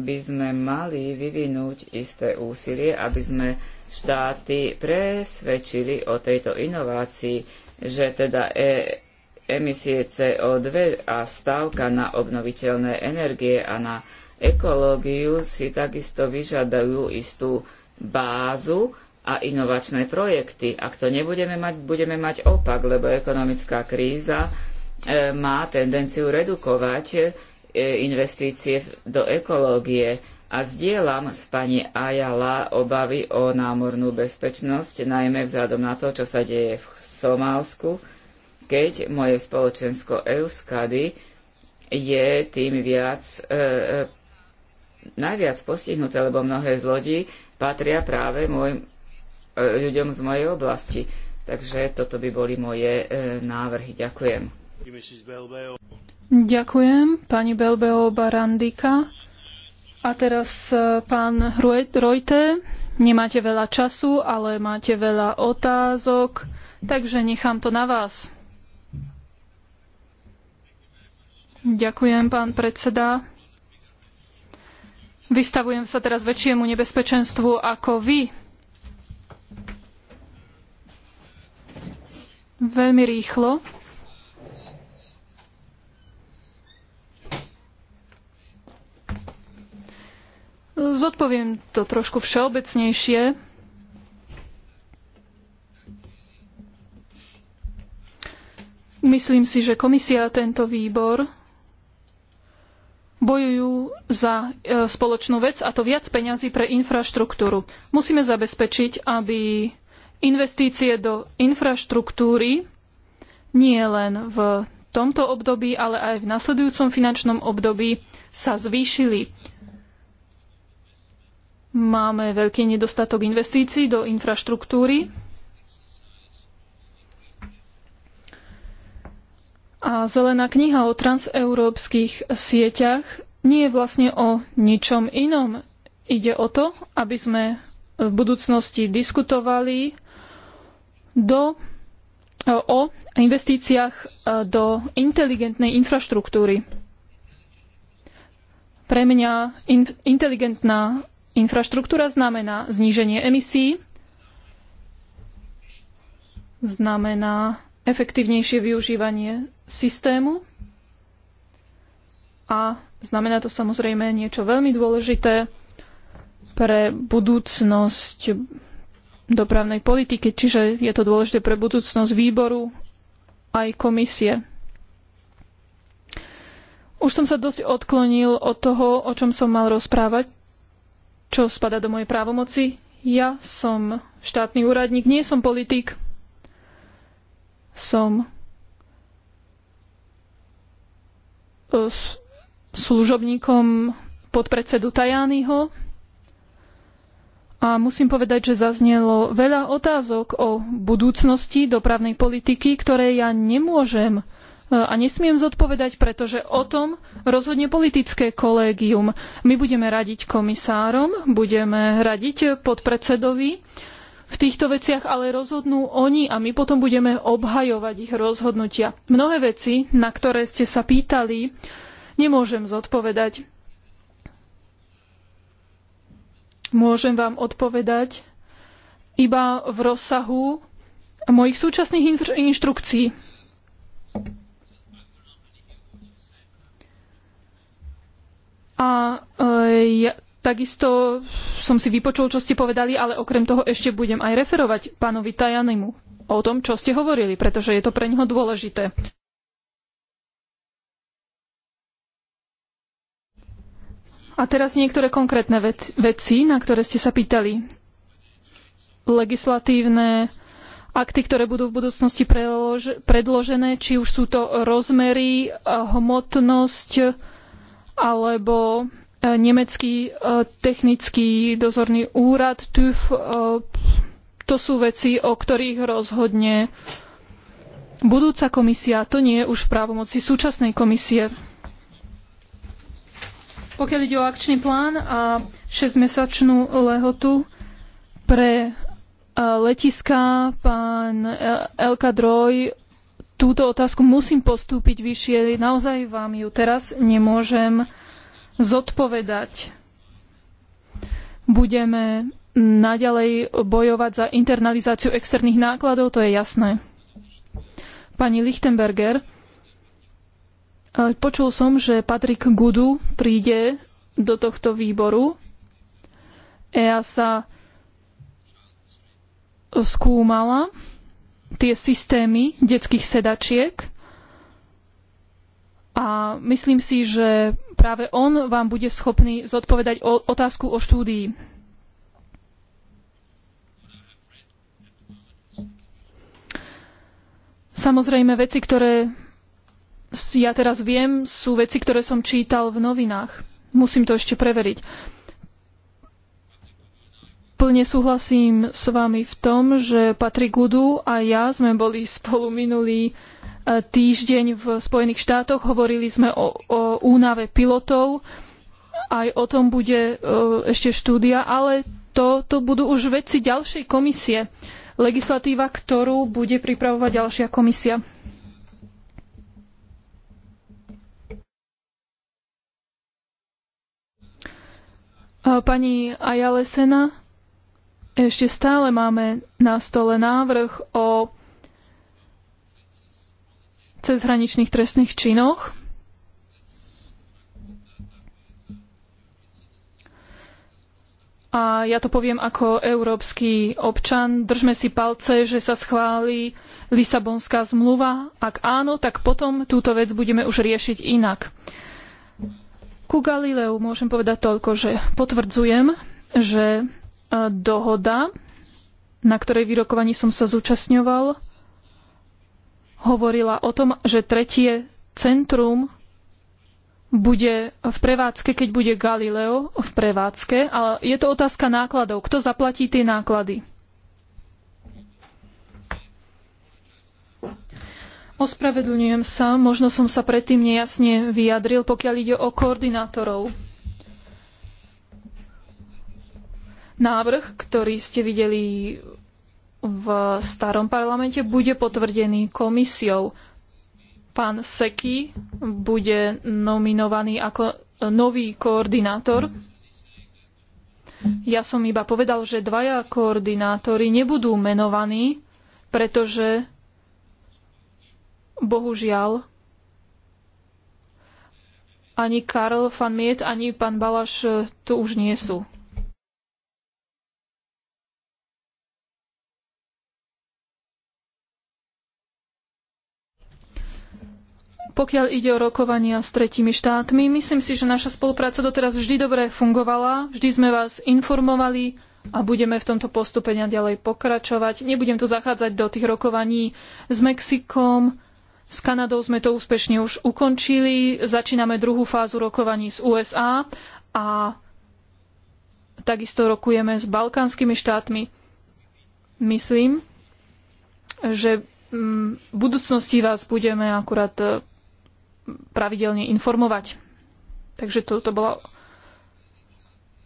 by sme mali vyvinúť isté úsilie, aby sme štáty presvedčili o tejto inovácii, že teda e- emisie CO2 a stavka na obnoviteľné energie a na ekológiu si takisto vyžadajú istú bázu a inovačné projekty. Ak to nebudeme mať, budeme mať opak, lebo ekonomická kríza e, má tendenciu redukovať E, investície do ekológie a zdieľam s pani Ajala obavy o námornú bezpečnosť, najmä vzhľadom na to, čo sa deje v Somálsku, keď moje spoločensko Euskady je tým viac, e, e, najviac postihnuté, lebo mnohé z lodí patria práve môj, e, ľuďom z mojej oblasti. Takže toto by boli moje e, návrhy. Ďakujem. Ďakujem, pani Belbeo Barandika. A teraz e, pán Rojte, nemáte veľa času, ale máte veľa otázok, takže nechám to na vás. Ďakujem, pán predseda. Vystavujem sa teraz väčšiemu nebezpečenstvu ako vy. Veľmi rýchlo. Zodpoviem to trošku všeobecnejšie. Myslím si, že komisia a tento výbor bojujú za e, spoločnú vec a to viac peňazí pre infraštruktúru. Musíme zabezpečiť, aby investície do infraštruktúry nie len v tomto období, ale aj v nasledujúcom finančnom období sa zvýšili. Máme veľký nedostatok investícií do infraštruktúry. A zelená kniha o transeurópskych sieťach nie je vlastne o ničom inom. Ide o to, aby sme v budúcnosti diskutovali do, o investíciách e, do inteligentnej infraštruktúry. Pre mňa in, inteligentná Infraštruktúra znamená zníženie emisí, znamená efektívnejšie využívanie systému a znamená to samozrejme niečo veľmi dôležité pre budúcnosť dopravnej politiky, čiže je to dôležité pre budúcnosť výboru aj komisie. Už som sa dosť odklonil od toho, o čom som mal rozprávať, čo spada do mojej právomoci. Ja som štátny úradník, nie som politik. Som e, služobníkom podpredsedu Tajányho a musím povedať, že zaznelo veľa otázok o budúcnosti dopravnej politiky, ktoré ja nemôžem uh, a nesmiem zodpovedať, pretože o tom rozhodne politické kolégium. My budeme radiť komisárom, budeme radiť podpredsedovi v týchto veciach, ale rozhodnú oni a my potom budeme obhajovať ich rozhodnutia. Mnohé veci, na ktoré ste sa pýtali, nemôžem zodpovedať. Môžem vám odpovedať iba v rozsahu mojich súčasných inštrukcií. A e, ja takisto som si vypočul, čo ste povedali, ale okrem toho ešte budem aj referovať pánovi Tajanimu o tom, čo ste hovorili, pretože je to pre neho dôležité. A teraz niektoré konkrétne veci, na ktoré ste sa pýtali. Legislatívne akty, ktoré budú v budúcnosti predložené, či už sú to rozmery, hmotnosť, alebo e, nemecký e, technický dozorný úrad TÜV. E, to sú veci, o ktorých rozhodne budúca komisia. To nie je už v právomoci súčasnej komisie. Pokiaľ ide o akčný plán a 6-mesačnú lehotu pre letiska, pán Elka Droj túto otázku musím postúpiť vyššie. Naozaj vám ju teraz nemôžem zodpovedať. Budeme naďalej bojovať za internalizáciu externých nákladov, to je jasné. Pani Lichtenberger, e, počul som, že Patrik Gudu príde do tohto výboru. EASA sa skúmala tie systémy detských sedačiek. A myslím si, že práve on vám bude schopný zodpovedať o otázku o štúdii. Samozrejme, veci, ktoré ja teraz viem, sú veci, ktoré som čítal v novinách. Musím to ešte preveriť. Plne súhlasím s vami v tom, že Patrick Gudu a ja sme boli spolu minulý e, týždeň v Spojených štátoch. Hovorili sme o, o únave pilotov. Aj o tom bude e, ešte štúdia, ale to, to budú už veci ďalšej komisie. Legislatíva, ktorú bude pripravovať ďalšia komisia. E, pani Ajale Sena ešte stále máme na stole návrh o cezhraničných trestných činoch. A ja to poviem ako európsky občan. Držme si palce, že sa schváli Lisabonská zmluva. Ak áno, tak potom túto vec budeme už riešiť inak. Ku Galileu môžem povedať toľko, že potvrdzujem, že E, dohoda, na ktorej vyrokovaní som sa zúčastňoval, hovorila o tom, že tretie centrum bude v prevádzke, keď bude Galileo v prevádzke, ale je to otázka nákladov. Kto zaplatí tie náklady? Ospravedlňujem sa, možno som sa predtým nejasne vyjadril, pokiaľ ide o koordinátorov. návrh, ktorý ste videli v starom parlamente, bude potvrdený komisiou. Pán Seki bude nominovaný ako nový koordinátor. Ja som iba povedal, že dvaja koordinátori nebudú menovaní, pretože bohužiaľ ani Karl van Miet, ani pán Balaš tu už nie sú. Pokiaľ ide o rokovania s tretími štátmi, myslím si, že naša spolupráca doteraz vždy dobre fungovala, vždy sme vás informovali a budeme v tomto postupe ďalej pokračovať. Nebudem tu zachádzať do tých rokovaní s Mexikom, s Kanadou sme to úspešne už ukončili, začíname druhú fázu rokovaní s USA a takisto rokujeme s balkánskymi štátmi. Myslím, že mm, v budúcnosti vás budeme akurát pravidelne informovať. Takže to, to bola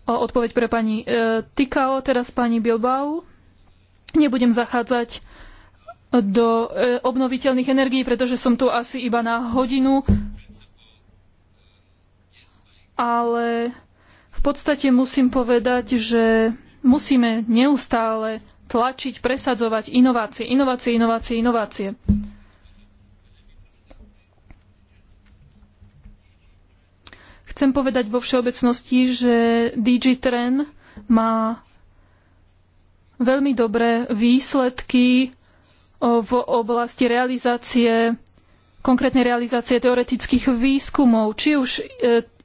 odpoveď pre pani e, Tikao, teraz pani Bilbao. Nebudem zachádzať do e, obnoviteľných energií, pretože som tu asi iba na hodinu. Ale v podstate musím povedať, že musíme neustále tlačiť, presadzovať inovácie, inovácie, inovácie, inovácie. inovácie Chcem povedať vo všeobecnosti, že DigiTren má veľmi dobré výsledky v oblasti realizácie, konkrétnej realizácie teoretických výskumov, či už e,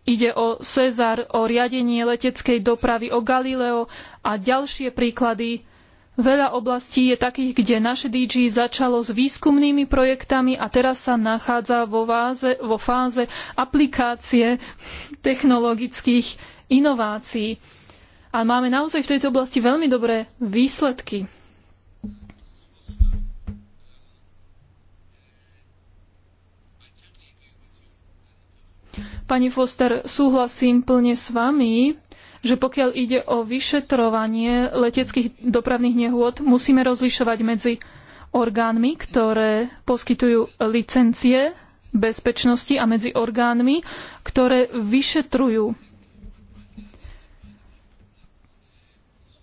ide o Cezar, o riadenie leteckej dopravy, o Galileo a ďalšie príklady Veľa oblastí je takých, kde naše DG začalo s výskumnými projektami a teraz sa nachádza vo, váze, vo fáze aplikácie technologických inovácií. A máme naozaj v tejto oblasti veľmi dobré výsledky. Pani Foster, súhlasím plne s vami že pokiaľ ide o vyšetrovanie leteckých dopravných nehôd, musíme rozlišovať medzi orgánmi, ktoré poskytujú licencie bezpečnosti a medzi orgánmi, ktoré vyšetrujú.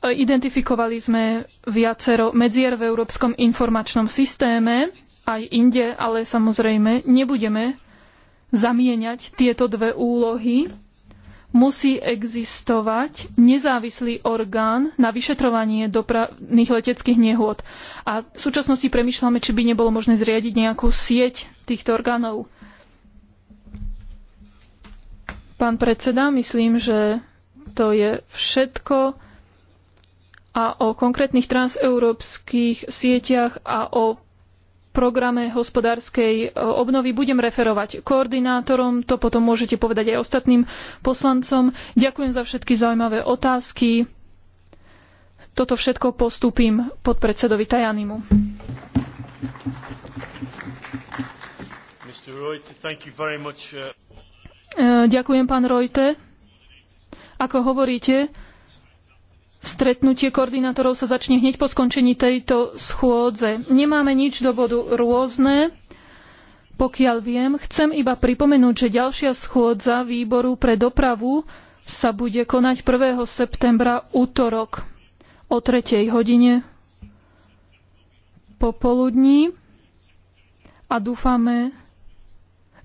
Identifikovali sme viacero medzier v Európskom informačnom systéme, aj inde, ale samozrejme nebudeme zamieňať tieto dve úlohy musí existovať nezávislý orgán na vyšetrovanie dopravných leteckých nehôd. A v súčasnosti premyšľame, či by nebolo možné zriadiť nejakú sieť týchto orgánov. Pán predseda, myslím, že to je všetko a o konkrétnych transeurópskych sieťach a o programe hospodárskej e, obnovy budem referovať koordinátorom, to potom môžete povedať aj ostatným poslancom. Ďakujem za všetky zaujímavé otázky. Toto všetko postúpim podpredsedovi Tajanimu. Uh e, ďakujem, pán Rojte. Ako hovoríte, Stretnutie koordinátorov sa začne hneď po skončení tejto schôdze. Nemáme nič do bodu rôzne. Pokiaľ viem, chcem iba pripomenúť, že ďalšia schôdza výboru pre dopravu sa bude konať 1. septembra útorok o 3. hodine popoludní a dúfame,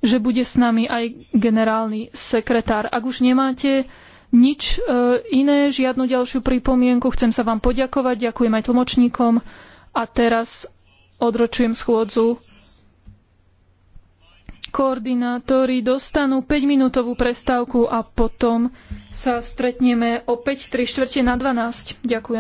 že bude s nami aj generálny sekretár. Ak už nemáte nič e, iné, žiadnu ďalšiu pripomienku. Chcem sa vám poďakovať, ďakujem aj tlmočníkom a teraz odročujem schôdzu. Koordinátori dostanú 5-minútovú prestávku a potom sa stretneme opäť 3 štvrte na 12. Ďakujem.